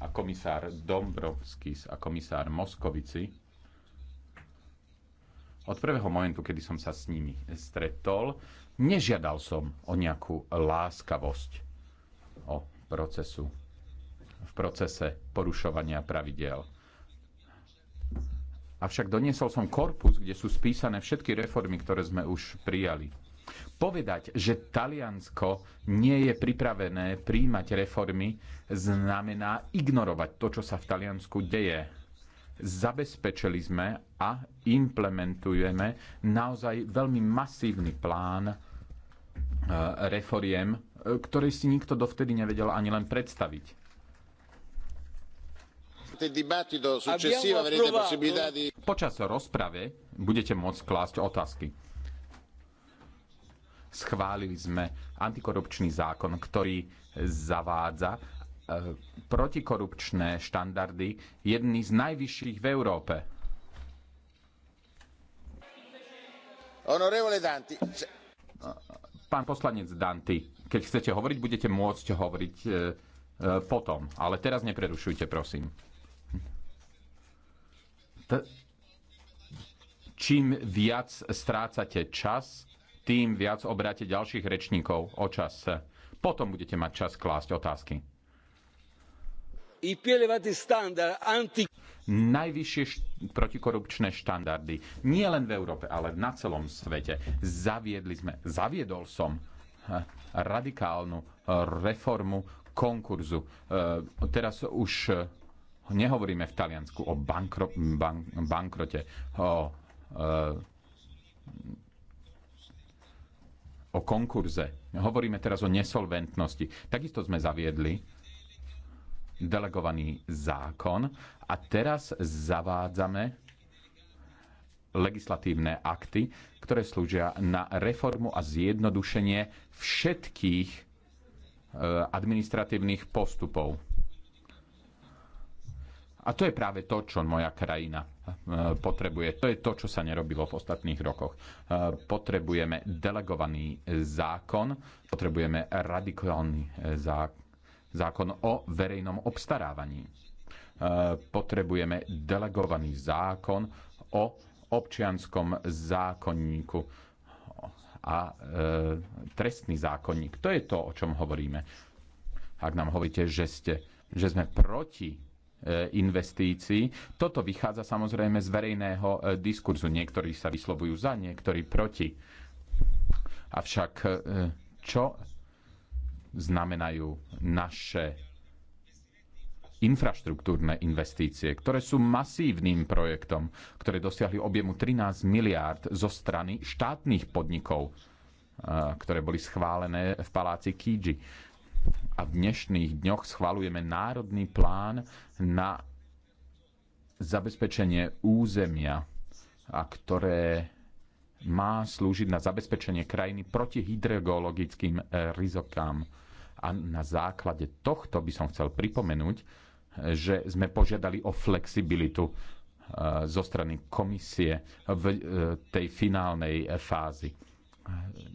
a komisár Dombrovskis a komisár Moskovici od prvého momentu, kedy som sa s nimi stretol, nežiadal som o nejakú láskavosť o procesu, v procese porušovania pravidel. Avšak doniesol som korpus, kde sú spísané všetky reformy, ktoré sme už prijali. Povedať, že Taliansko nie je pripravené príjmať reformy, znamená ignorovať to, čo sa v Taliansku deje zabezpečili sme a implementujeme naozaj veľmi masívny plán e, reforiem, e, ktorý si nikto dovtedy nevedel ani len predstaviť. Počas rozprave budete môcť klásť otázky. Schválili sme antikorupčný zákon, ktorý zavádza Eh, protikorupčné štandardy jedný z najvyšších v Európe. Pán poslanec Danti, keď chcete hovoriť, budete môcť hovoriť eh, eh, potom, ale teraz neprerušujte, prosím. T- čím viac strácate čas, tým viac obráte ďalších rečníkov o čas. Potom budete mať čas klásť otázky najvyššie protikorupčné štandardy. Nie len v Európe, ale na celom svete. Zaviedli sme, zaviedol som eh, radikálnu eh, reformu konkurzu. Eh, teraz už nehovoríme v Taliansku o bankro, bank, bankrote, o, o konkurze. Hovoríme teraz o nesolventnosti. Takisto sme zaviedli delegovaný zákon a teraz zavádzame legislatívne akty, ktoré slúžia na reformu a zjednodušenie všetkých e, administratívnych postupov. A to je práve to, čo moja krajina e, potrebuje. To je to, čo sa nerobilo v ostatných rokoch. E, potrebujeme delegovaný zákon, potrebujeme radikálny zákon zákon o verejnom obstarávaní. E, potrebujeme delegovaný zákon o občianskom zákonníku a e, trestný zákonník. To je to, o čom hovoríme. Ak nám hovoríte, že, ste, že sme proti e, investícií. Toto vychádza samozrejme z verejného diskurzu. Niektorí sa vyslovujú za, niektorí proti. Avšak čo znamenajú naše infraštruktúrne investície, ktoré sú masívnym projektom, ktoré dosiahli objemu 13 miliárd zo strany štátnych podnikov, eh, ktoré boli schválené v paláci Kíži. A v dnešných dňoch schvalujeme národný plán na zabezpečenie územia, a ktoré má slúžiť na zabezpečenie krajiny proti hydrogeologickým e, rizokám. A na základe tohto by som chcel pripomenúť, e, že sme požiadali o flexibilitu e, zo strany komisie v tej finálnej fázi.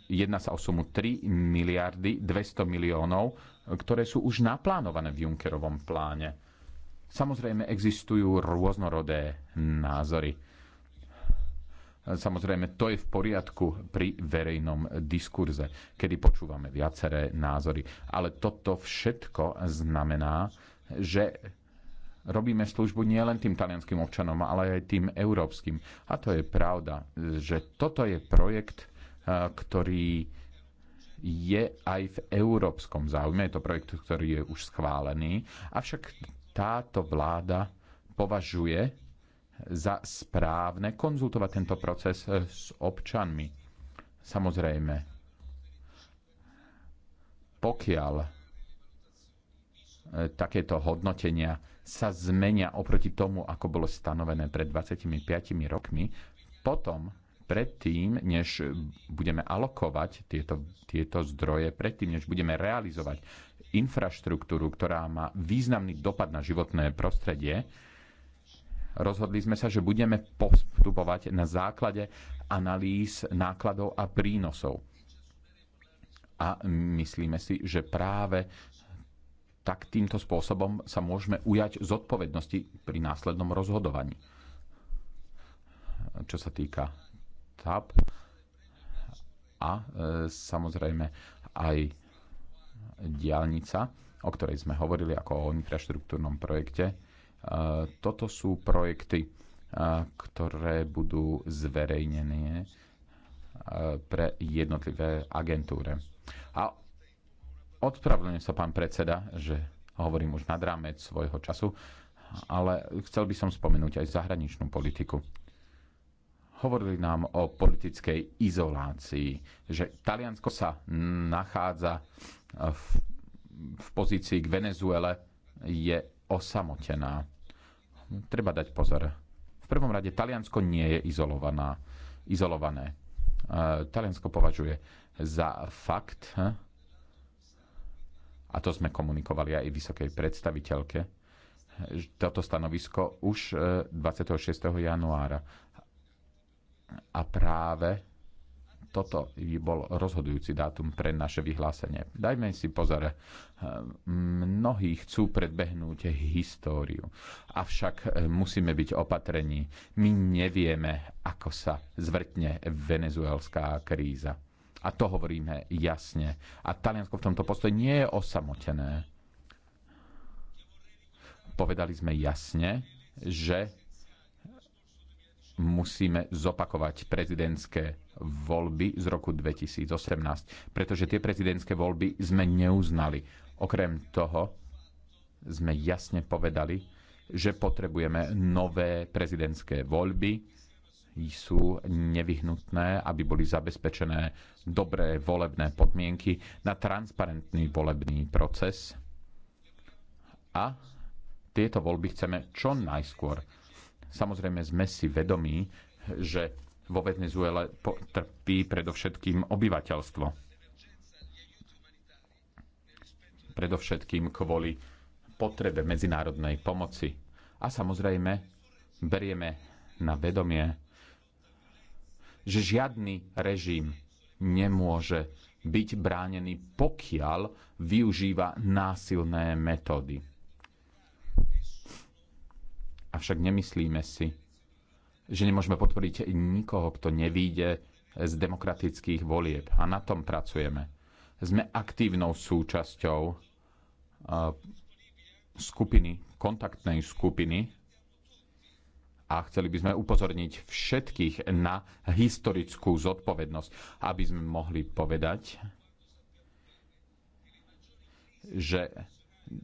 Jedna sa o sumu 3 miliardy 200 miliónov, ktoré sú už naplánované v Junckerovom pláne. Samozrejme existujú rôznorodé názory Samozrejme, to je v poriadku pri verejnom diskurze, kedy počúvame viaceré názory. Ale toto všetko znamená, že robíme službu nielen tým talianským občanom, ale aj tým európskym. A to je pravda, že toto je projekt, eh, ktorý je aj v európskom záujme. Je to projekt, ktorý je už schválený. Avšak táto vláda považuje za správne konzultovať tento proces eh, s občanmi. Samozrejme, pokiaľ eh, takéto hodnotenia sa zmenia oproti tomu, ako bolo stanovené pred 25 rokmi, potom predtým, než budeme alokovať tieto, tieto zdroje, predtým, než budeme realizovať infraštruktúru, ktorá má významný dopad na životné prostredie, Rozhodli sme sa, že budeme postupovať na základe analýz nákladov a prínosov. A myslíme si, že práve tak týmto spôsobom sa môžeme ujať zodpovednosti pri následnom rozhodovaní. Čo sa týka TAP a e, samozrejme aj diálnica, o ktorej sme hovorili ako o infraštruktúrnom projekte, toto sú projekty, ktoré budú zverejnené pre jednotlivé agentúre. A odpravdujem sa, pán predseda, že hovorím už nad rámec svojho času, ale chcel by som spomenúť aj zahraničnú politiku. Hovorili nám o politickej izolácii, že Taliansko sa nachádza v, v pozícii k Venezuele, je osamotená treba dať pozor. V prvom rade Taliansko nie je izolovaná, izolované. E, Taliansko považuje za fakt, a to sme komunikovali aj vysokej predstaviteľke, toto stanovisko už 26. E, januára. A práve toto bol rozhodujúci dátum pre naše vyhlásenie. Dajme si pozor, eh, mnohí chcú predbehnúť históriu, avšak eh, musíme byť opatrení. My nevieme, ako sa zvrtne venezuelská kríza. A to hovoríme jasne. A Taliansko v tomto postoji nie je osamotené. Povedali sme jasne, že musíme zopakovať prezidentské voľby z roku 2018, pretože tie prezidentské voľby sme neuznali. Okrem toho sme jasne povedali, že potrebujeme nové prezidentské voľby, sú nevyhnutné, aby boli zabezpečené dobré volebné podmienky na transparentný volebný proces. A tieto voľby chceme čo najskôr. Samozrejme sme si vedomí, že vo Venezuele trpí predovšetkým obyvateľstvo. Predovšetkým kvôli potrebe medzinárodnej pomoci. A samozrejme, berieme na vedomie, že žiadny režim nemôže byť bránený, pokiaľ využíva násilné metódy. Avšak nemyslíme si, že nemôžeme podporiť nikoho, kto nevíde z demokratických volieb. A na tom pracujeme. Sme aktívnou súčasťou e, skupiny, kontaktnej skupiny a chceli by sme upozorniť všetkých na historickú zodpovednosť, aby sme mohli povedať, že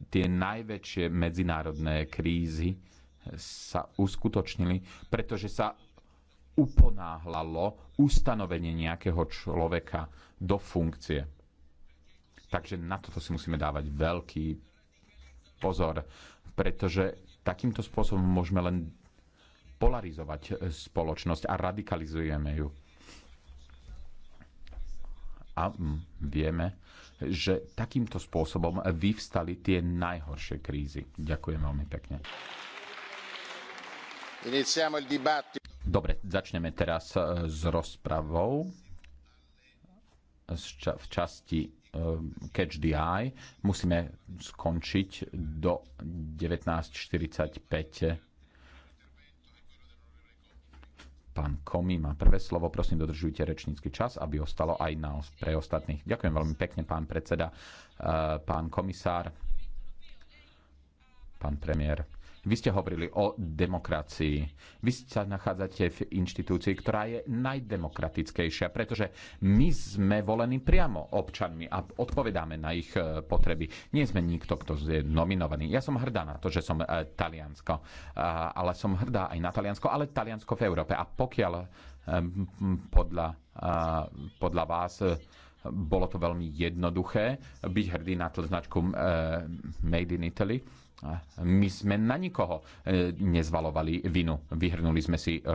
tie najväčšie medzinárodné krízy sa uskutočnili, pretože sa uponáhlalo ustanovenie nejakého človeka do funkcie. Takže na toto si musíme dávať veľký pozor, pretože takýmto spôsobom môžeme len polarizovať spoločnosť a radikalizujeme ju. A vieme, že takýmto spôsobom vyvstali tie najhoršie krízy. Ďakujem veľmi pekne. Dobre, začneme teraz eh, s rozpravou v časti eh, Catch the Eye. Musíme skončiť do 19.45. Pán Komi má prvé slovo. Prosím, dodržujte rečnícky čas, aby ostalo aj na, pre ostatných. Ďakujem veľmi pekne, pán predseda, eh, pán komisár, pán premiér vy ste hovorili o demokracii. Vy sa nachádzate v inštitúcii, ktorá je najdemokratickejšia, pretože my sme volení priamo občanmi a odpovedáme na ich e, potreby. Nie sme nikto, kto je nominovaný. Ja som hrdá na to, že som e, Taliansko, e, ale som hrdá aj na Taliansko, ale Taliansko v Európe. A pokiaľ podľa, podľa vás bolo to veľmi jednoduché byť hrdý na značku Made in Italy, my sme na nikoho e, nezvalovali vinu. Vyhrnuli sme si e, e,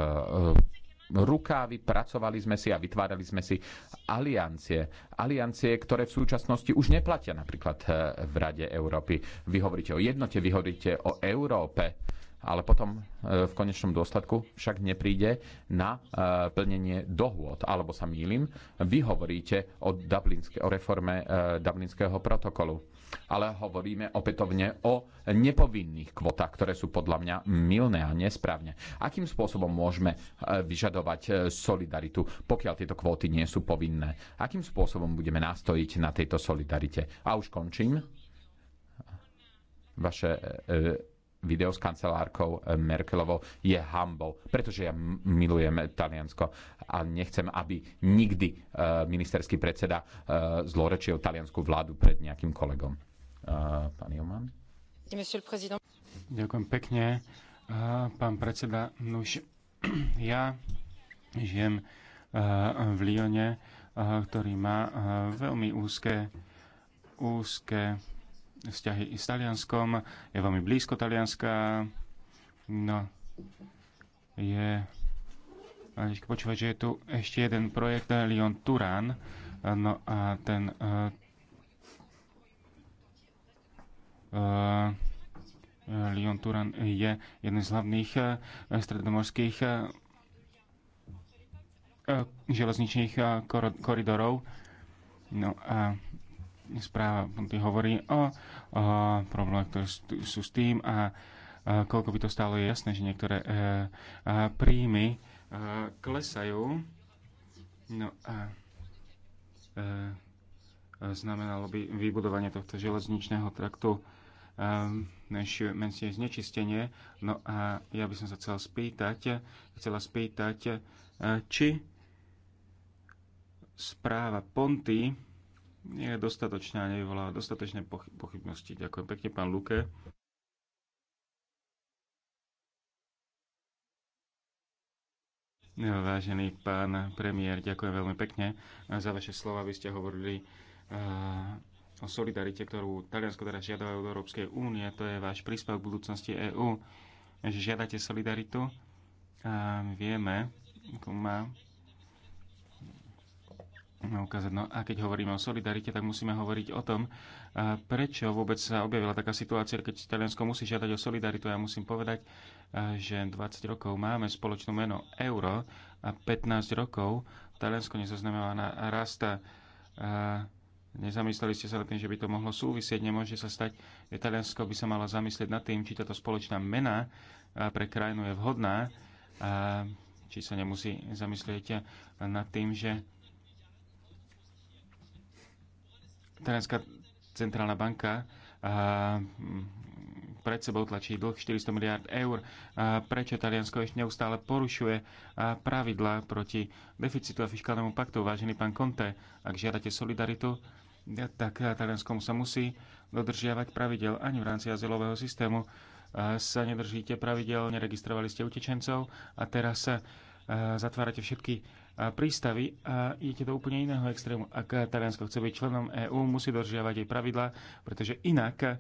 rukávy, pracovali sme si a vytvárali sme si aliancie. Aliancie, ktoré v súčasnosti už neplatia napríklad v Rade Európy. Vy hovoríte o jednote, vy hovoríte o Európe, ale potom v konečnom dôsledku však nepríde na plnenie dohôd. Alebo sa mýlim, vy hovoríte o, o reforme Dublinského protokolu ale hovoríme opätovne o nepovinných kvotách, ktoré sú podľa mňa milné a nesprávne. Akým spôsobom môžeme e, vyžadovať e, solidaritu, pokiaľ tieto kvóty nie sú povinné? Akým spôsobom budeme nastojiť na tejto solidarite? A už končím. Vaše e, video s kancelárkou Merkelovou je hambou, pretože ja milujem Taliansko a nechcem, aby nikdy eh, ministerský predseda eh, zlorečil taliansku vládu pred nejakým kolegom. Eh, pán Joman? Ďakujem pekne. Pán predseda, nuž, no ja žijem v Lione, ktorý má veľmi úzke, úzke vzťahy s Talianskom, je veľmi blízko Talianska, no, je počúvať, že je tu ešte jeden projekt Lyon Turan. No a ten uh, uh, Lyon Turan je jeden z hlavných uh, stredomorských uh, železničných uh, koridorov. No a správa hovorí o, o problémoch, ktoré sú s tým a, a koľko by to stálo, je jasné, že niektoré e, príjmy klesajú. No a e, e, znamenalo by vybudovanie tohto železničného traktu e, menšie znečistenie. No a ja by som sa chcel spýtať, chcela spýtať, či správa Ponty nie je dostatočná, nevyvolá dostatočné pochybnosti. Ďakujem pekne, pán Luke. Vážený pán premiér, ďakujem veľmi pekne za vaše slova. Vy ste hovorili eh, o solidarite, ktorú Taliansko teraz žiada od Európskej únie. To je váš príspevok k budúcnosti EÚ. žiadate solidaritu. A vieme, ako má ukázať. No a keď hovoríme o solidarite, tak musíme hovoriť o tom, prečo vôbec sa objavila taká situácia, keď Taliansko musí žiadať o solidaritu. Ja musím povedať, že 20 rokov máme spoločnú meno euro a 15 rokov Taliansko nezaznamená na rasta. Nezamysleli ste sa nad tým, že by to mohlo súvisieť. Nemôže sa stať, že Taliansko by sa malo zamyslieť nad tým, či táto spoločná mena pre krajinu je vhodná, či sa nemusí zamyslieť nad tým, že Talianská centrálna banka a, mm, pred sebou tlačí dlh 400 miliard eur. A prečo Taliansko ešte neustále porušuje pravidla proti deficitu a fiskálnemu paktu? Vážený pán Conte, ak žiadate solidaritu, tak Talianskom sa musí dodržiavať pravidel ani v rámci azylového systému. Sa nedržíte pravidel, neregistrovali ste utečencov a teraz sa zatvárate všetky prístavy a idete do úplne iného extrému. Ak Taliansko chce byť členom EÚ, musí dodržiavať jej pravidla, pretože inak e,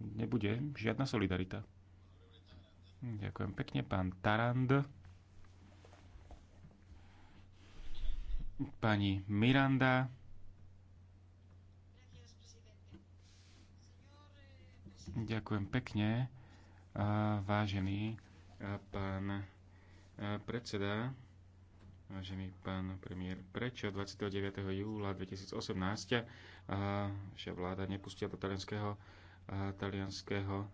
nebude žiadna solidarita. Ďakujem pekne, pán Tarand. Pani Miranda. Ďakujem pekne, vážený e, pán predseda, vážený pán premiér, prečo 29. júla 2018 vaša vláda nepustila do talianského, talianského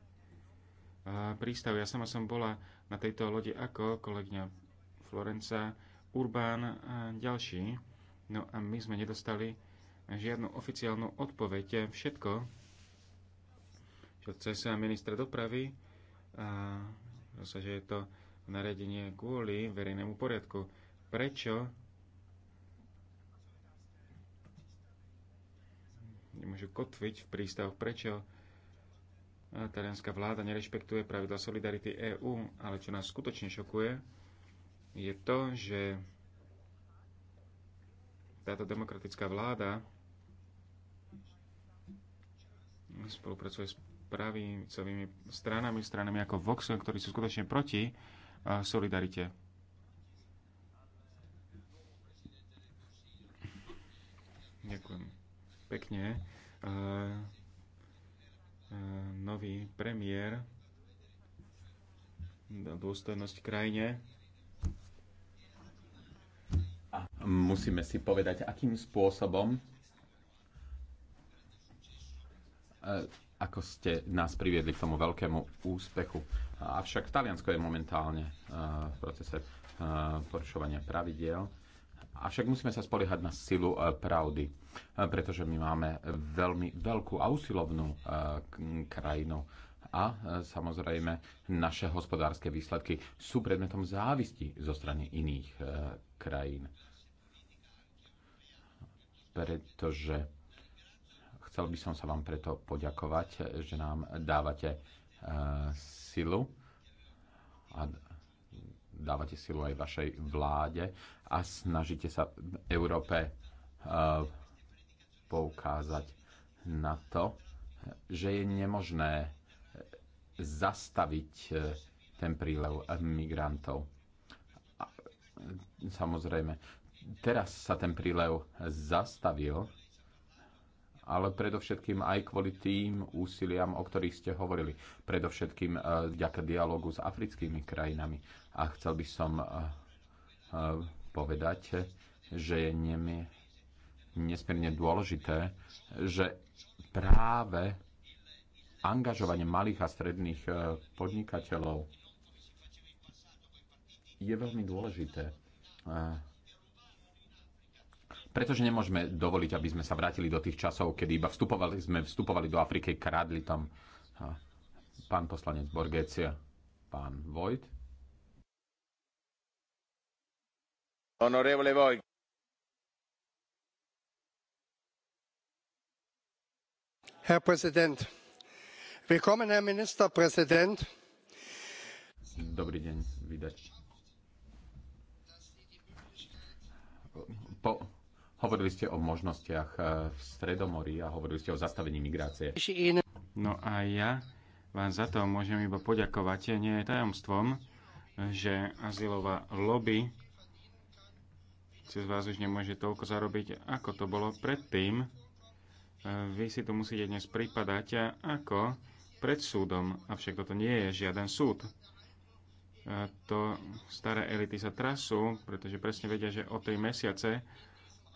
prístavu. Ja sama som bola na tejto lodi ako kolegyňa Florenca, Urbán a ďalší. No a my sme nedostali žiadnu oficiálnu odpoveď. Všetko, čo cez sa ministra dopravy, a že je to nariadenie kvôli verejnému poriadku. Prečo nemôžu kotviť v prístav? Prečo eh, talianská vláda nerešpektuje pravidla solidarity EÚ? Ale čo nás skutočne šokuje, je to, že táto demokratická vláda spolupracuje s pravicovými stranami, stranami ako Vox, ktorí sú skutočne proti solidarite. Ďakujem pekne. Nový premiér na dôstojnosť krajine. A musíme si povedať, akým spôsobom e, ako ste nás priviedli k tomu veľkému úspechu. Avšak v je momentálne eh, v procese eh, porušovania pravidiel. Avšak musíme sa spoliehať na silu eh, pravdy, pretože my máme veľmi veľkú a usilovnú krajinu a samozrejme naše hospodárske výsledky sú predmetom závisti zo strany iných krajín. Pretože chcel by som sa vám preto poďakovať, že nám dávate silu a dávate silu aj vašej vláde a snažíte sa Európe poukázať na to, že je nemožné zastaviť e, ten prílev migrantov. Samozrejme, teraz sa ten prílev zastavil ale predovšetkým aj kvôli tým úsiliam, o ktorých ste hovorili. Predovšetkým e, vďaka dialogu s africkými krajinami. A chcel by som e, e, povedať, že je nesmierne dôležité, že práve angažovanie malých a stredných podnikateľov je veľmi dôležité pretože nemôžeme dovoliť, aby sme sa vrátili do tých časov, kedy iba vstupovali, sme vstupovali do Afriky, kradli tam a pán poslanec Borgecia, pán Vojt. Honorevole Vojt. Herr Präsident, willkommen, Herr Ministerpräsident. Dobrý deň, vydač. Po, Hovorili ste o možnostiach eh, v Stredomorí a hovorili ste o zastavení migrácie. No a ja vám za to môžem iba poďakovať. Nie je tajomstvom, že azylová lobby cez vás už nemôže toľko zarobiť, ako to bolo predtým. Eh, vy si to musíte dnes pripadať ako pred súdom, avšak toto nie je žiaden súd. Eh, to staré elity sa trasú, pretože presne vedia, že o tej mesiace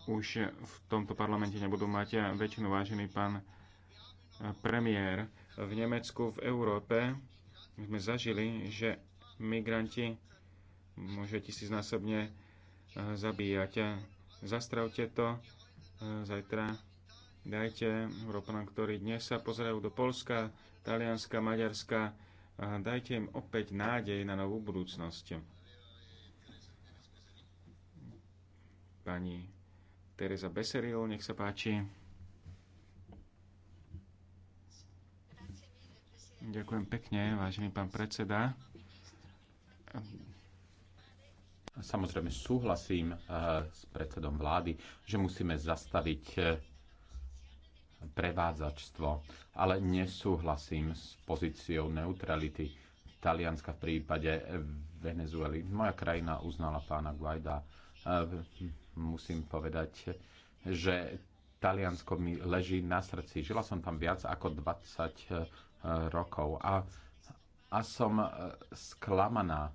už v tomto parlamente nebudú mať väčšinu, vážený pán eh, premiér. V Nemecku, v Európe sme zažili, že migranti môže tisícnásobne eh, zabíjať. Zastravte to eh, zajtra. Dajte Európanom, ktorí dnes sa pozerajú do Polska, Talianska, Maďarska, dajte im opäť nádej na novú budúcnosť. Pani Teresa Beseril, nech sa páči. Ďakujem pekne, vážený pán predseda. Samozrejme súhlasím eh, s predsedom vlády, že musíme zastaviť eh, prevádzačstvo, ale nesúhlasím s pozíciou neutrality Talianska v prípade Venezuely. Moja krajina uznala pána Guaida eh, musím povedať, že Taliansko mi leží na srdci. Žila som tam viac ako 20 e, rokov a, a som e, sklamaná e,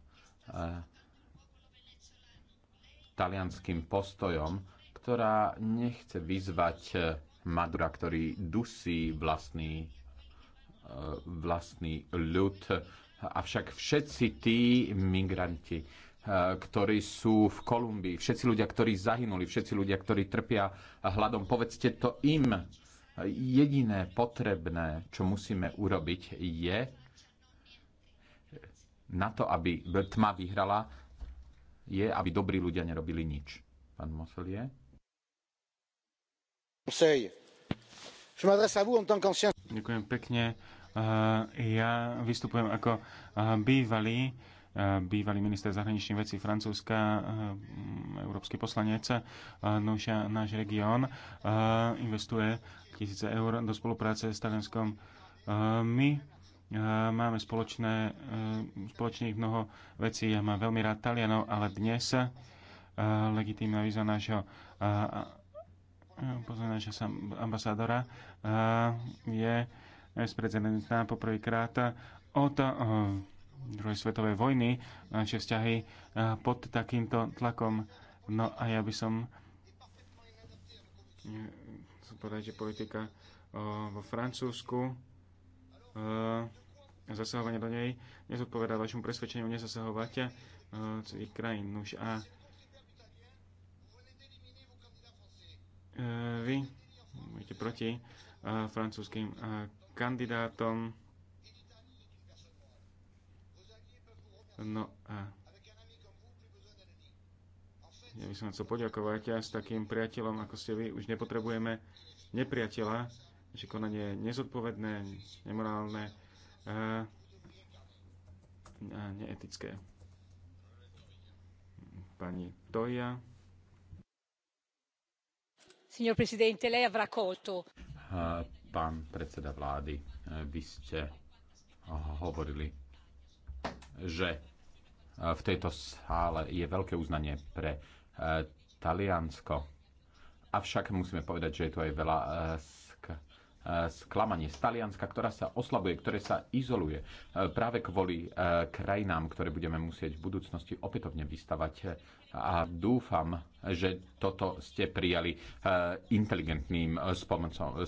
talianským postojom, ktorá nechce vyzvať Madura, ktorý dusí vlastný, vlastný ľud. Avšak všetci tí migranti, Eh, ktorí sú v Kolumbii, všetci ľudia, ktorí zahynuli, všetci ľudia, ktorí trpia hladom, povedzte to im. Jediné potrebné, čo musíme urobiť, je na to, aby tma vyhrala, je, aby dobrí ľudia nerobili nič. Pán Moselie. Ďakujem pekne. Eh, ja vystupujem ako eh, bývalý bývalý minister zahraničných vecí Francúzska, eh, európsky poslanec, eh, náš region, eh, investuje tisíce eur do spolupráce s Talianskom. My máme spoločné, spoločných mnoho vecí. Ja mám veľmi rád Talianov, ale dnes legitímna výzva nášho pozvaná, že ambasádora je s poprvýkrát od druhej svetovej vojny, naše vzťahy eh, pod takýmto tlakom. No a ja by som eh, chcel povedať, že politika eh, vo Francúzsku zasahovanie do nej nezodpovedá vašemu presvedčeniu nezasahovať celých krajín. Nuž a vy budete proti francúzským kandidátom. No a ja by som chcel poďakovať a s takým priateľom, ako ste vy, už nepotrebujeme nepriateľa, že konanie je nezodpovedné, nemorálne a, a neetické. Pani Toja. Signor Presidente, lei avrà colto. Pán predseda vlády, vy ste hovorili, že Eh, v tejto sále je veľké uznanie pre eh, Taliansko. Avšak musíme povedať, že je tu aj veľa eh, E, sklamanie z Talianska, ktorá sa oslabuje, ktoré sa izoluje e, práve kvôli e, krajinám, ktoré budeme musieť v budúcnosti opätovne vystavať. A dúfam, že toto ste prijali inteligentným s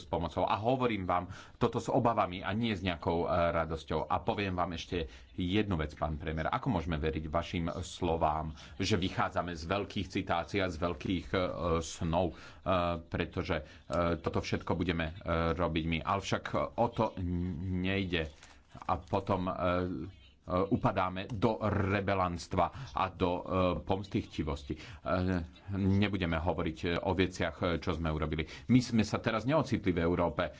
pomocou, A hovorím vám toto s obavami a nie s nejakou radosťou. A poviem vám ešte jednu vec, pán premiér. Ako môžeme veriť vašim slovám, že vychádzame z veľkých citácií a z veľkých snov, pretože toto všetko budeme robiť my. Ale však e, o to nejde. A potom e, e, upadáme do rebelanstva a do pomstichtivosti. Nebudeme hovoriť o veciach, čo sme urobili. My sme sa teraz neocitli v Európe.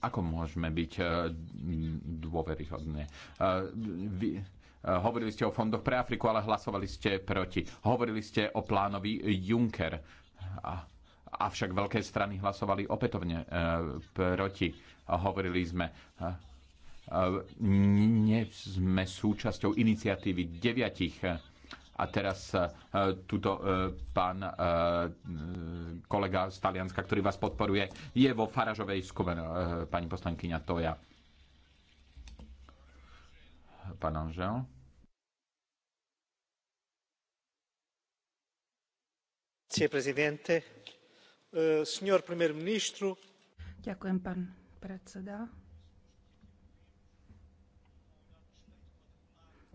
Ako môžeme byť dôveryhodné? Hovorili ste o fondoch pre Afriku, ale hlasovali ste proti. Hovorili ste o plánovi Juncker. A avšak veľké strany hlasovali opätovne e, proti. Hovorili sme, e, e, nie sme súčasťou iniciatívy deviatich a teraz tuto pán kolega z Talianska, ktorý vás podporuje, je vo Faražovej skupine, pani poslankyňa Toja. Pán Anžel. Grazie, presidente. Eh, Ďakujem, pán predseda.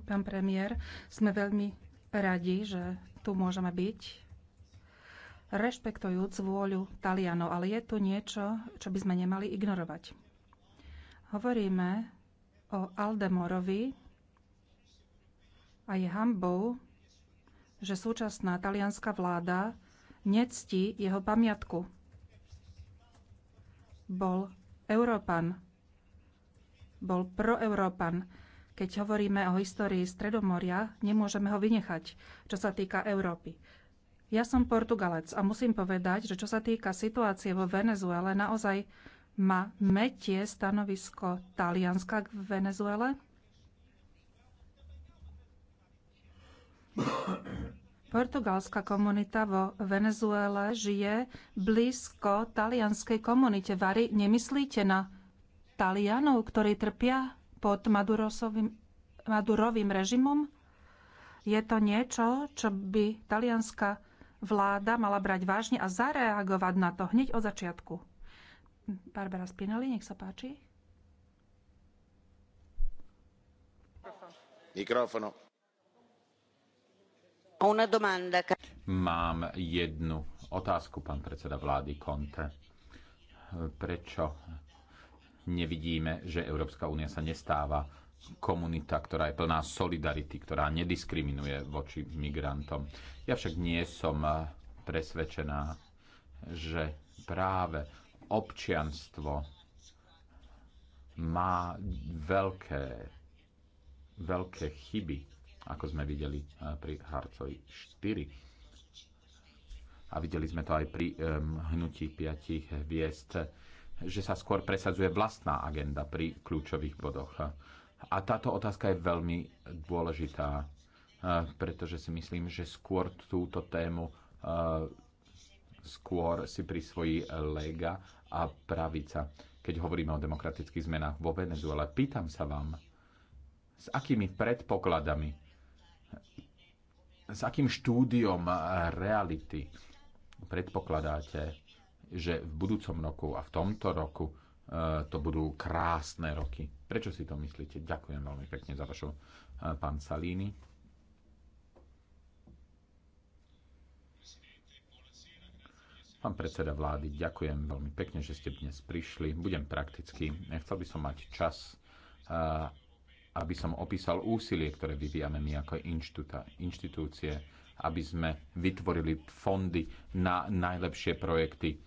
Pán premiér, sme veľmi radi, že tu môžeme byť rešpektujúc vôľu Talianov, ale je tu niečo, čo by sme nemali ignorovať. Hovoríme o Aldemorovi a je hambou, že súčasná talianská vláda necti jeho pamiatku. Bol Európan. Bol proeurópan. Keď hovoríme o histórii Stredomoria, nemôžeme ho vynechať, čo sa týka Európy. Ja som Portugalec a musím povedať, že čo sa týka situácie vo Venezuele, naozaj ma metie stanovisko Talianska k Venezuele. Portugalská komunita vo Venezuele žije blízko talianskej komunite. Vary, nemyslíte na Talianov, ktorí trpia pod Madurovým režimom? Je to niečo, čo by talianská vláda mala brať vážne a zareagovať na to hneď od začiatku. Barbara Spinelli, nech sa páči. Mikrofono. Mám jednu otázku, pán predseda vlády Conte. Prečo nevidíme, že Európska únia sa nestáva komunita, ktorá je plná solidarity, ktorá nediskriminuje voči migrantom. Ja však nie som presvedčená, že práve občianstvo má veľké, veľké chyby ako sme videli eh, pri Harcovi 4. A videli sme to aj pri um, hnutí piatich hviezd, že sa skôr presadzuje vlastná agenda pri kľúčových bodoch. A táto otázka je veľmi dôležitá, eh, pretože si myslím, že skôr túto tému eh, skôr si prisvojí lega a pravica, keď hovoríme o demokratických zmenách vo Venezuele. Pýtam sa vám, s akými predpokladami s akým štúdiom reality predpokladáte, že v budúcom roku a v tomto roku e, to budú krásne roky. Prečo si to myslíte? Ďakujem veľmi pekne za vašu, e, pán Salini. Pán predseda vlády, ďakujem veľmi pekne, že ste dnes prišli. Budem prakticky. Chcel by som mať čas e, aby som opísal úsilie, ktoré vyvíjame my ako inštitúta, inštitúcie, aby sme vytvorili fondy na najlepšie projekty eh,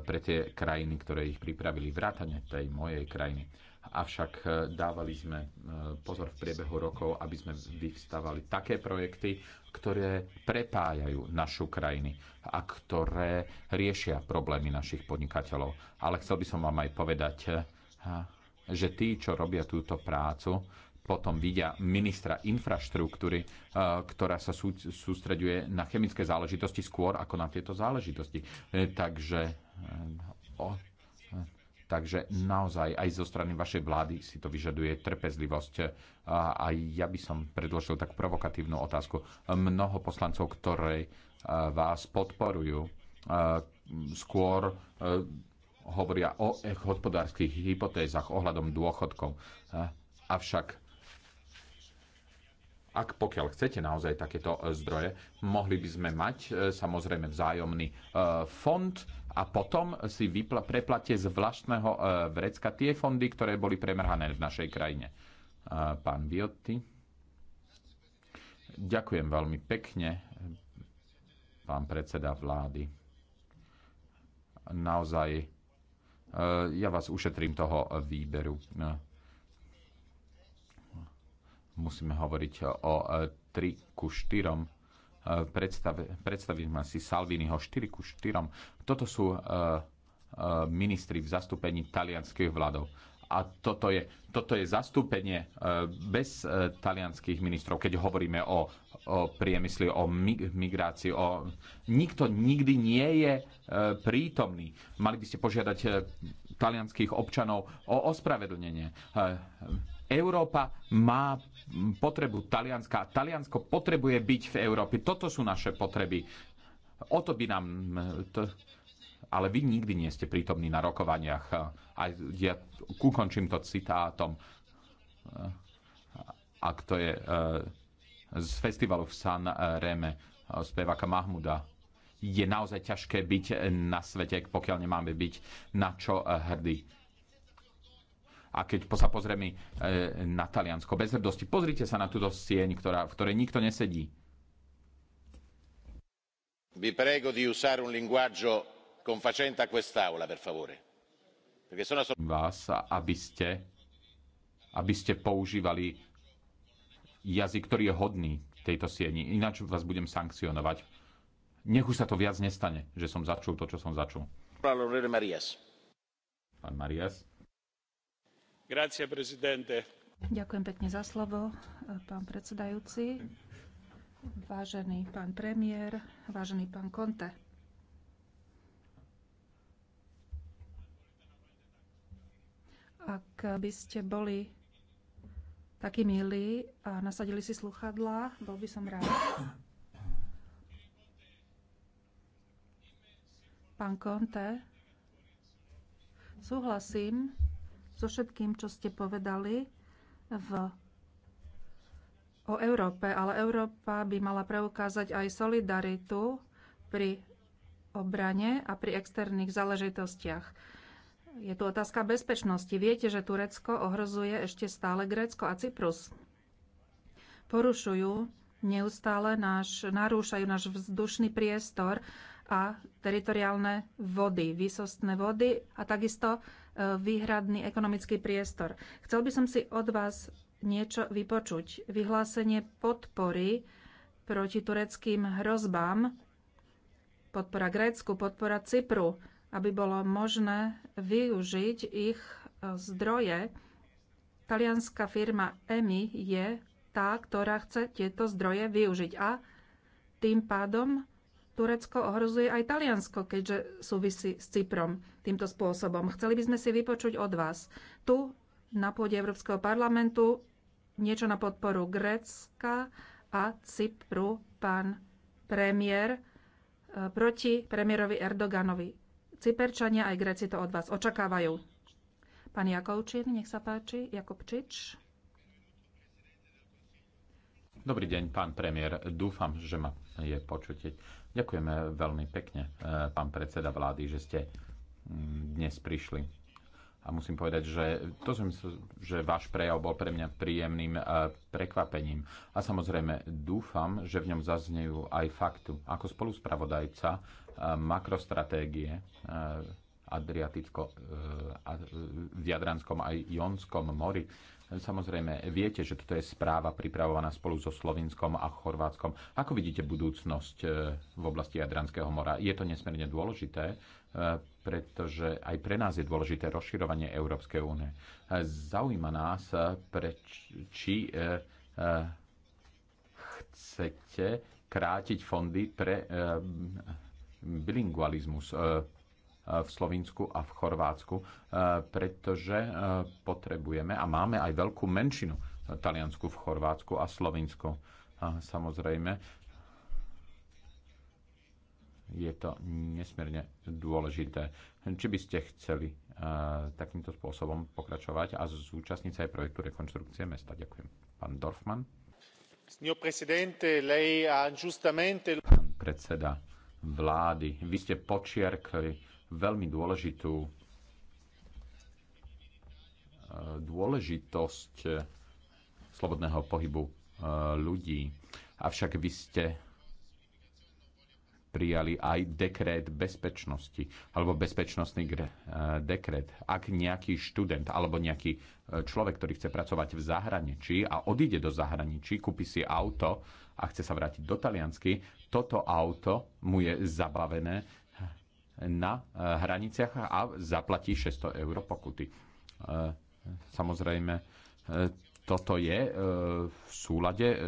pre tie krajiny, ktoré ich pripravili, vrátane tej mojej krajiny. Avšak eh, dávali sme eh, pozor v priebehu rokov, aby sme vyvstávali také projekty, ktoré prepájajú našu krajiny a ktoré riešia problémy našich podnikateľov. Ale chcel by som vám aj povedať, že tí, čo robia túto prácu, potom vidia ministra infraštruktúry, eh, ktorá sa sú, sústreďuje na chemické záležitosti skôr ako na tieto záležitosti. Eh, takže, eh, o, takže naozaj aj zo strany vašej vlády si to vyžaduje trpezlivosť. A, a ja by som predložil takú provokatívnu otázku. Mnoho poslancov, ktoré vás podporujú, skôr hovoria o e-, hospodárskych hypotézach ohľadom dôchodkov. Eh, avšak ak pokiaľ chcete naozaj takéto eh, zdroje, mohli by sme mať eh, samozrejme vzájomný fond a potom si vypla, preplate z vlastného vrecka tie fondy, ktoré boli premrhané v našej krajine. Pán Viotti. Ďakujem veľmi pekne, pán predseda vlády. Naozaj Eh, ja vás ušetrím toho výberu. Eh, musíme hovoriť o 3 eh, ku 4. Predstavím si Salviniho 4 ku 4. Toto sú ministri v zastúpení talianských vládov. A toto je, toto je zastúpenie bez talianských ministrov, keď hovoríme o o priemysli, o migrácii. O... Nikto nikdy nie je e, prítomný. Mali by ste požiadať e, talianských občanov o ospravedlnenie. E, Európa má potrebu Talianska. Taliansko potrebuje byť v Európe. Toto sú naše potreby. O to by nám... Ale vy nikdy nie ste prítomní na rokovaniach. A ja ukončím to citátom. Ak to je z festivalu v San Reme, eh, speváka Mahmuda. Je naozaj ťažké byť na svete, pokiaľ nemáme byť na čo eh, hrdí. A keď sa pozrieme eh, na Taliansko bez hrdosti, pozrite sa na túto sieň, ktorá, v ktorej nikto nesedí. Vi prego di usare un linguaggio confacente a quest'aula, per favore. Perché sono... Vás, aby ste, aby ste používali jazyk, ktorý je hodný tejto sieni. Ináč vás budem sankcionovať. Nech už sa to viac nestane, že som začul to, čo som začul. Pán Marias. Grazie, prezidente. Ďakujem pekne za slovo, pán predsedajúci. Vážený pán premiér, vážený pán Konte. Ak by ste boli taký milý a nasadili si sluchadla, Bol by som rád. Pán Konte, súhlasím so všetkým, čo ste povedali v, o Európe, ale Európa by mala preukázať aj solidaritu pri obrane a pri externých záležitostiach. Je tu otázka bezpečnosti. Viete, že Turecko ohrozuje ešte stále Grécko a Cyprus. Porušujú neustále náš, narúšajú náš vzdušný priestor a teritoriálne vody, výsostné vody a takisto e, výhradný ekonomický priestor. Chcel by som si od vás niečo vypočuť. Vyhlásenie podpory proti tureckým hrozbám, podpora Grécku, podpora Cypru, aby bolo možné využiť ich e, zdroje. Talianská firma EMI je tá, ktorá chce tieto zdroje využiť a tým pádom Turecko ohrozuje aj Taliansko, keďže súvisí s Cyprom týmto spôsobom. Chceli by sme si vypočuť od vás tu na pôde Európskeho parlamentu niečo na podporu Grécka a Cypru, pán premiér, e, proti premiérovi Erdoganovi. Cyperčania aj Gréci to od vás očakávajú. Pán Jakovčin, nech sa páči. Jakobčič. Dobrý deň, pán premiér. Dúfam, že ma je počuť. Ďakujeme eh, veľmi pekne, eh, pán predseda vlády, že ste mm, dnes prišli a musím povedať, že to, som myslel, že váš prejav bol pre mňa príjemným e, prekvapením. A samozrejme dúfam, že v ňom zaznejú aj faktu. Ako spoluspravodajca e, makrostratégie e, Adriaticko, v Jadranskom aj Jonskom mori, Samozrejme, viete, že toto je správa pripravovaná spolu so Slovinskom a Chorvátskom. Ako vidíte budúcnosť v oblasti Jadranského mora? Je to nesmierne dôležité, pretože aj pre nás je dôležité rozširovanie Európskej únie. Zaujíma nás, či e, e, chcete krátiť fondy pre e, bilingualizmus v Slovensku a v Chorvátsku, pretože potrebujeme a máme aj veľkú menšinu taliansku v Chorvátsku a Slovensku, Samozrejme, je to nesmierne dôležité. Či by ste chceli uh, takýmto spôsobom pokračovať a zúčastniť sa aj projektu rekonstrukcie mesta? Ďakujem. Pán Dorfman. Pán predseda vlády, vy ste počiarkli veľmi dôležitú eh, dôležitosť eh, slobodného pohybu ľudí. Avšak vy ste prijali aj dekret bezpečnosti alebo bezpečnostný eh, dekret. Ak nejaký študent alebo nejaký eh, človek, ktorý chce pracovať v zahraničí a odíde do zahraničí, kúpi si auto a chce sa vrátiť do Taliansky, toto auto mu je zabavené na eh, hraniciach a zaplatí 600 eur pokuty. Samozrejme, toto je e, v súlade e,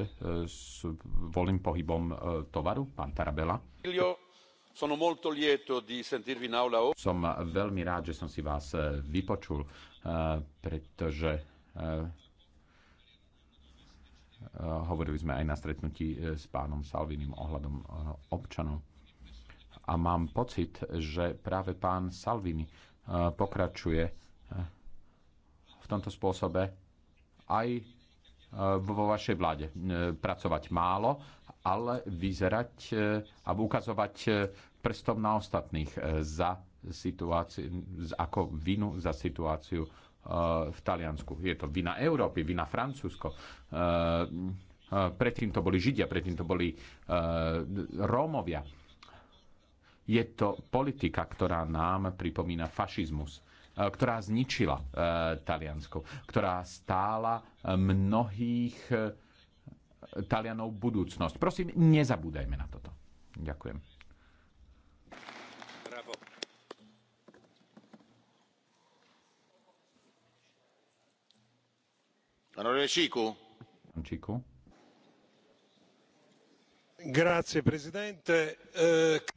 s voľným pohybom e, tovaru? Pán Tarabela. Som veľmi rád, že som si vás vypočul, pretože hovorili sme aj na stretnutí s pánom Salvinim ohľadom občanov. A mám pocit, že práve pán Salvini pokračuje v tomto spôsobe aj e, vo vašej vláde. E, pracovať málo, ale vyzerať e, a ukazovať prstom na ostatných za situáciu, ako vinu za situáciu v Taliansku. Je to vina Európy, vina Francúzsko. Predtým to boli Židia, predtým to boli Rómovia. Je to politika, ktorá nám pripomína fašizmus E, ktorá zničila e, Taliansko, ktorá stála e, mnohých Talianov budúcnosť. Prosím, nezabúdajme na toto. Ďakujem. Bravo. Honorable Čiku. Číku. Eh,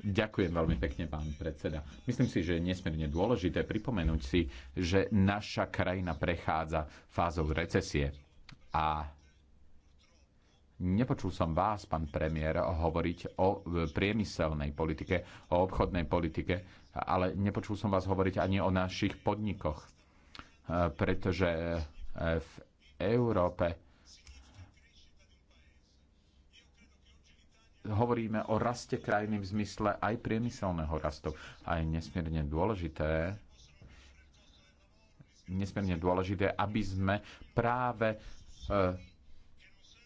Ďakujem veľmi pekne, pán predseda. Myslím si, že je nesmierne dôležité pripomenúť si, že naša krajina prechádza fázou recesie. A nepočul som vás, pán premiér, hovoriť o e, priemyselnej politike, o obchodnej politike, ale nepočul som vás hovoriť ani o našich podnikoch. E, pretože e, v Európe hovoríme o raste krajiny v zmysle aj priemyselného rastu. A je nesmierne dôležité, nesmierne dôležité, aby sme práve e,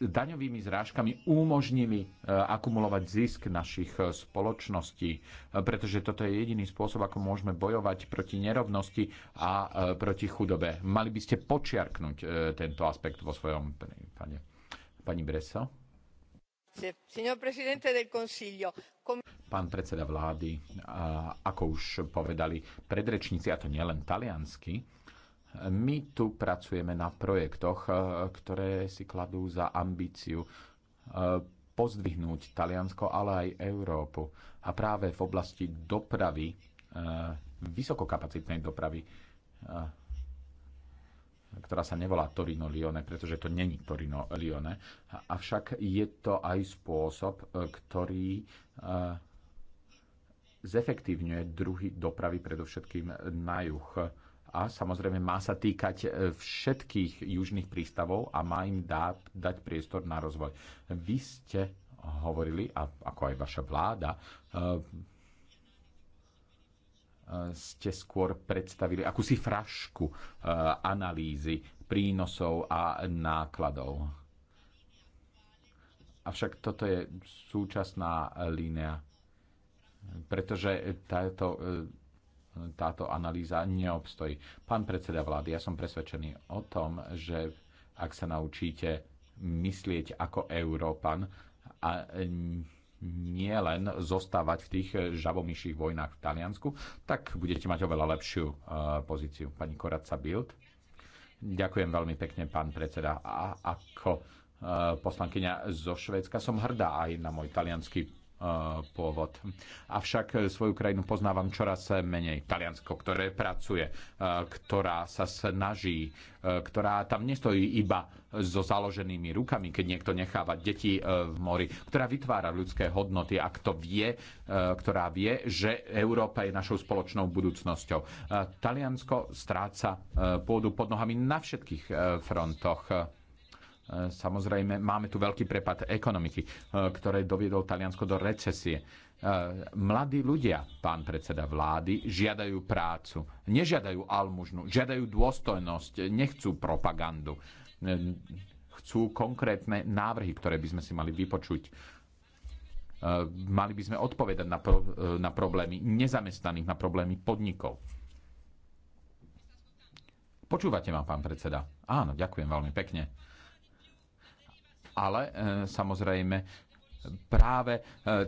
daňovými zrážkami umožnili e, akumulovať zisk našich e, spoločností, pretože toto je jediný spôsob, ako môžeme bojovať proti nerovnosti a proti chudobe. Mali by ste počiarknúť tento aspekt vo svojom pane. Pani Breso? Pán predseda vlády, ako už povedali predrečníci, a to nielen taliansky, my tu pracujeme na projektoch, e, ktoré si kladú za ambíciu e, pozdvihnúť Taliansko, ale aj Európu. A práve v oblasti dopravy, e, vysokokapacitnej dopravy, ktorá sa nevolá Torino-Lione, pretože to není Torino-Lione. Avšak je to aj spôsob, e, ktorý e, zefektívňuje druhy dopravy predovšetkým na juh. A samozrejme má sa týkať e, všetkých južných prístavov a má im dá, dať priestor na rozvoj. Vy ste hovorili, a ako aj vaša vláda, ste skôr predstavili akúsi frašku eh, analýzy prínosov a nákladov. Avšak toto je súčasná línia, pretože táto, eh, táto analýza neobstojí. Pán predseda vlády, ja som presvedčený o tom, že ak sa naučíte myslieť ako Európan a nie len zostávať v tých žabomyších vojnách v Taliansku, tak budete mať oveľa lepšiu eh, pozíciu. Pani Koradca Bild. Ďakujem veľmi pekne, pán predseda. A ako eh, poslankyňa zo Švédska som hrdá aj na môj talianský Eh, pôvod. Avšak eh, svoju krajinu poznávam čoraz menej. Taliansko, ktoré pracuje, eh, ktorá sa snaží, ktorá tam nestojí iba so založenými rukami, keď niekto necháva deti v mori, ktorá vytvára ľudské hodnoty a kto vie, ktorá vie, že Európa je našou spoločnou budúcnosťou. Taliansko stráca pôdu pod nohami na všetkých frontoch E, samozrejme, máme tu veľký prepad ekonomiky, e, ktoré doviedol Taliansko do recesie. E, mladí ľudia, pán predseda vlády, žiadajú prácu, nežiadajú almužnu, žiadajú dôstojnosť, nechcú propagandu. Chcú konkrétne návrhy, ktoré by sme si mali vypočuť. Mali by sme odpovedať na, pro, na problémy nezamestnaných, na problémy podnikov. Počúvate ma, pán predseda? Áno, ďakujem veľmi pekne ale e, samozrejme práve e,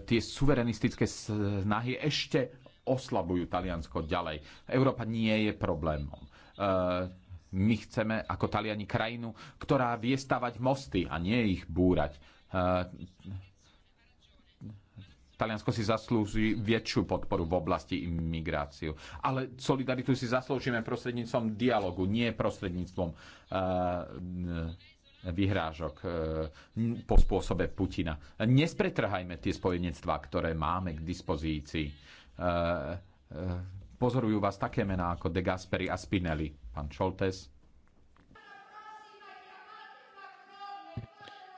tie suverenistické snahy ešte oslabujú Taliansko ďalej. Európa nie je problémom. E, my chceme ako Taliani krajinu, ktorá vie stavať mosty a nie ich búrať. Taliansko si zaslúži väčšiu podporu v oblasti imigráciu. Ale solidaritu si zaslúžime prostredníctvom dialogu, nie prostredníctvom uh, vyhrážok e, po spôsobe Putina. Nespretrhajme tie spojenectvá, ktoré máme k dispozícii. E, e, pozorujú vás také mená ako De Gasperi a Spinelli. Pán Šoltes.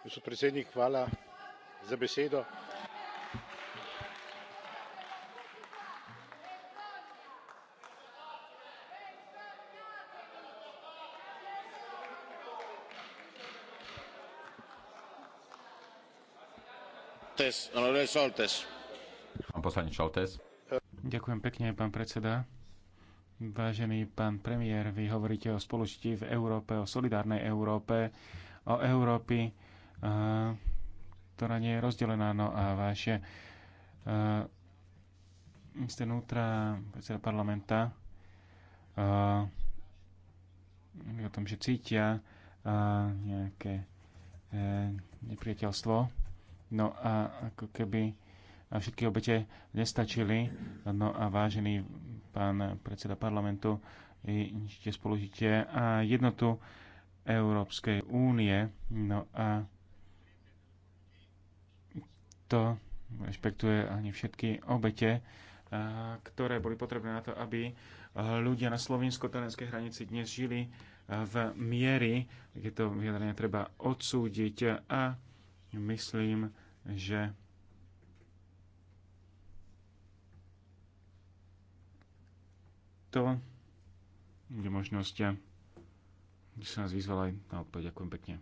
Gospod predsednik, hvala za besedo. Pán poslanec Šoltes. Ďakujem pekne, pán predseda. Vážený pán premiér, vy hovoríte o spoločti v Európe, o solidárnej Európe, o Európy, ktorá nie je rozdelená. No a vaše minister vnútra, predseda parlamenta, o tom, že cítia nejaké e, nepriateľstvo No a ako keby a všetky obete nestačili. No a vážený pán predseda parlamentu, ešte spolužite a jednotu Európskej únie. No a to rešpektuje ani všetky obete, ktoré boli potrebné na to, aby ľudia na slovinsko-talenskej hranici dnes žili v miery. Je to vyjadrenie treba odsúdiť a myslím, že to je možnosť, kde sa nás vyzval aj na odpoveď. Ďakujem pekne.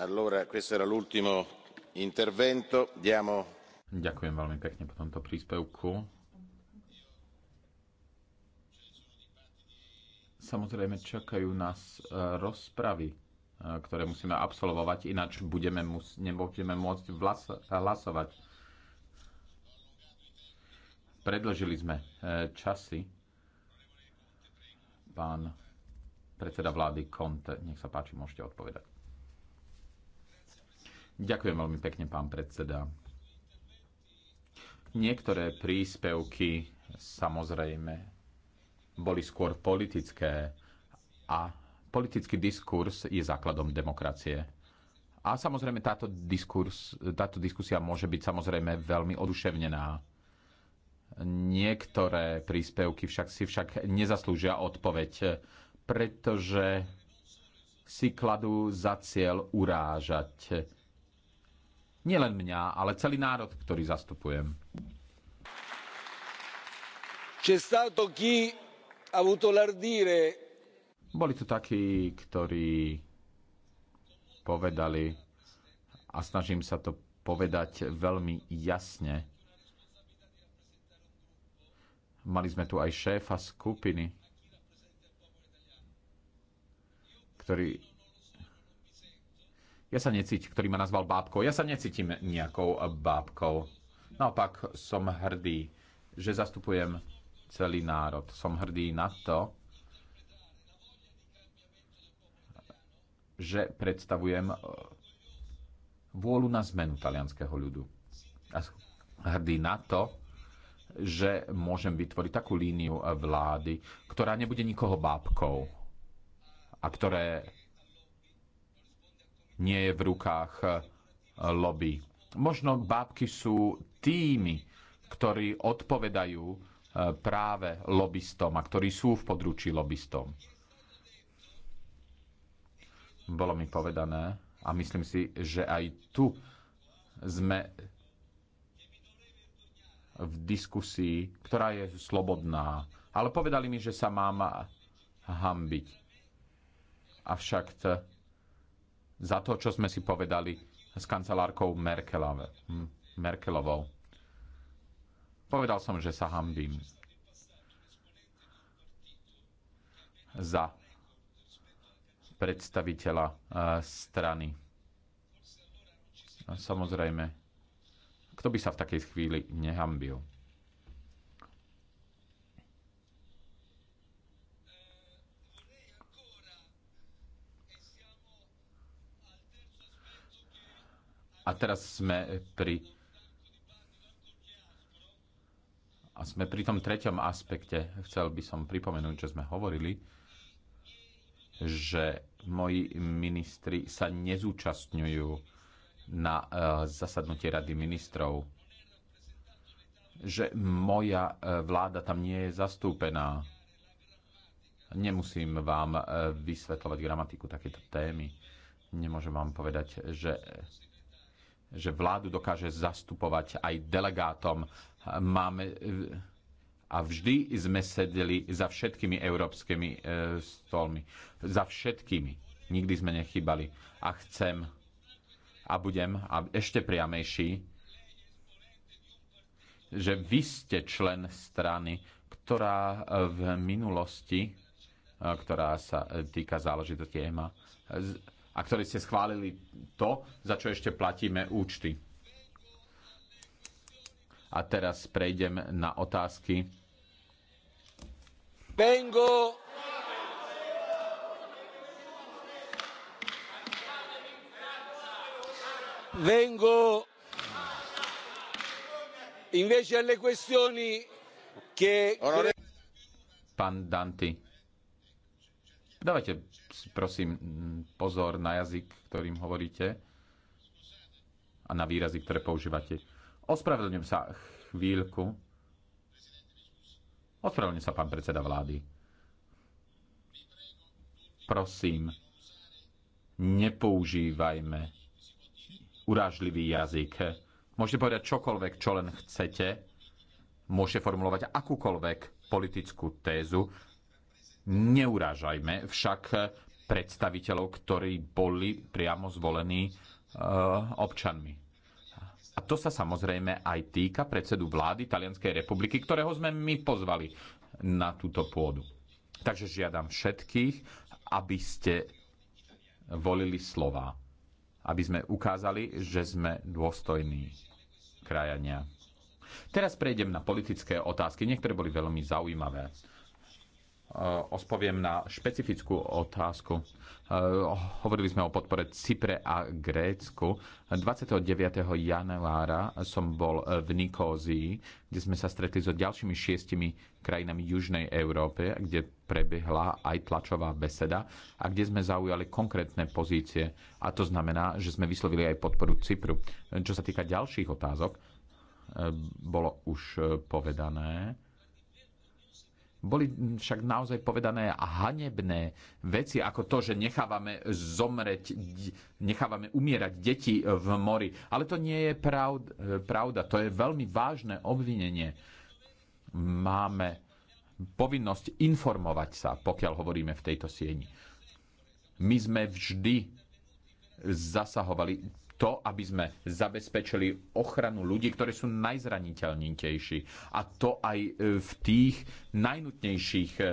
Allora, questo era l'ultimo intervento. Diamo... Ďakujem veľmi pekne po tomto príspevku. samozrejme čakajú nás eh, rozpravy Eh, ktoré musíme absolvovať, ináč budeme mus- nebudeme môcť vlas- hlasovať. Predložili sme eh, časy. Pán predseda vlády Conte, nech sa páči, môžete odpovedať. Ďakujem veľmi pekne, pán predseda. Niektoré príspevky samozrejme boli skôr politické a politický diskurs je základom demokracie. A samozrejme táto, diskurs, táto diskusia môže byť samozrejme veľmi oduševnená. Niektoré príspevky však si však nezaslúžia odpoveď, pretože si kladú za cieľ urážať nielen mňa, ale celý národ, ktorý zastupujem. C'è stato chi ha avuto l'ardire boli tu takí, ktorí povedali, a snažím sa to povedať veľmi jasne, mali sme tu aj šéfa skupiny, ktorý ja sa necítim, ktorý ma nazval bábkou. Ja sa necítim nejakou bábkou. Naopak som hrdý, že zastupujem celý národ. Som hrdý na to, že predstavujem e, vôľu na zmenu talianského ľudu. A hrdý na to, že môžem vytvoriť takú líniu vlády, ktorá nebude nikoho bábkou a ktoré nie je v rukách e, lobby. Možno bábky sú tými, ktorí odpovedajú e, práve lobbystom a ktorí sú v područí lobbystom. Bolo mi povedané a myslím si, že aj tu sme v diskusii, ktorá je slobodná. Ale povedali mi, že sa mám hambiť. Avšak za to, čo sme si povedali s kancelárkou Merkelove, Merkelovou. Povedal som, že sa hambím za predstaviteľa eh, strany. Samozrejme, kto by sa v takej chvíli nehambil? A teraz sme pri a sme pri tom treťom aspekte. Chcel by som pripomenúť, že sme hovorili, že moji ministri sa nezúčastňujú na e, zasadnutie Rady ministrov. Že moja e, vláda tam nie je zastúpená. Nemusím vám e, vysvetľovať gramatiku takéto témy. Nemôžem vám povedať, že, že vládu dokáže zastupovať aj delegátom. Máme a vždy sme sedeli za všetkými európskymi e, stolmi. Za všetkými. Nikdy sme nechybali. A chcem a budem a ešte priamejší, že vy ste člen strany, ktorá e, v minulosti, e, ktorá sa týka záležitosti EMA, a ktorí ste schválili to, za čo ešte platíme účty. A teraz prejdem na otázky vengo vengo invece alle questioni che Pán Danti. Dávajte prosím mm, pozor na jazyk, ktorým hovoríte a na výrazy, ktoré používate. Ospravedlňujem sa chvíľku. Ospravedlňujem sa, pán predseda vlády. Prosím, nepoužívajme urážlivý jazyk. Môžete povedať čokoľvek, čo len chcete. Môžete formulovať akúkoľvek politickú tézu. Neurážajme však predstaviteľov, ktorí boli priamo zvolení eh, občanmi. A to sa samozrejme aj týka predsedu vlády Talianskej republiky, ktorého sme my pozvali na túto pôdu. Takže žiadam všetkých, aby ste volili slova. Aby sme ukázali, že sme dôstojní krajania. Teraz prejdem na politické otázky. Niektoré boli veľmi zaujímavé. E, ospoviem na špecifickú otázku. E, hovorili sme o podpore Cypre a Grécku. 29. januára som bol v Nikózii, kde sme sa stretli so ďalšími šiestimi krajinami Južnej Európy, kde prebehla aj tlačová beseda a kde sme zaujali konkrétne pozície. A to znamená, že sme vyslovili aj podporu Cypru. E, čo sa týka ďalších otázok, bolo už povedané, boli však naozaj povedané hanebné veci, ako to, že nechávame zomreť, nechávame umierať deti v mori. Ale to nie je pravda. To je veľmi vážne obvinenie. Máme povinnosť informovať sa, pokiaľ hovoríme v tejto sieni. My sme vždy zasahovali to, aby sme zabezpečili ochranu ľudí, ktorí sú najzraniteľnejší. A to aj e, v tých najnutnejších e,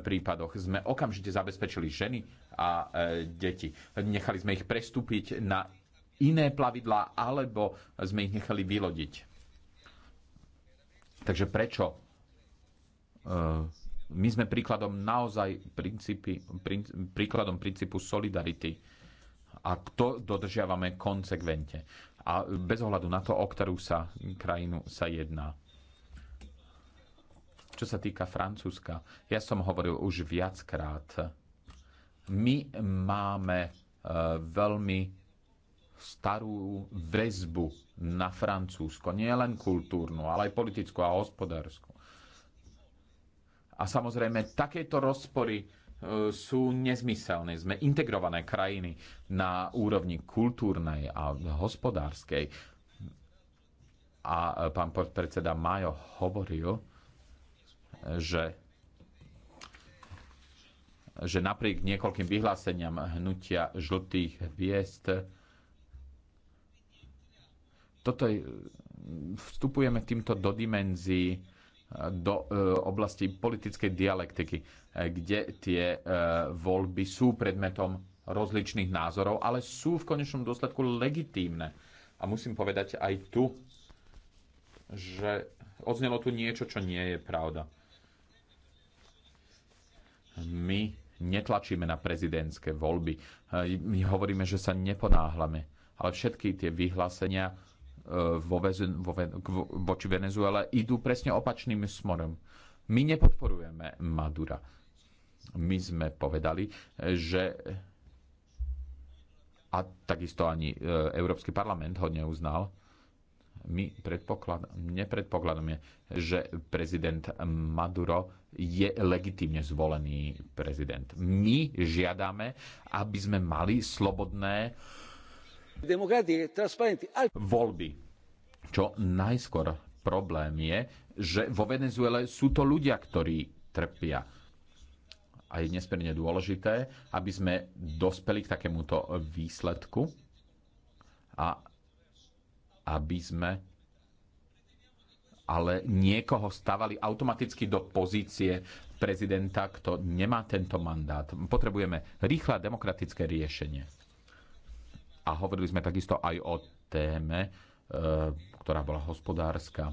prípadoch. Sme okamžite zabezpečili ženy a e, deti. Nechali sme ich prestúpiť na iné plavidlá, alebo sme ich nechali vylodiť. Takže prečo? My sme príkladom naozaj princípy, príkladom princípu solidarity a to dodržiavame konsekvente. A bez ohľadu na to, o ktorú sa krajinu sa jedná. Čo sa týka Francúzska, ja som hovoril už viackrát. My máme e, veľmi starú väzbu na Francúzsko, nie len kultúrnu, ale aj politickú a hospodárskú. A samozrejme, takéto rozpory sú nezmyselné. Sme integrované krajiny na úrovni kultúrnej a hospodárskej. A e, pán predseda Majo hovoril, že že napriek niekoľkým vyhláseniam hnutia žltých hviezd toto je, vstupujeme týmto do dimenzií do e, oblasti politickej dialektiky, e, kde tie e, voľby sú predmetom rozličných názorov, ale sú v konečnom dôsledku legitímne. A musím povedať aj tu, že odznelo tu niečo, čo nie je pravda. My netlačíme na prezidentské voľby. My hovoríme, že sa neponáhlame. Ale všetky tie vyhlásenia Eh, vo, väzen, vo, vo, voči Venezuele idú presne opačným smorom. My nepodporujeme Madura. My sme povedali, že a takisto ani eh, Európsky parlament ho neuznal, my predpoklad, nepredpokladáme, že prezident Maduro je legitimne zvolený prezident. My žiadame, aby sme mali slobodné uh, Voľby. Čo najskôr problém je, že vo Venezuele sú to ľudia, ktorí trpia. A je nesmierne dôležité, aby sme dospeli k takémuto výsledku a aby sme ale niekoho stavali automaticky do pozície prezidenta, kto nemá tento mandát. Potrebujeme rýchle demokratické riešenie a hovorili sme takisto aj o téme, e, ktorá bola hospodárska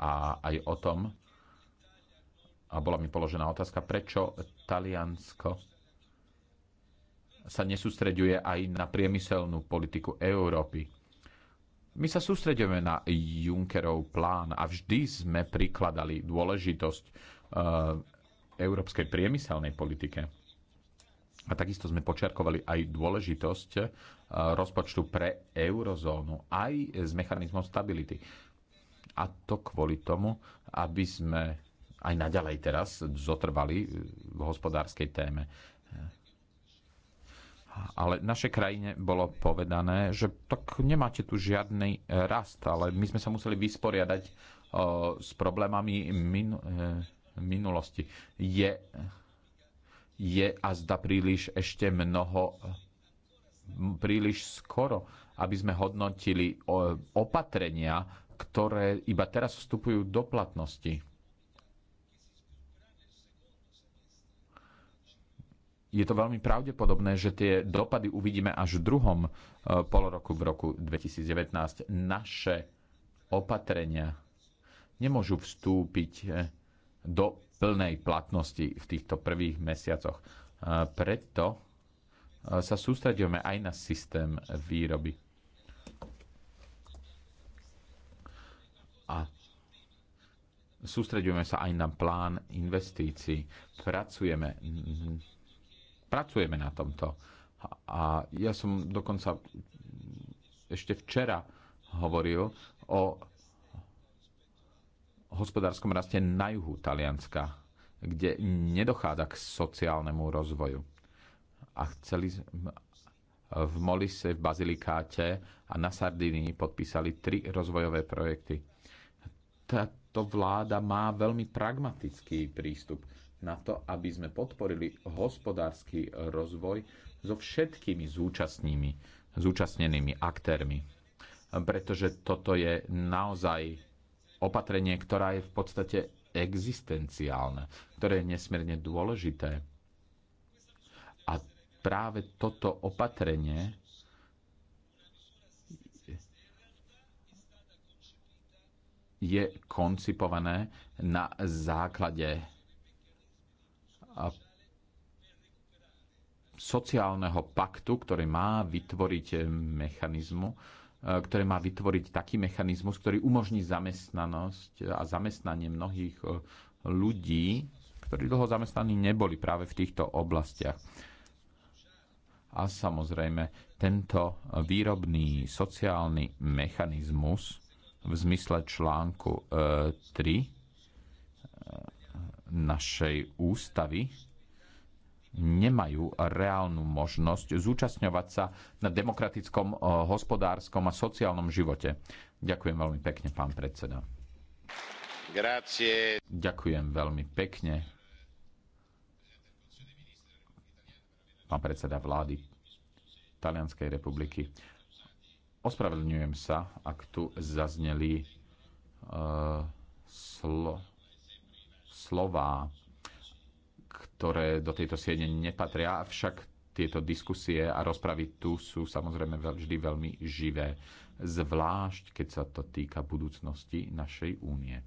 a aj o tom, a bola mi položená otázka, prečo Taliansko sa nesústreďuje aj na priemyselnú politiku Európy. My sa sústredujeme na Junckerov plán a vždy sme prikladali dôležitosť e, európskej priemyselnej politike. A takisto sme počiarkovali aj dôležitosť e, rozpočtu pre eurozónu aj s mechanizmom stability. A to kvôli tomu, aby sme aj naďalej teraz zotrvali e, v hospodárskej téme. Ale našej krajine bolo povedané, že tak nemáte tu žiadny rast, ale my sme sa museli vysporiadať e, s problémami minulosti. Je je a zda príliš ešte mnoho, príliš skoro, aby sme hodnotili opatrenia, ktoré iba teraz vstupujú do platnosti. je to veľmi pravdepodobné, že tie dopady uvidíme až v druhom e, poloroku v roku 2019. Naše opatrenia nemôžu vstúpiť e, do plnej platnosti v týchto prvých mesiacoch. Preto sa sústredíme aj na systém výroby. A sústredíme sa aj na plán investícií. Pracujeme, pracujeme na tomto. A ja som dokonca ešte včera hovoril o hospodárskom raste na juhu Talianska, kde nedochádza k sociálnemu rozvoju. A chceli v Molise, v Bazilikáte a na Sardinii podpísali tri rozvojové projekty. Táto vláda má veľmi pragmatický prístup na to, aby sme podporili hospodársky rozvoj so všetkými zúčastnými, zúčastnenými aktérmi. Pretože toto je naozaj opatrenie, ktorá je v podstate existenciálne, ktoré je nesmierne dôležité. A práve toto opatrenie je koncipované na základe sociálneho paktu, ktorý má vytvoriť mechanizmu, E, ktoré má vytvoriť taký mechanizmus, ktorý umožní zamestnanosť a zamestnanie mnohých e, ľudí, ktorí dlho zamestnaní neboli práve v týchto oblastiach. A samozrejme, tento výrobný sociálny mechanizmus v zmysle článku 3 e, našej ústavy nemajú reálnu možnosť zúčastňovať sa na demokratickom, eh, hospodárskom a sociálnom živote. Ďakujem veľmi pekne, pán predseda. Grazie. Ďakujem veľmi pekne. Pán predseda vlády Talianskej republiky. Ospravedlňujem sa, ak tu zazneli uh, slo, slová ktoré do tejto siene nepatria, avšak tieto diskusie a rozpravy tu sú samozrejme vždy veľmi živé, zvlášť keď sa to týka budúcnosti našej únie.